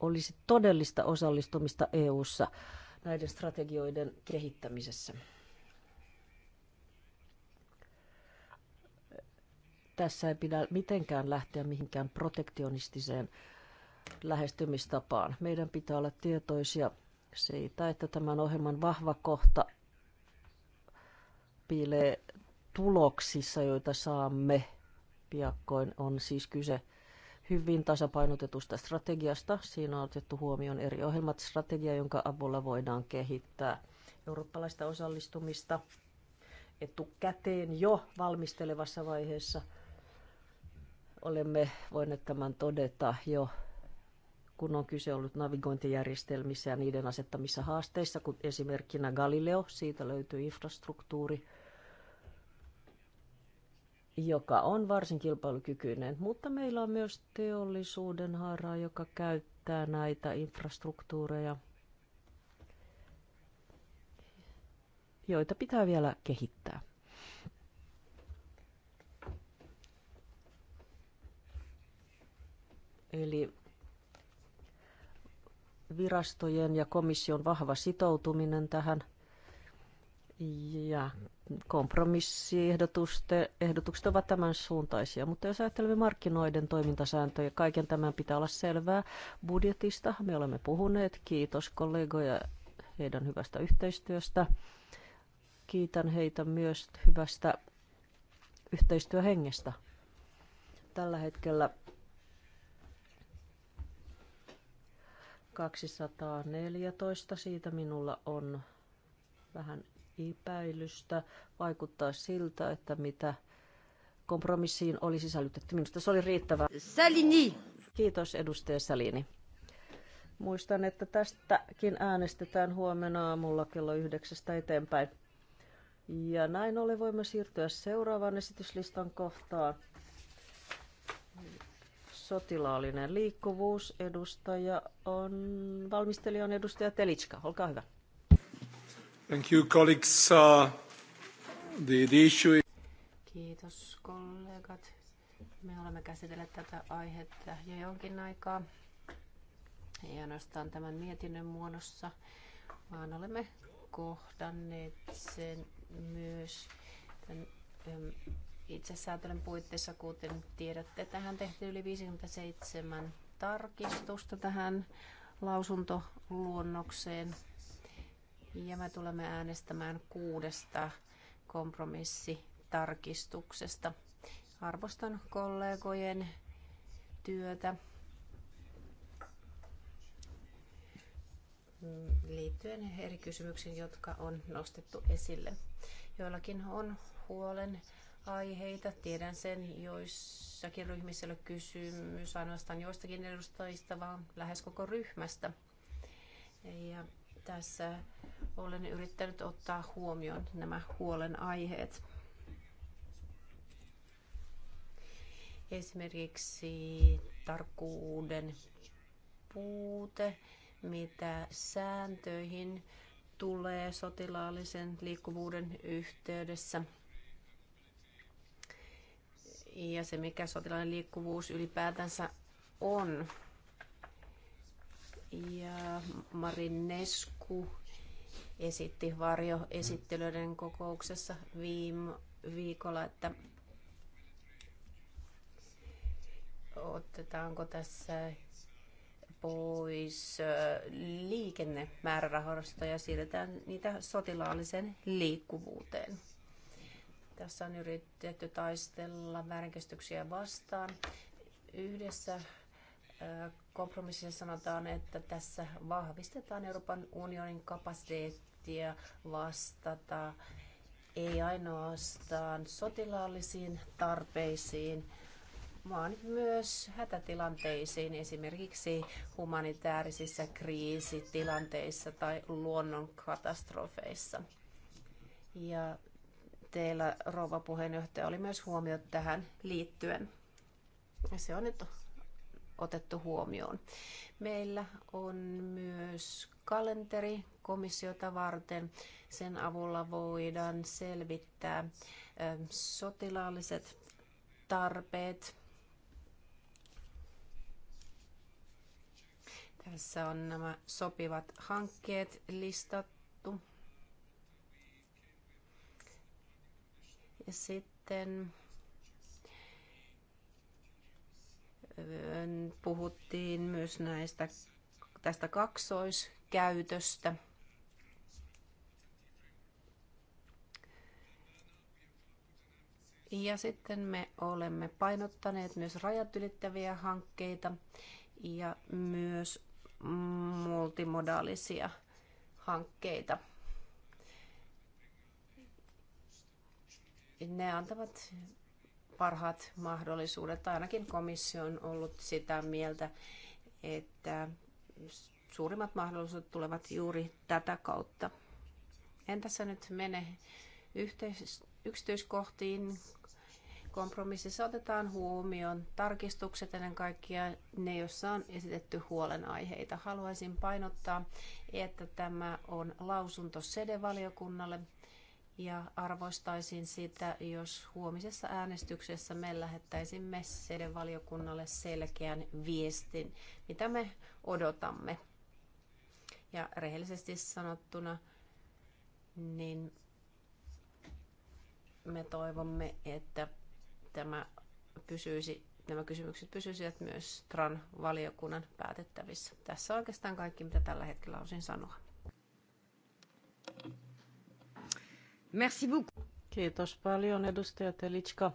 olisi todellista osallistumista EU:ssa ssa näiden strategioiden kehittämisessä. Tässä ei pidä mitenkään lähteä mihinkään protektionistiseen lähestymistapaan. Meidän pitää olla tietoisia siitä, että tämän ohjelman vahva kohta piilee tuloksissa, joita saamme piakkoin. On siis kyse hyvin tasapainotetusta strategiasta. Siinä on otettu huomioon eri ohjelmat, strategia, jonka avulla voidaan kehittää eurooppalaista osallistumista etukäteen jo valmistelevassa vaiheessa. Olemme voineet tämän todeta jo kun on kyse ollut navigointijärjestelmissä ja niiden asettamissa haasteissa, kun esimerkkinä Galileo, siitä löytyy infrastruktuuri, joka on varsin kilpailukykyinen, mutta meillä on myös teollisuuden haaraa, joka käyttää näitä infrastruktuureja, joita pitää vielä kehittää. Eli virastojen ja komission vahva sitoutuminen tähän – ja kompromissiehdotukset ovat tämän suuntaisia, mutta jos ajattelemme markkinoiden toimintasääntöjä, kaiken tämän pitää olla selvää. Budjetista me olemme puhuneet. Kiitos kollegoja heidän hyvästä yhteistyöstä. Kiitän heitä myös hyvästä yhteistyöhengestä. Tällä hetkellä 214, siitä minulla on vähän epäilystä. Vaikuttaa siltä, että mitä kompromissiin oli sisällytetty. Minusta se oli riittävää. Salini! Kiitos edustaja Salini. Muistan, että tästäkin äänestetään huomenna aamulla kello yhdeksästä eteenpäin. Ja näin ollen voimme siirtyä seuraavaan esityslistan kohtaan. Sotilaallinen liikkuvuus. Edustaja on, valmistelijan on edustaja Telitska. Olkaa hyvä. Thank you, colleagues. Uh, the, the issue... Kiitos kollegat. Me olemme käsitelleet tätä aihetta jo jonkin aikaa. Ei ainoastaan tämän mietinnön muodossa, vaan olemme kohdanneet sen myös tämän, itsesäätelyn puitteissa, kuten tiedätte. Tähän tehtiin yli 57 tarkistusta tähän lausuntoluonnokseen. Ja me tulemme äänestämään kuudesta kompromissitarkistuksesta. Arvostan kollegojen työtä liittyen eri kysymyksiin, jotka on nostettu esille. Joillakin on huolen aiheita. Tiedän sen, joissakin ryhmissä ei ole kysymys ainoastaan joistakin edustajista, vaan lähes koko ryhmästä. Ja tässä olen yrittänyt ottaa huomioon nämä huolenaiheet. Esimerkiksi tarkkuuden puute, mitä sääntöihin tulee sotilaallisen liikkuvuuden yhteydessä. Ja se, mikä sotilaallinen liikkuvuus ylipäätänsä on ja Marin Nesku esitti varjoesittelyiden kokouksessa viime viikolla, että otetaanko tässä pois liikennemäärärahoista ja siirretään niitä sotilaalliseen liikkuvuuteen. Tässä on yritetty taistella väärinkäsityksiä vastaan. Yhdessä kompromississa sanotaan, että tässä vahvistetaan Euroopan unionin kapasiteettia vastata ei ainoastaan sotilaallisiin tarpeisiin, vaan myös hätätilanteisiin, esimerkiksi humanitaarisissa kriisitilanteissa tai luonnonkatastrofeissa. Ja teillä, rouva puheenjohtaja, oli myös huomio tähän liittyen. Ja se on nyt otettu huomioon. Meillä on myös kalenteri komissiota varten. Sen avulla voidaan selvittää sotilaalliset tarpeet. Tässä on nämä sopivat hankkeet listattu. Ja sitten Puhuttiin myös näistä tästä kaksoiskäytöstä. Ja sitten me olemme painottaneet myös rajat ylittäviä hankkeita ja myös multimodaalisia hankkeita. Ne antavat parhaat mahdollisuudet. ainakin komissio on ollut sitä mieltä, että suurimmat mahdollisuudet tulevat juuri tätä kautta. En tässä nyt mene yhteis- yksityiskohtiin. Kompromississa otetaan huomioon tarkistukset ennen kaikkea ne, joissa on esitetty huolenaiheita. Haluaisin painottaa, että tämä on lausunto SEDE-valiokunnalle – ja arvostaisin sitä, jos huomisessa äänestyksessä me lähettäisimme seiden valiokunnalle selkeän viestin, mitä me odotamme. Ja rehellisesti sanottuna, niin me toivomme, että tämä, pysyisi, nämä kysymykset pysyisivät myös TRAN-valiokunnan päätettävissä. Tässä on oikeastaan kaikki, mitä tällä hetkellä osin sanoa. Kiitos paljon edustaja Telitska.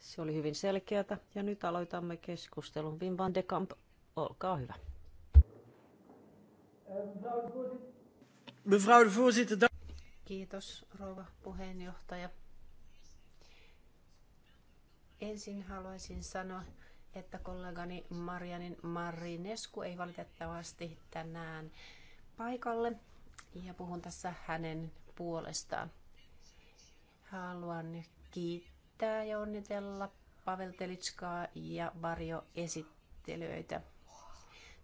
Se oli hyvin selkeätä ja nyt aloitamme keskustelun. Wim van de Kamp, olkaa hyvä. Mevrouw de voorzitter, Kiitos rouva puheenjohtaja. Ensin haluaisin sanoa, että kollegani Marianin Marinesku ei valitettavasti tänään paikalle ja puhun tässä hänen puolestaan. Haluan kiittää ja onnitella Pavel Telitskaa ja esittelyitä.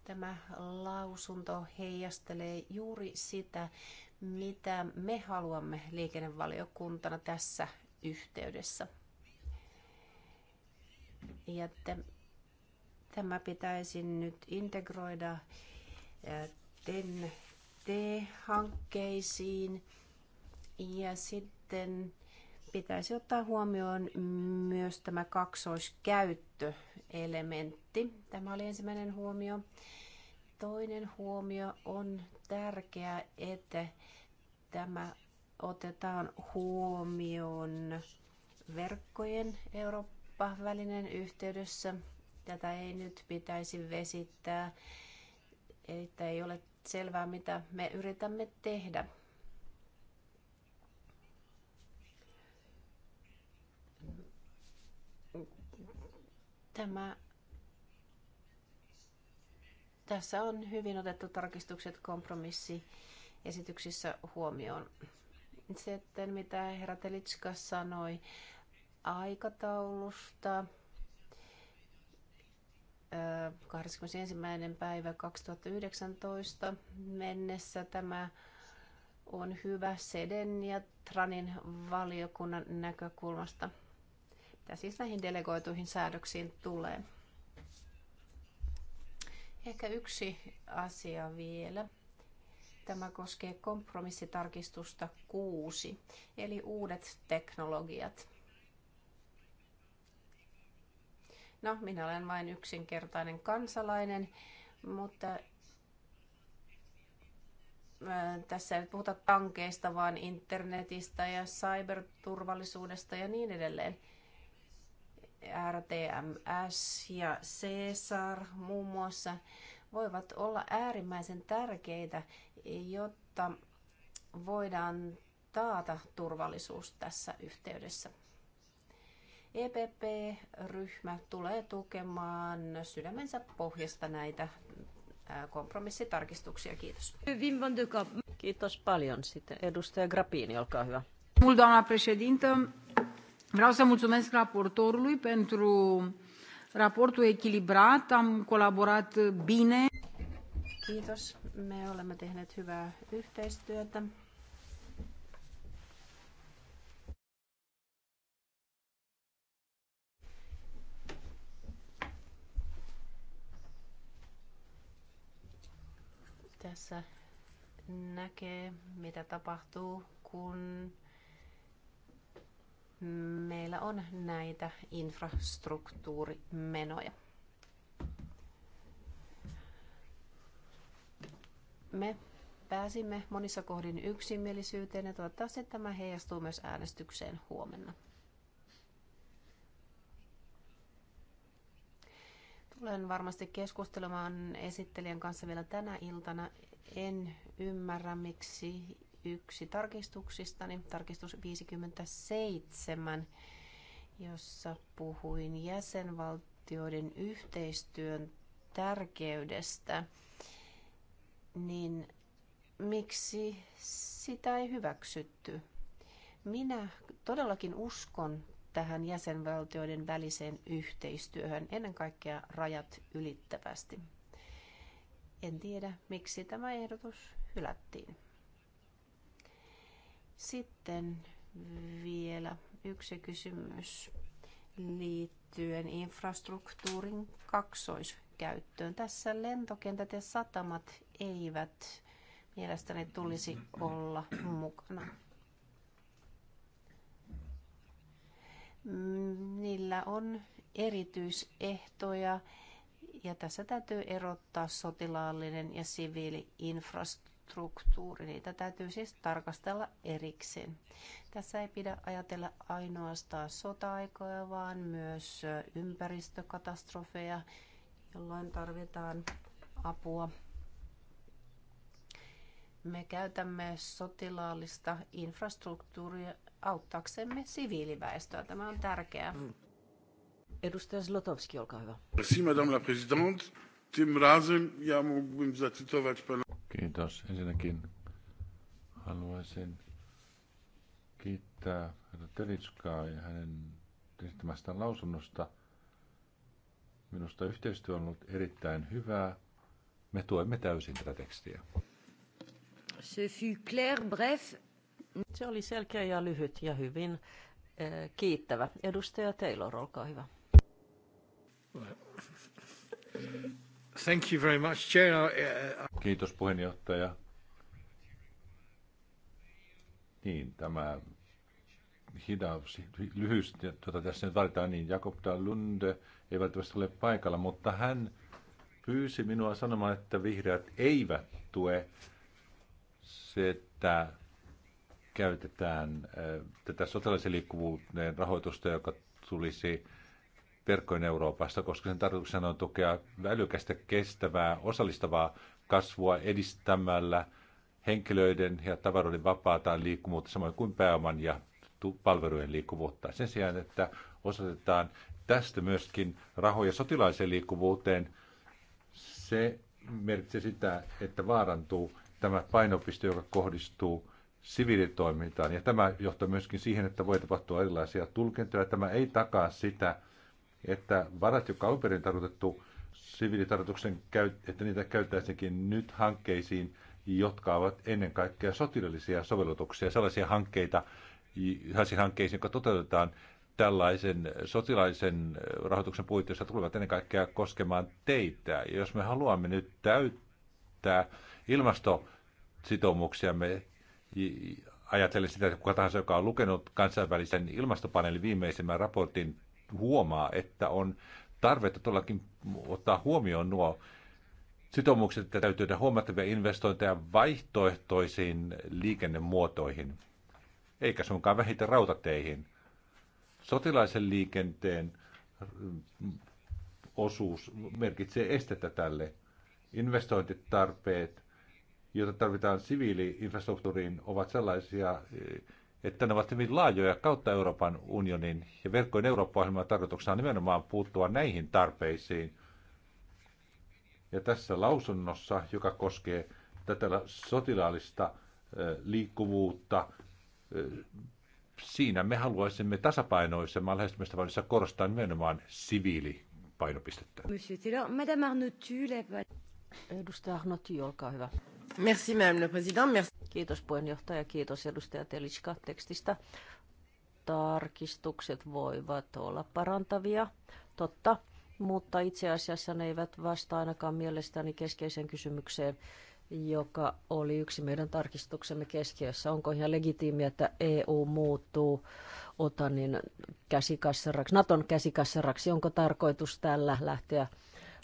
Tämä lausunto heijastelee juuri sitä, mitä me haluamme liikennevaliokuntana tässä yhteydessä. Ja tämä pitäisi nyt integroida TEN TEN-T-hankkeisiin ja sitten pitäisi ottaa huomioon myös tämä kaksoiskäyttöelementti. Tämä oli ensimmäinen huomio. Toinen huomio on tärkeää, että tämä otetaan huomioon verkkojen Eurooppa-välinen yhteydessä. Tätä ei nyt pitäisi vesittää, että ei ole selvää, mitä me yritämme tehdä. Tämä, tässä on hyvin otettu tarkistukset kompromissi esityksissä huomioon. Sitten mitä herra Telitska sanoi aikataulusta. 21. päivä 2019 mennessä tämä on hyvä SEDEN ja TRANin valiokunnan näkökulmasta. Mitä siis näihin delegoituihin säädöksiin tulee? Ehkä yksi asia vielä. Tämä koskee kompromissitarkistusta 6, eli uudet teknologiat. No, minä olen vain yksinkertainen kansalainen, mutta tässä ei puhuta tankeista, vaan internetistä ja cyberturvallisuudesta ja niin edelleen. RTMS ja CSAR muun muassa voivat olla äärimmäisen tärkeitä, jotta voidaan taata turvallisuus tässä yhteydessä. EPP-ryhmä tulee tukemaan sydämensä pohjasta näitä kompromissitarkistuksia. Kiitos. Kiitos paljon. Sitten edustaja Grappini, olkaa hyvä. Mult, doamna vreau să mulțumesc raportorului pentru raportul echilibrat. Am colaborat bine. Kiitos. Me olemme tehneet hyvää yhteistyötä. Tässä näkee, mitä tapahtuu, kun meillä on näitä infrastruktuurimenoja. Me pääsimme monissa kohdin yksimielisyyteen ja toivottavasti tämä heijastuu myös äänestykseen huomenna. Tulen varmasti keskustelemaan esittelijän kanssa vielä tänä iltana. En ymmärrä, miksi yksi tarkistuksistani, tarkistus 57, jossa puhuin jäsenvaltioiden yhteistyön tärkeydestä, niin miksi sitä ei hyväksytty? Minä todellakin uskon tähän jäsenvaltioiden väliseen yhteistyöhön, ennen kaikkea rajat ylittävästi. En tiedä, miksi tämä ehdotus hylättiin. Sitten vielä yksi kysymys liittyen infrastruktuurin kaksoiskäyttöön. Tässä lentokentät ja satamat eivät mielestäni tulisi olla mukana. Niillä on erityisehtoja ja tässä täytyy erottaa sotilaallinen ja infrastruktuuri. Niitä täytyy siis tarkastella erikseen. Tässä ei pidä ajatella ainoastaan sota-aikoja, vaan myös ympäristökatastrofeja, jolloin tarvitaan apua. Me käytämme sotilaallista infrastruktuuria auttaaksemme siviiliväestöä. Tämä on tärkeää. Edustaja Zlotowski, olkaa hyvä. Merci, madame la présidente. Tym razem ja mógłbym zacytować pana... Kiitos. Ensinnäkin haluaisin kiittää Telitskaa ja hänen esittämästään lausunnosta. Minusta yhteistyö on ollut erittäin hyvää. Me tuemme täysin tätä tekstiä. Se fut clair, bref se oli selkeä ja lyhyt ja hyvin eh, kiittävä. Edustaja Taylor, olkaa hyvä. Thank you very much, Chair. Kiitos puheenjohtaja. Niin, tämä hidaus, lyhyys, tuota tässä nyt valitaan, niin Jakob Lunde ei välttämättä ole paikalla, mutta hän pyysi minua sanomaan, että vihreät eivät tue sitä käytetään tätä sotilaisen liikkuvuuden rahoitusta, joka tulisi verkkojen Euroopasta, koska sen tarkoituksena on tukea välykästä, kestävää, osallistavaa kasvua edistämällä henkilöiden ja tavaroiden vapaata liikkuvuutta, samoin kuin pääoman ja palvelujen liikkuvuutta. Sen sijaan, että osoitetaan tästä myöskin rahoja sotilaiseen liikkuvuuteen, se merkitsee sitä, että vaarantuu tämä painopiste, joka kohdistuu siviilitoimintaan. Ja tämä johtaa myöskin siihen, että voi tapahtua erilaisia tulkintoja. Tämä ei takaa sitä, että varat, jotka on perin tarkoitettu siviilitarkoituksen, että niitä käyttäisikin nyt hankkeisiin, jotka ovat ennen kaikkea sotilaallisia sovellutuksia, sellaisia hankkeita, sellaisia hankkeisiin, jotka toteutetaan tällaisen sotilaisen rahoituksen puitteissa tulevat ennen kaikkea koskemaan teitä. Ja jos me haluamme nyt täyttää ilmastositoumuksiamme ajatellen sitä, että kuka tahansa, joka on lukenut kansainvälisen ilmastopaneelin viimeisimmän raportin, huomaa, että on tarvetta todellakin ottaa huomioon nuo sitoumukset, että täytyy tehdä huomattavia investointeja vaihtoehtoisiin liikennemuotoihin, eikä suinkaan vähiten rautateihin. Sotilaisen liikenteen osuus merkitsee estettä tälle. Investointitarpeet joita tarvitaan siviiliinfrastruktuuriin, ovat sellaisia, että ne ovat hyvin laajoja kautta Euroopan unionin. Ja verkkojen Eurooppa-ohjelman tarkoituksena on nimenomaan puuttua näihin tarpeisiin. Ja tässä lausunnossa, joka koskee tätä sotilaallista liikkuvuutta, siinä me haluaisimme tasapainoisemman lähestymistavallissa korostaa nimenomaan siviilipainopistettä. Monsieur Madame Edustaja Arnotti, olkaa hyvä. Merci, madame Merci. Kiitos puheenjohtaja, kiitos edustaja Telitska tekstistä. Tarkistukset voivat olla parantavia, totta, mutta itse asiassa ne eivät vastaa ainakaan mielestäni keskeiseen kysymykseen, joka oli yksi meidän tarkistuksemme keskiössä. Onko ihan legitiimiä, että EU muuttuu Otanin käsikassaraksi, Naton käsikassaraksi? Onko tarkoitus tällä lähteä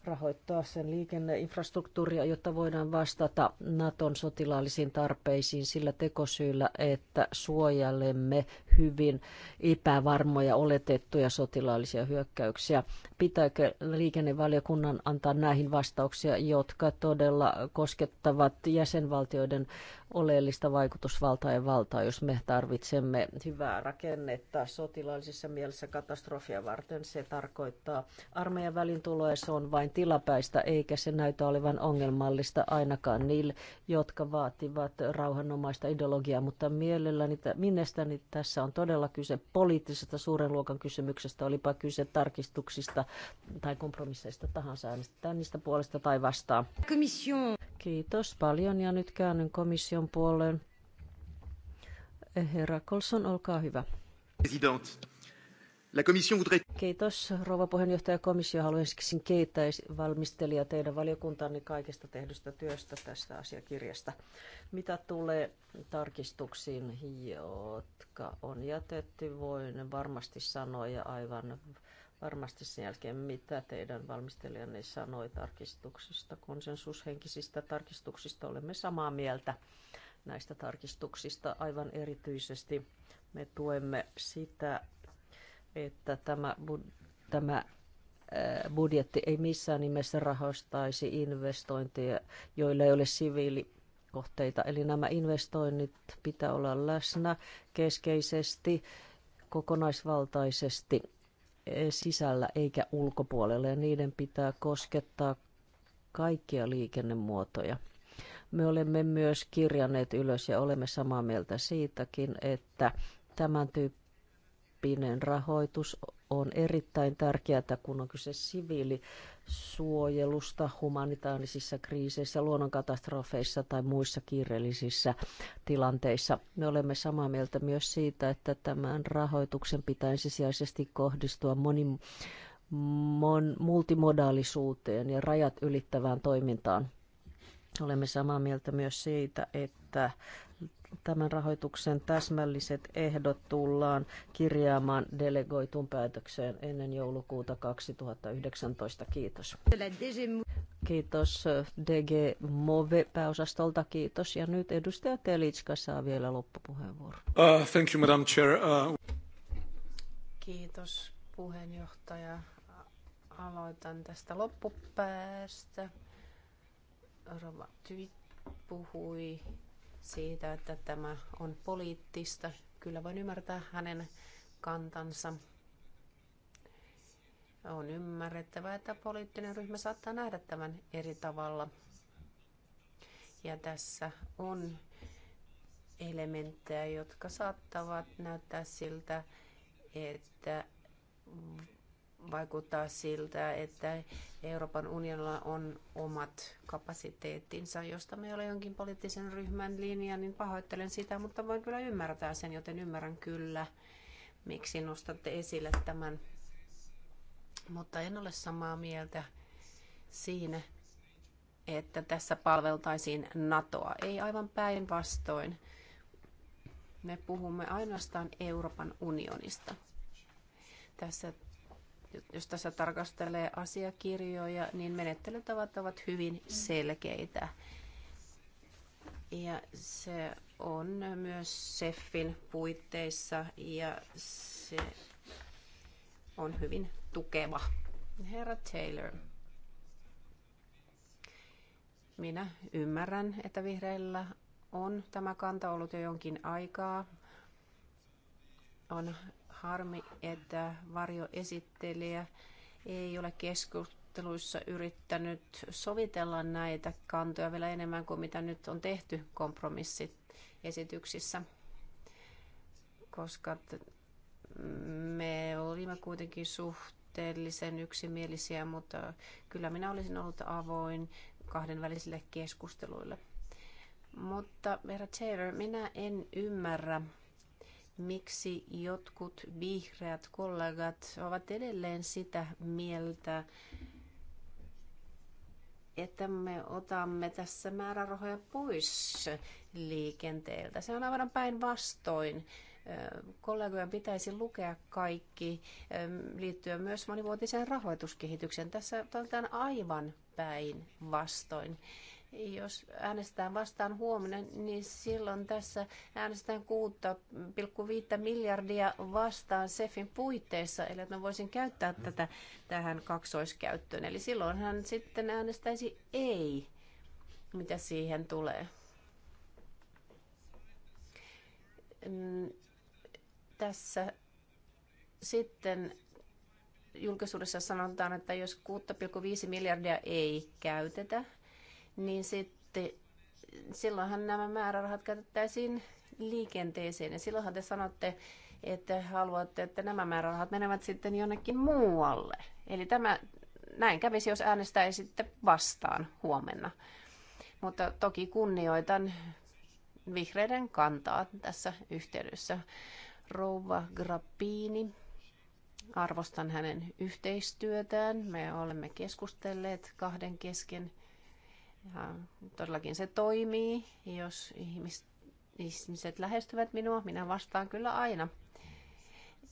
rahoittaa sen liikenneinfrastruktuuria, jotta voidaan vastata Naton sotilaallisiin tarpeisiin sillä tekosyyllä, että suojelemme hyvin epävarmoja oletettuja sotilaallisia hyökkäyksiä. Pitääkö liikennevaliokunnan antaa näihin vastauksia, jotka todella koskettavat jäsenvaltioiden oleellista vaikutusvaltaa ja valtaa, jos me tarvitsemme hyvää rakennetta sotilaallisessa mielessä katastrofia varten. Se tarkoittaa armeijan välintuloa ja se on vain tilapäistä, eikä se näytä olevan ongelmallista ainakaan niille, jotka vaativat rauhanomaista ideologiaa, mutta mielelläni, mielestäni tässä on todella kyse poliittisesta suuren luokan kysymyksestä, olipa kyse tarkistuksista tai kompromisseista tahansa äänestetään niistä puolesta tai vastaan. Komission. Kiitos paljon ja nyt käännyn komission puoleen. Herra Colson, olkaa hyvä. President. Kiitos rouva puheenjohtaja komissio. Haluaisin kiittää valmistelija teidän valiokuntanne kaikesta tehdystä työstä tästä asiakirjasta. Mitä tulee tarkistuksiin, jotka on jätetty, voin varmasti sanoa ja aivan varmasti sen jälkeen, mitä teidän valmistelijanne sanoi tarkistuksista, konsensushenkisistä tarkistuksista. Olemme samaa mieltä näistä tarkistuksista. Aivan erityisesti me tuemme sitä, että tämä, tämä budjetti ei missään nimessä rahoistaisi investointeja, joilla ei ole siviili kohteita. Eli nämä investoinnit pitää olla läsnä keskeisesti, kokonaisvaltaisesti sisällä eikä ulkopuolella ja niiden pitää koskettaa kaikkia liikennemuotoja. Me olemme myös kirjanneet ylös ja olemme samaa mieltä siitäkin, että tämän tyyppi julkinen rahoitus on erittäin tärkeää, kun on kyse siviilisuojelusta humanitaarisissa kriiseissä, luonnonkatastrofeissa tai muissa kiireellisissä tilanteissa. Me olemme samaa mieltä myös siitä, että tämän rahoituksen pitää ensisijaisesti kohdistua moni, mon, multimodaalisuuteen ja rajat ylittävään toimintaan. Olemme samaa mieltä myös siitä, että tämän rahoituksen täsmälliset ehdot tullaan kirjaamaan delegoitun päätökseen ennen joulukuuta 2019. Kiitos. Kiitos DG Move pääosastolta. Kiitos. Ja nyt edustaja Telitska saa vielä loppupuheenvuoron. Uh, thank you, Madam Chair. Uh... Kiitos puheenjohtaja. Aloitan tästä loppupäästä. Rova Tyvi puhui siitä, että tämä on poliittista. Kyllä voin ymmärtää hänen kantansa. On ymmärrettävä, että poliittinen ryhmä saattaa nähdä tämän eri tavalla. Ja tässä on elementtejä, jotka saattavat näyttää siltä, että vaikuttaa siltä, että Euroopan unionilla on omat kapasiteettinsa, josta me ole jonkin poliittisen ryhmän linja, niin pahoittelen sitä, mutta voin kyllä ymmärtää sen, joten ymmärrän kyllä, miksi nostatte esille tämän. Mutta en ole samaa mieltä siinä, että tässä palveltaisiin NATOa. Ei aivan päinvastoin. Me puhumme ainoastaan Euroopan unionista. Tässä jos tässä tarkastelee asiakirjoja, niin menettelytavat ovat hyvin selkeitä. Ja se on myös SEFin puitteissa ja se on hyvin tukeva. Herra Taylor, minä ymmärrän, että vihreillä on tämä kanta ollut jo jonkin aikaa. On harmi, että varjoesittelijä ei ole keskusteluissa yrittänyt sovitella näitä kantoja vielä enemmän kuin mitä nyt on tehty kompromissiesityksissä, koska me olimme kuitenkin suhteellisen yksimielisiä, mutta kyllä minä olisin ollut avoin kahdenvälisille keskusteluille. Mutta herra Taylor, minä en ymmärrä, miksi jotkut vihreät kollegat ovat edelleen sitä mieltä, että me otamme tässä määrärahoja pois liikenteeltä. Se on aivan päinvastoin. Kollegojen pitäisi lukea kaikki liittyen myös monivuotiseen rahoituskehitykseen. Tässä toimitaan aivan päinvastoin. Jos äänestetään vastaan huomenna, niin silloin tässä äänestetään 6,5 miljardia vastaan SEFin puitteissa, eli että mä voisin käyttää mm. tätä tähän kaksoiskäyttöön. Eli silloin hän sitten äänestäisi ei, mitä siihen tulee. Mm, tässä sitten julkisuudessa sanotaan, että jos 6,5 miljardia ei käytetä, niin sitten silloinhan nämä määrärahat käytettäisiin liikenteeseen. Ja silloinhan te sanotte, että haluatte, että nämä määrärahat menevät sitten jonnekin muualle. Eli tämä, näin kävisi, jos äänestäisitte vastaan huomenna. Mutta toki kunnioitan vihreiden kantaa tässä yhteydessä. Rouva Grappini, arvostan hänen yhteistyötään. Me olemme keskustelleet kahden kesken – ja todellakin se toimii, jos ihmiset lähestyvät minua, minä vastaan kyllä aina.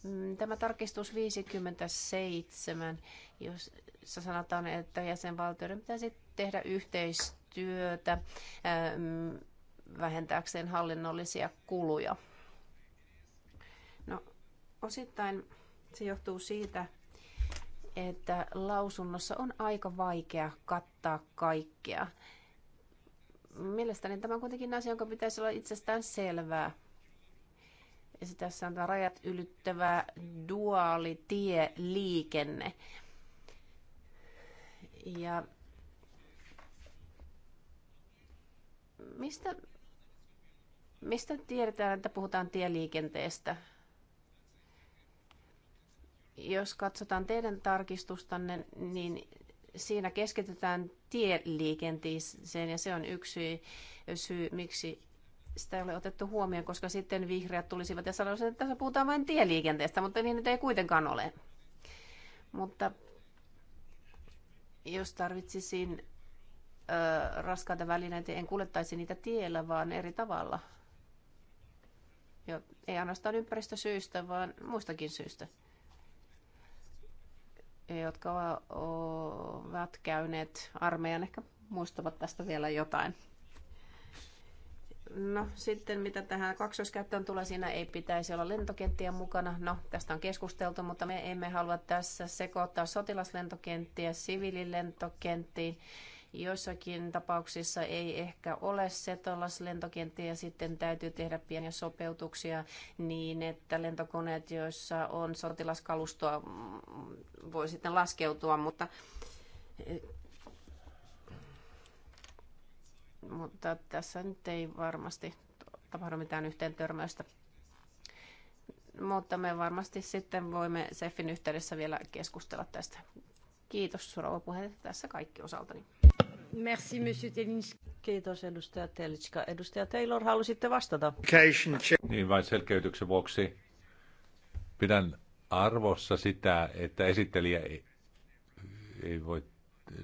Mm, tämä tarkistus 57, jos sanotaan, että jäsenvaltioiden pitäisi tehdä yhteistyötä ähm, vähentääkseen hallinnollisia kuluja. No, osittain se johtuu siitä, että lausunnossa on aika vaikea kattaa kaikkea. Mielestäni tämä on kuitenkin asia, jonka pitäisi olla itsestään selvää. Ja tässä on tämä rajat ylittävä duaalitie liikenne. Ja mistä, mistä tiedetään, että puhutaan tieliikenteestä? Jos katsotaan teidän tarkistustanne, niin siinä keskitytään tieliikenteeseen ja se on yksi syy, miksi sitä ei ole otettu huomioon, koska sitten vihreät tulisivat ja sanoisivat, että tässä puhutaan vain tieliikenteestä, mutta niin nyt ei kuitenkaan ole. Mutta jos tarvitsisin ö, raskaita välineitä, en kuljettaisi niitä tiellä, vaan eri tavalla. Jo, ei ainoastaan ympäristösyistä, vaan muistakin syistä jotka ovat käyneet armeijan, ehkä muistavat tästä vielä jotain. No sitten mitä tähän kaksoiskäyttöön tulee, siinä ei pitäisi olla lentokenttiä mukana. No tästä on keskusteltu, mutta me emme halua tässä sekoittaa sotilaslentokenttiä siviililentokenttiin. Joissakin tapauksissa ei ehkä ole setolaslentokenttää ja sitten täytyy tehdä pieniä sopeutuksia niin, että lentokoneet, joissa on sotilaskalustoa, voi sitten laskeutua, mutta mutta tässä nyt ei varmasti tapahdu mitään yhteen törmäystä. Mutta me varmasti sitten voimme SEFin yhteydessä vielä keskustella tästä. Kiitos rouva puheenjohtaja, tässä kaikki osaltani. Merci, Monsieur Telinski. Kiitos, edustaja Telitska. Edustaja Taylor, halusitte vastata? Niin vain selkeytyksen vuoksi. Pidän arvossa sitä, että esittelijä ei, ei voi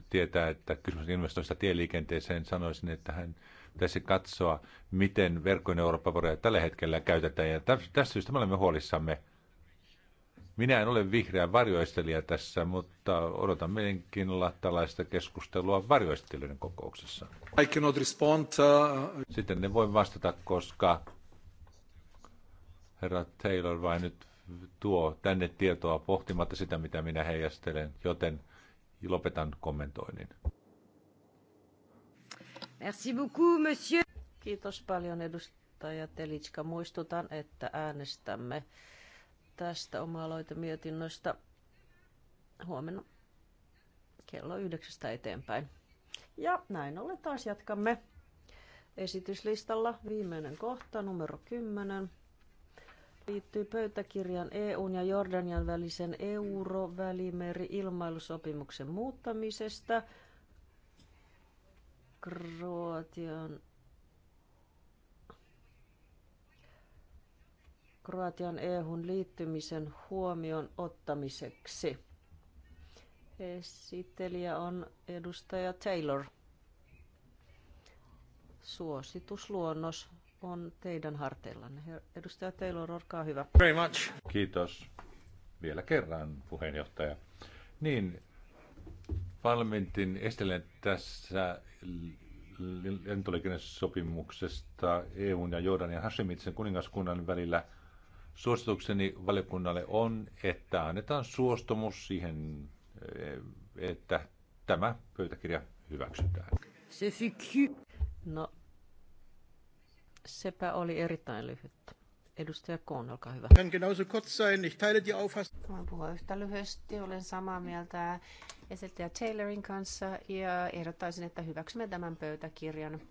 tietää, että kysymys investoista tieliikenteeseen. Sanoisin, että hän pitäisi katsoa, miten verkkojen Eurooppa-varoja tällä hetkellä käytetään. Ja tästä syystä me olemme huolissamme minä en ole vihreä varjoistelija tässä, mutta odotan mielenkiinnolla tällaista keskustelua varjoistelijoiden kokouksessa. I cannot respond. Uh... Sitten ne voi vastata, koska herra Taylor vain nyt tuo tänne tietoa pohtimatta sitä, mitä minä heijastelen, joten lopetan kommentoinnin. Merci beaucoup, monsieur. Kiitos paljon edustaja Telitska. Muistutan, että äänestämme tästä oma mietinnöstä huomenna kello yhdeksästä eteenpäin. Ja näin ollen taas jatkamme esityslistalla. Viimeinen kohta, numero 10, liittyy pöytäkirjan EUn ja Jordanian välisen Eurovälimeri ilmailusopimuksen muuttamisesta. Kroatian Kroatian EU:hun liittymisen huomion ottamiseksi. Esittelijä on edustaja Taylor. Suositusluonnos on teidän harteillanne. Edustaja Taylor, olkaa hyvä. Very much. Kiitos vielä kerran, puheenjohtaja. Niin, Valmentin estelen tässä lentoliikennesopimuksesta EUn ja Jordanian Hashemitsen kuningaskunnan välillä – Suositukseni valiokunnalle on, että annetaan suostumus siihen, että tämä pöytäkirja hyväksytään. Se No, sepä oli erittäin lyhyttä. Edustaja Koon, olkaa hyvä. Kann genauso kurz sein. Ich teile die Auffassung. Voin puhua yhtä lyhyesti. Olen samaa mieltä esittäjä Taylorin kanssa ja ehdottaisin, että hyväksymme tämän pöytäkirjan.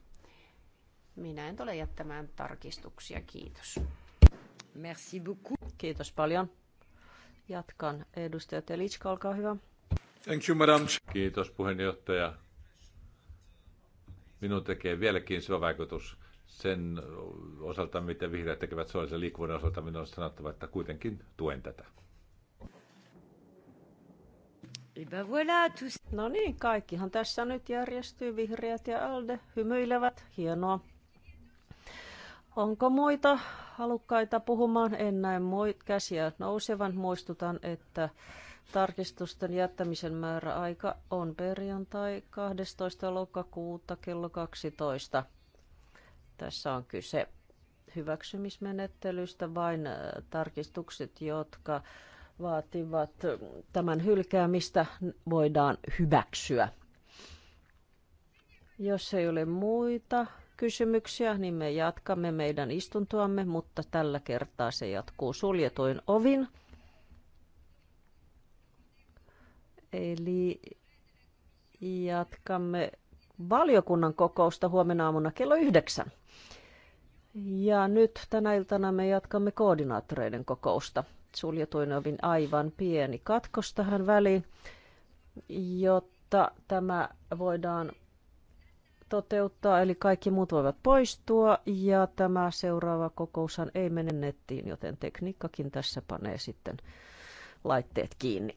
Minä en tule jättämään tarkistuksia. Kiitos. Merci beaucoup. Kiitos paljon. Jatkan. Edustaja Telitska, olkaa hyvä. Thank you, madam. Kiitos puheenjohtaja. Minun tekee vieläkin se vaikutus sen osalta, mitä vihreät tekevät suolisen liikkuvuuden osalta. Minun on sanottava, että kuitenkin tuen tätä. Eh no niin, kaikkihan tässä nyt järjestyy. Vihreät ja ALDE hymyilevät. Hienoa. Onko muita halukkaita puhumaan? En näe muit käsiä nousevan. Muistutan, että tarkistusten jättämisen määräaika on perjantai 12. lokakuuta kello 12. Tässä on kyse hyväksymismenettelystä, vain äh, tarkistukset, jotka vaativat tämän hylkäämistä, voidaan hyväksyä. Jos ei ole muita kysymyksiä, niin me jatkamme meidän istuntoamme, mutta tällä kertaa se jatkuu suljetuin ovin. Eli jatkamme valiokunnan kokousta huomenna aamuna kello yhdeksän. Ja nyt tänä iltana me jatkamme koordinaattoreiden kokousta. Suljetuin ovin aivan pieni katkos tähän väliin, jotta tämä voidaan toteuttaa, eli kaikki muut voivat poistua. Ja tämä seuraava kokoushan ei mene nettiin, joten tekniikkakin tässä panee sitten laitteet kiinni.